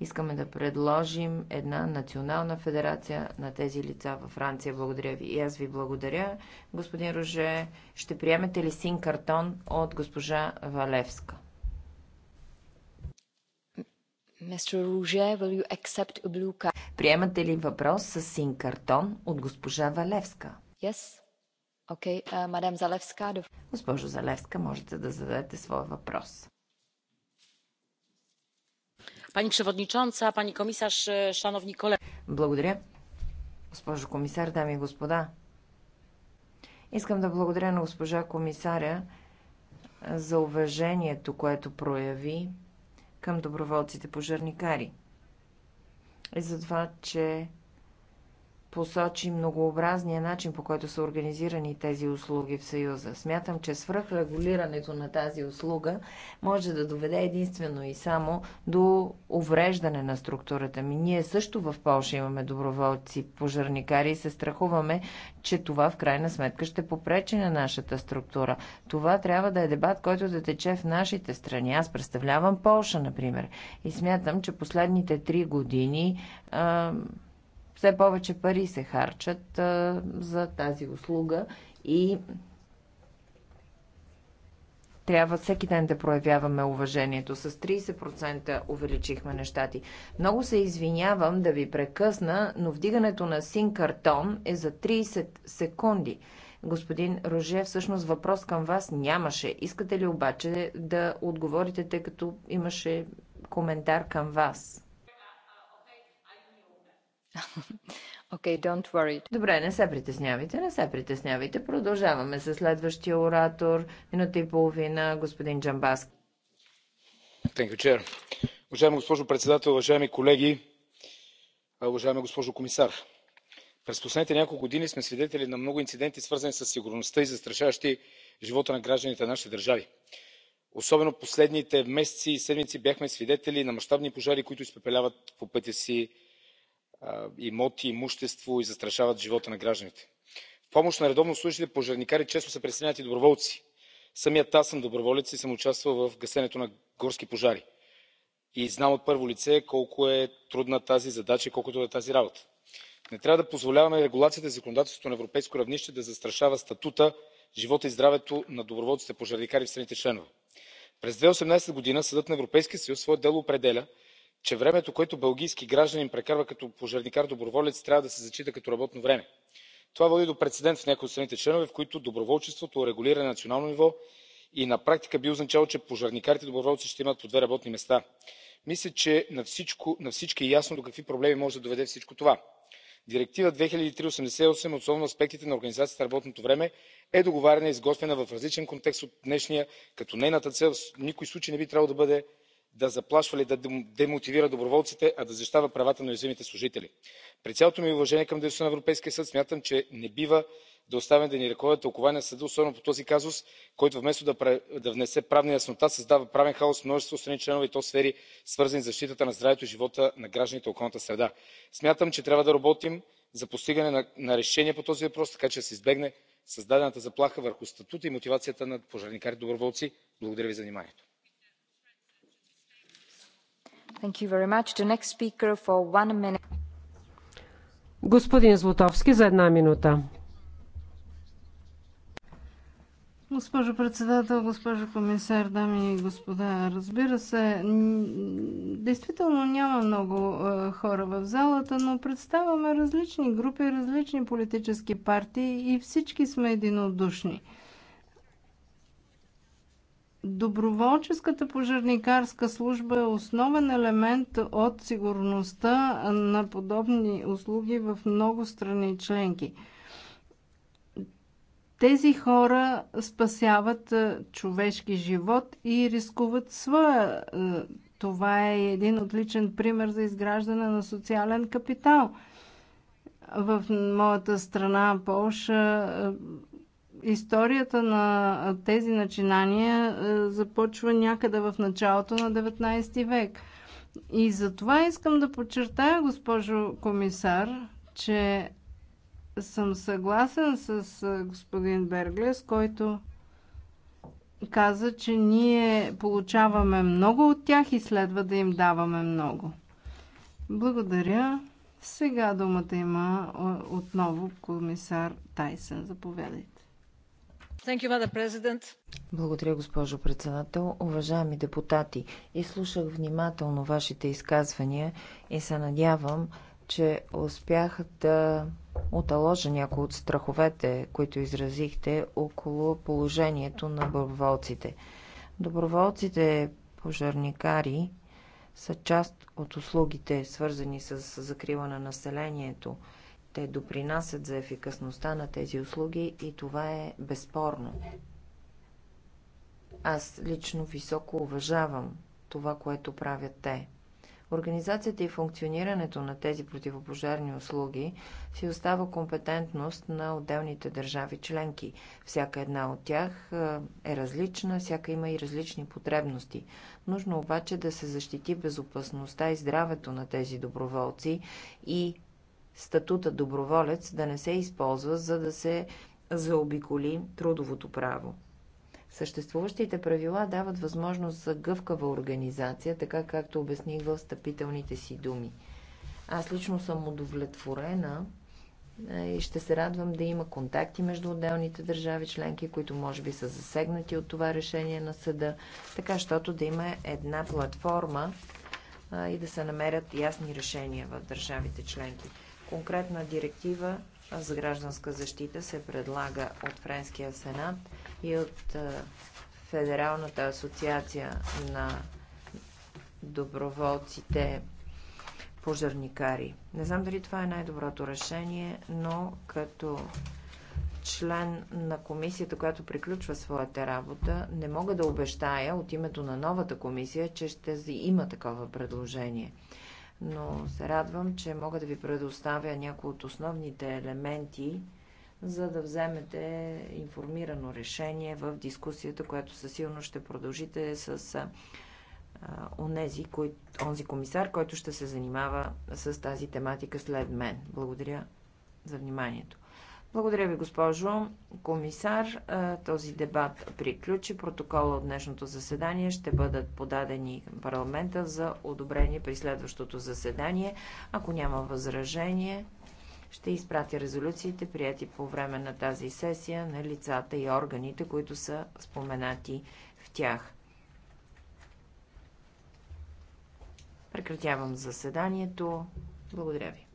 S9: искаме да предложим една национална федерация на тези лица във Франция. Благодаря ви. И аз ви благодаря. Господин Роже, ще приемете ли син картон от госпожа Валевска? Приемате ли въпрос с син картон от госпожа Валевска?
S1: Yes. Окей, okay. мадам Залевска.
S9: Госпожо Залевска, можете да зададете своя въпрос.
S1: Пани Преводничонца,
S2: пани комисар, шановни колеги.
S9: Благодаря. Госпожо комисар, дами и господа. Искам да благодаря на госпожа комисаря за уважението, което прояви към доброволците пожарникари. И за това, че посочи многообразния начин, по който са организирани тези услуги в Съюза. Смятам, че свръхрегулирането на тази услуга може да доведе единствено и само до увреждане на структурата ми. Ние също в Польша имаме доброволци пожарникари и се страхуваме, че това в крайна сметка ще попречи на нашата структура. Това трябва да е дебат, който да тече в нашите страни. Аз представлявам Польша, например, и смятам, че последните три години все повече пари се харчат а, за тази услуга и трябва всеки ден да проявяваме уважението. С 30% увеличихме нещати. Много се извинявам да ви прекъсна, но вдигането на син картон е за 30 секунди. Господин Роже, всъщност въпрос към вас нямаше. Искате ли обаче да отговорите, тъй като имаше коментар към вас? Okay, don't worry. Добре, не се притеснявайте, не се притеснявайте. Продължаваме с следващия оратор. Минута и половина, господин Thank
S1: You, уважаема госпожо председател, уважаеми колеги, уважаема госпожо комисар. През последните няколко години сме свидетели на много инциденти, свързани с сигурността и застрашаващи живота на гражданите на нашите държави. Особено последните месеци и седмици бяхме свидетели на мащабни пожари, които изпепеляват по пътя си имоти имущество и застрашават живота на гражданите. в помощ на редовно служещите пожарникари често се присъединяват и доброволци. самият аз съм доброволец и съм участвал в гасенето на горски пожари и знам от първо лице колко е трудна тази задача и колко е трудна тази работа. не трябва да позволяваме регулацията и законодателството на европейско равнище да застрашава статута живота и здравето на доброволците пожарникари в страните членки. през две хиляди и осемнадесета съдът на европейския съюз в свое дело определя че времето което белгийски гражданин прекарва като пожарникар доброволец трябва да се зачита като работно време. това води до прецедент в някои от страните членки в които доброволчеството е регулирано на национално ниво и на практика би означавало че пожарникарите доброволци ще имат по две работни места. мисля че на всички е ясно до какви проблеми може да доведе всичко това. директива две хиляди и три осемдесет и осем относно аспектите на организацията на работното време е договаряна и изготвена в различен контекст от днешния като нейната цел в никой случай не би трябвало да бъде да заплашва или да демотивира доброволците а да защитава правата на уязвимите служители. при цялото ми уважение към дейността на европейския съд смятам че не бива да оставяме да ни ръководят тълкувания на съда особено по този казус който вместо да внесе правна яснота създава правен хаос в множество страни членове и то в сфери свързани с защитата на здравето и живота на гражданите и околната среда. смятам че трябва да работим за постигане на решение по този въпрос така че да се избегне създадената заплаха върху статута и мотивацията на пожарникарите доброволци. благодаря ви за вниманието.
S7: Господин Злотовски за една минута.
S8: Госпожо председател, госпожо комисар, дами и господа, разбира се, действително няма много хора в залата, но представяме различни групи, различни политически партии и всички сме единодушни – Доброволческата пожарникарска служба е основен елемент от сигурността на подобни услуги в много страни членки. Тези хора спасяват е, човешки живот и рискуват своя. Е, това е един отличен пример за изграждане на социален капитал. В моята страна, Полша, е, историята на тези начинания е, започва някъде в началото на 19 век. И за това искам да подчертая, госпожо комисар, че съм съгласен с е, господин Берглес, който каза, че ние получаваме много от тях и следва да им даваме много. Благодаря. Сега думата има е, отново комисар Тайсен. Заповядайте.
S9: Благодаря, госпожо председател. Уважаеми депутати, изслушах внимателно вашите изказвания и се надявам, че успях да оталожа някои от страховете, които изразихте около положението на доброволците. Доброволците пожарникари са част от услугите, свързани с закрила на населението – те допринасят за ефикасността на тези услуги и това е безспорно. Аз лично високо уважавам това, което правят те. Организацията и функционирането на тези противопожарни услуги си остава компетентност на отделните държави членки. Всяка една от тях е различна, всяка има и различни потребности. Нужно обаче да се защити безопасността и здравето на тези доброволци и статута доброволец да не се използва, за да се заобиколи трудовото право. Съществуващите правила дават възможност за гъвкава организация, така както обясних в стъпителните си думи. Аз лично съм удовлетворена е, и ще се радвам да има контакти между отделните държави членки, които може би са засегнати от това решение на съда, така щото да има една платформа и да се намерят ясни решения в държавите членки. Конкретна директива за гражданска защита се предлага от Френския сенат и от е, Федералната асоциация на доброволците пожарникари. Не знам дали това е най-доброто решение, но като член на комисията, която приключва своята работа, не мога да обещая от името на новата комисия, че ще има такова предложение но се радвам, че мога да ви предоставя някои от основните елементи, за да вземете информирано решение в дискусията, която със силно ще продължите с онези, кой, онзи комисар, който ще се занимава с тази тематика след мен. Благодаря за вниманието. Благодаря ви, госпожо комисар. Този дебат приключи. Протокола от днешното заседание ще бъдат подадени към парламента за одобрение при следващото заседание. Ако няма възражение, ще изпрати резолюциите, прияти по време на тази сесия, на лицата и органите, които са споменати в тях. Прекратявам заседанието. Благодаря ви.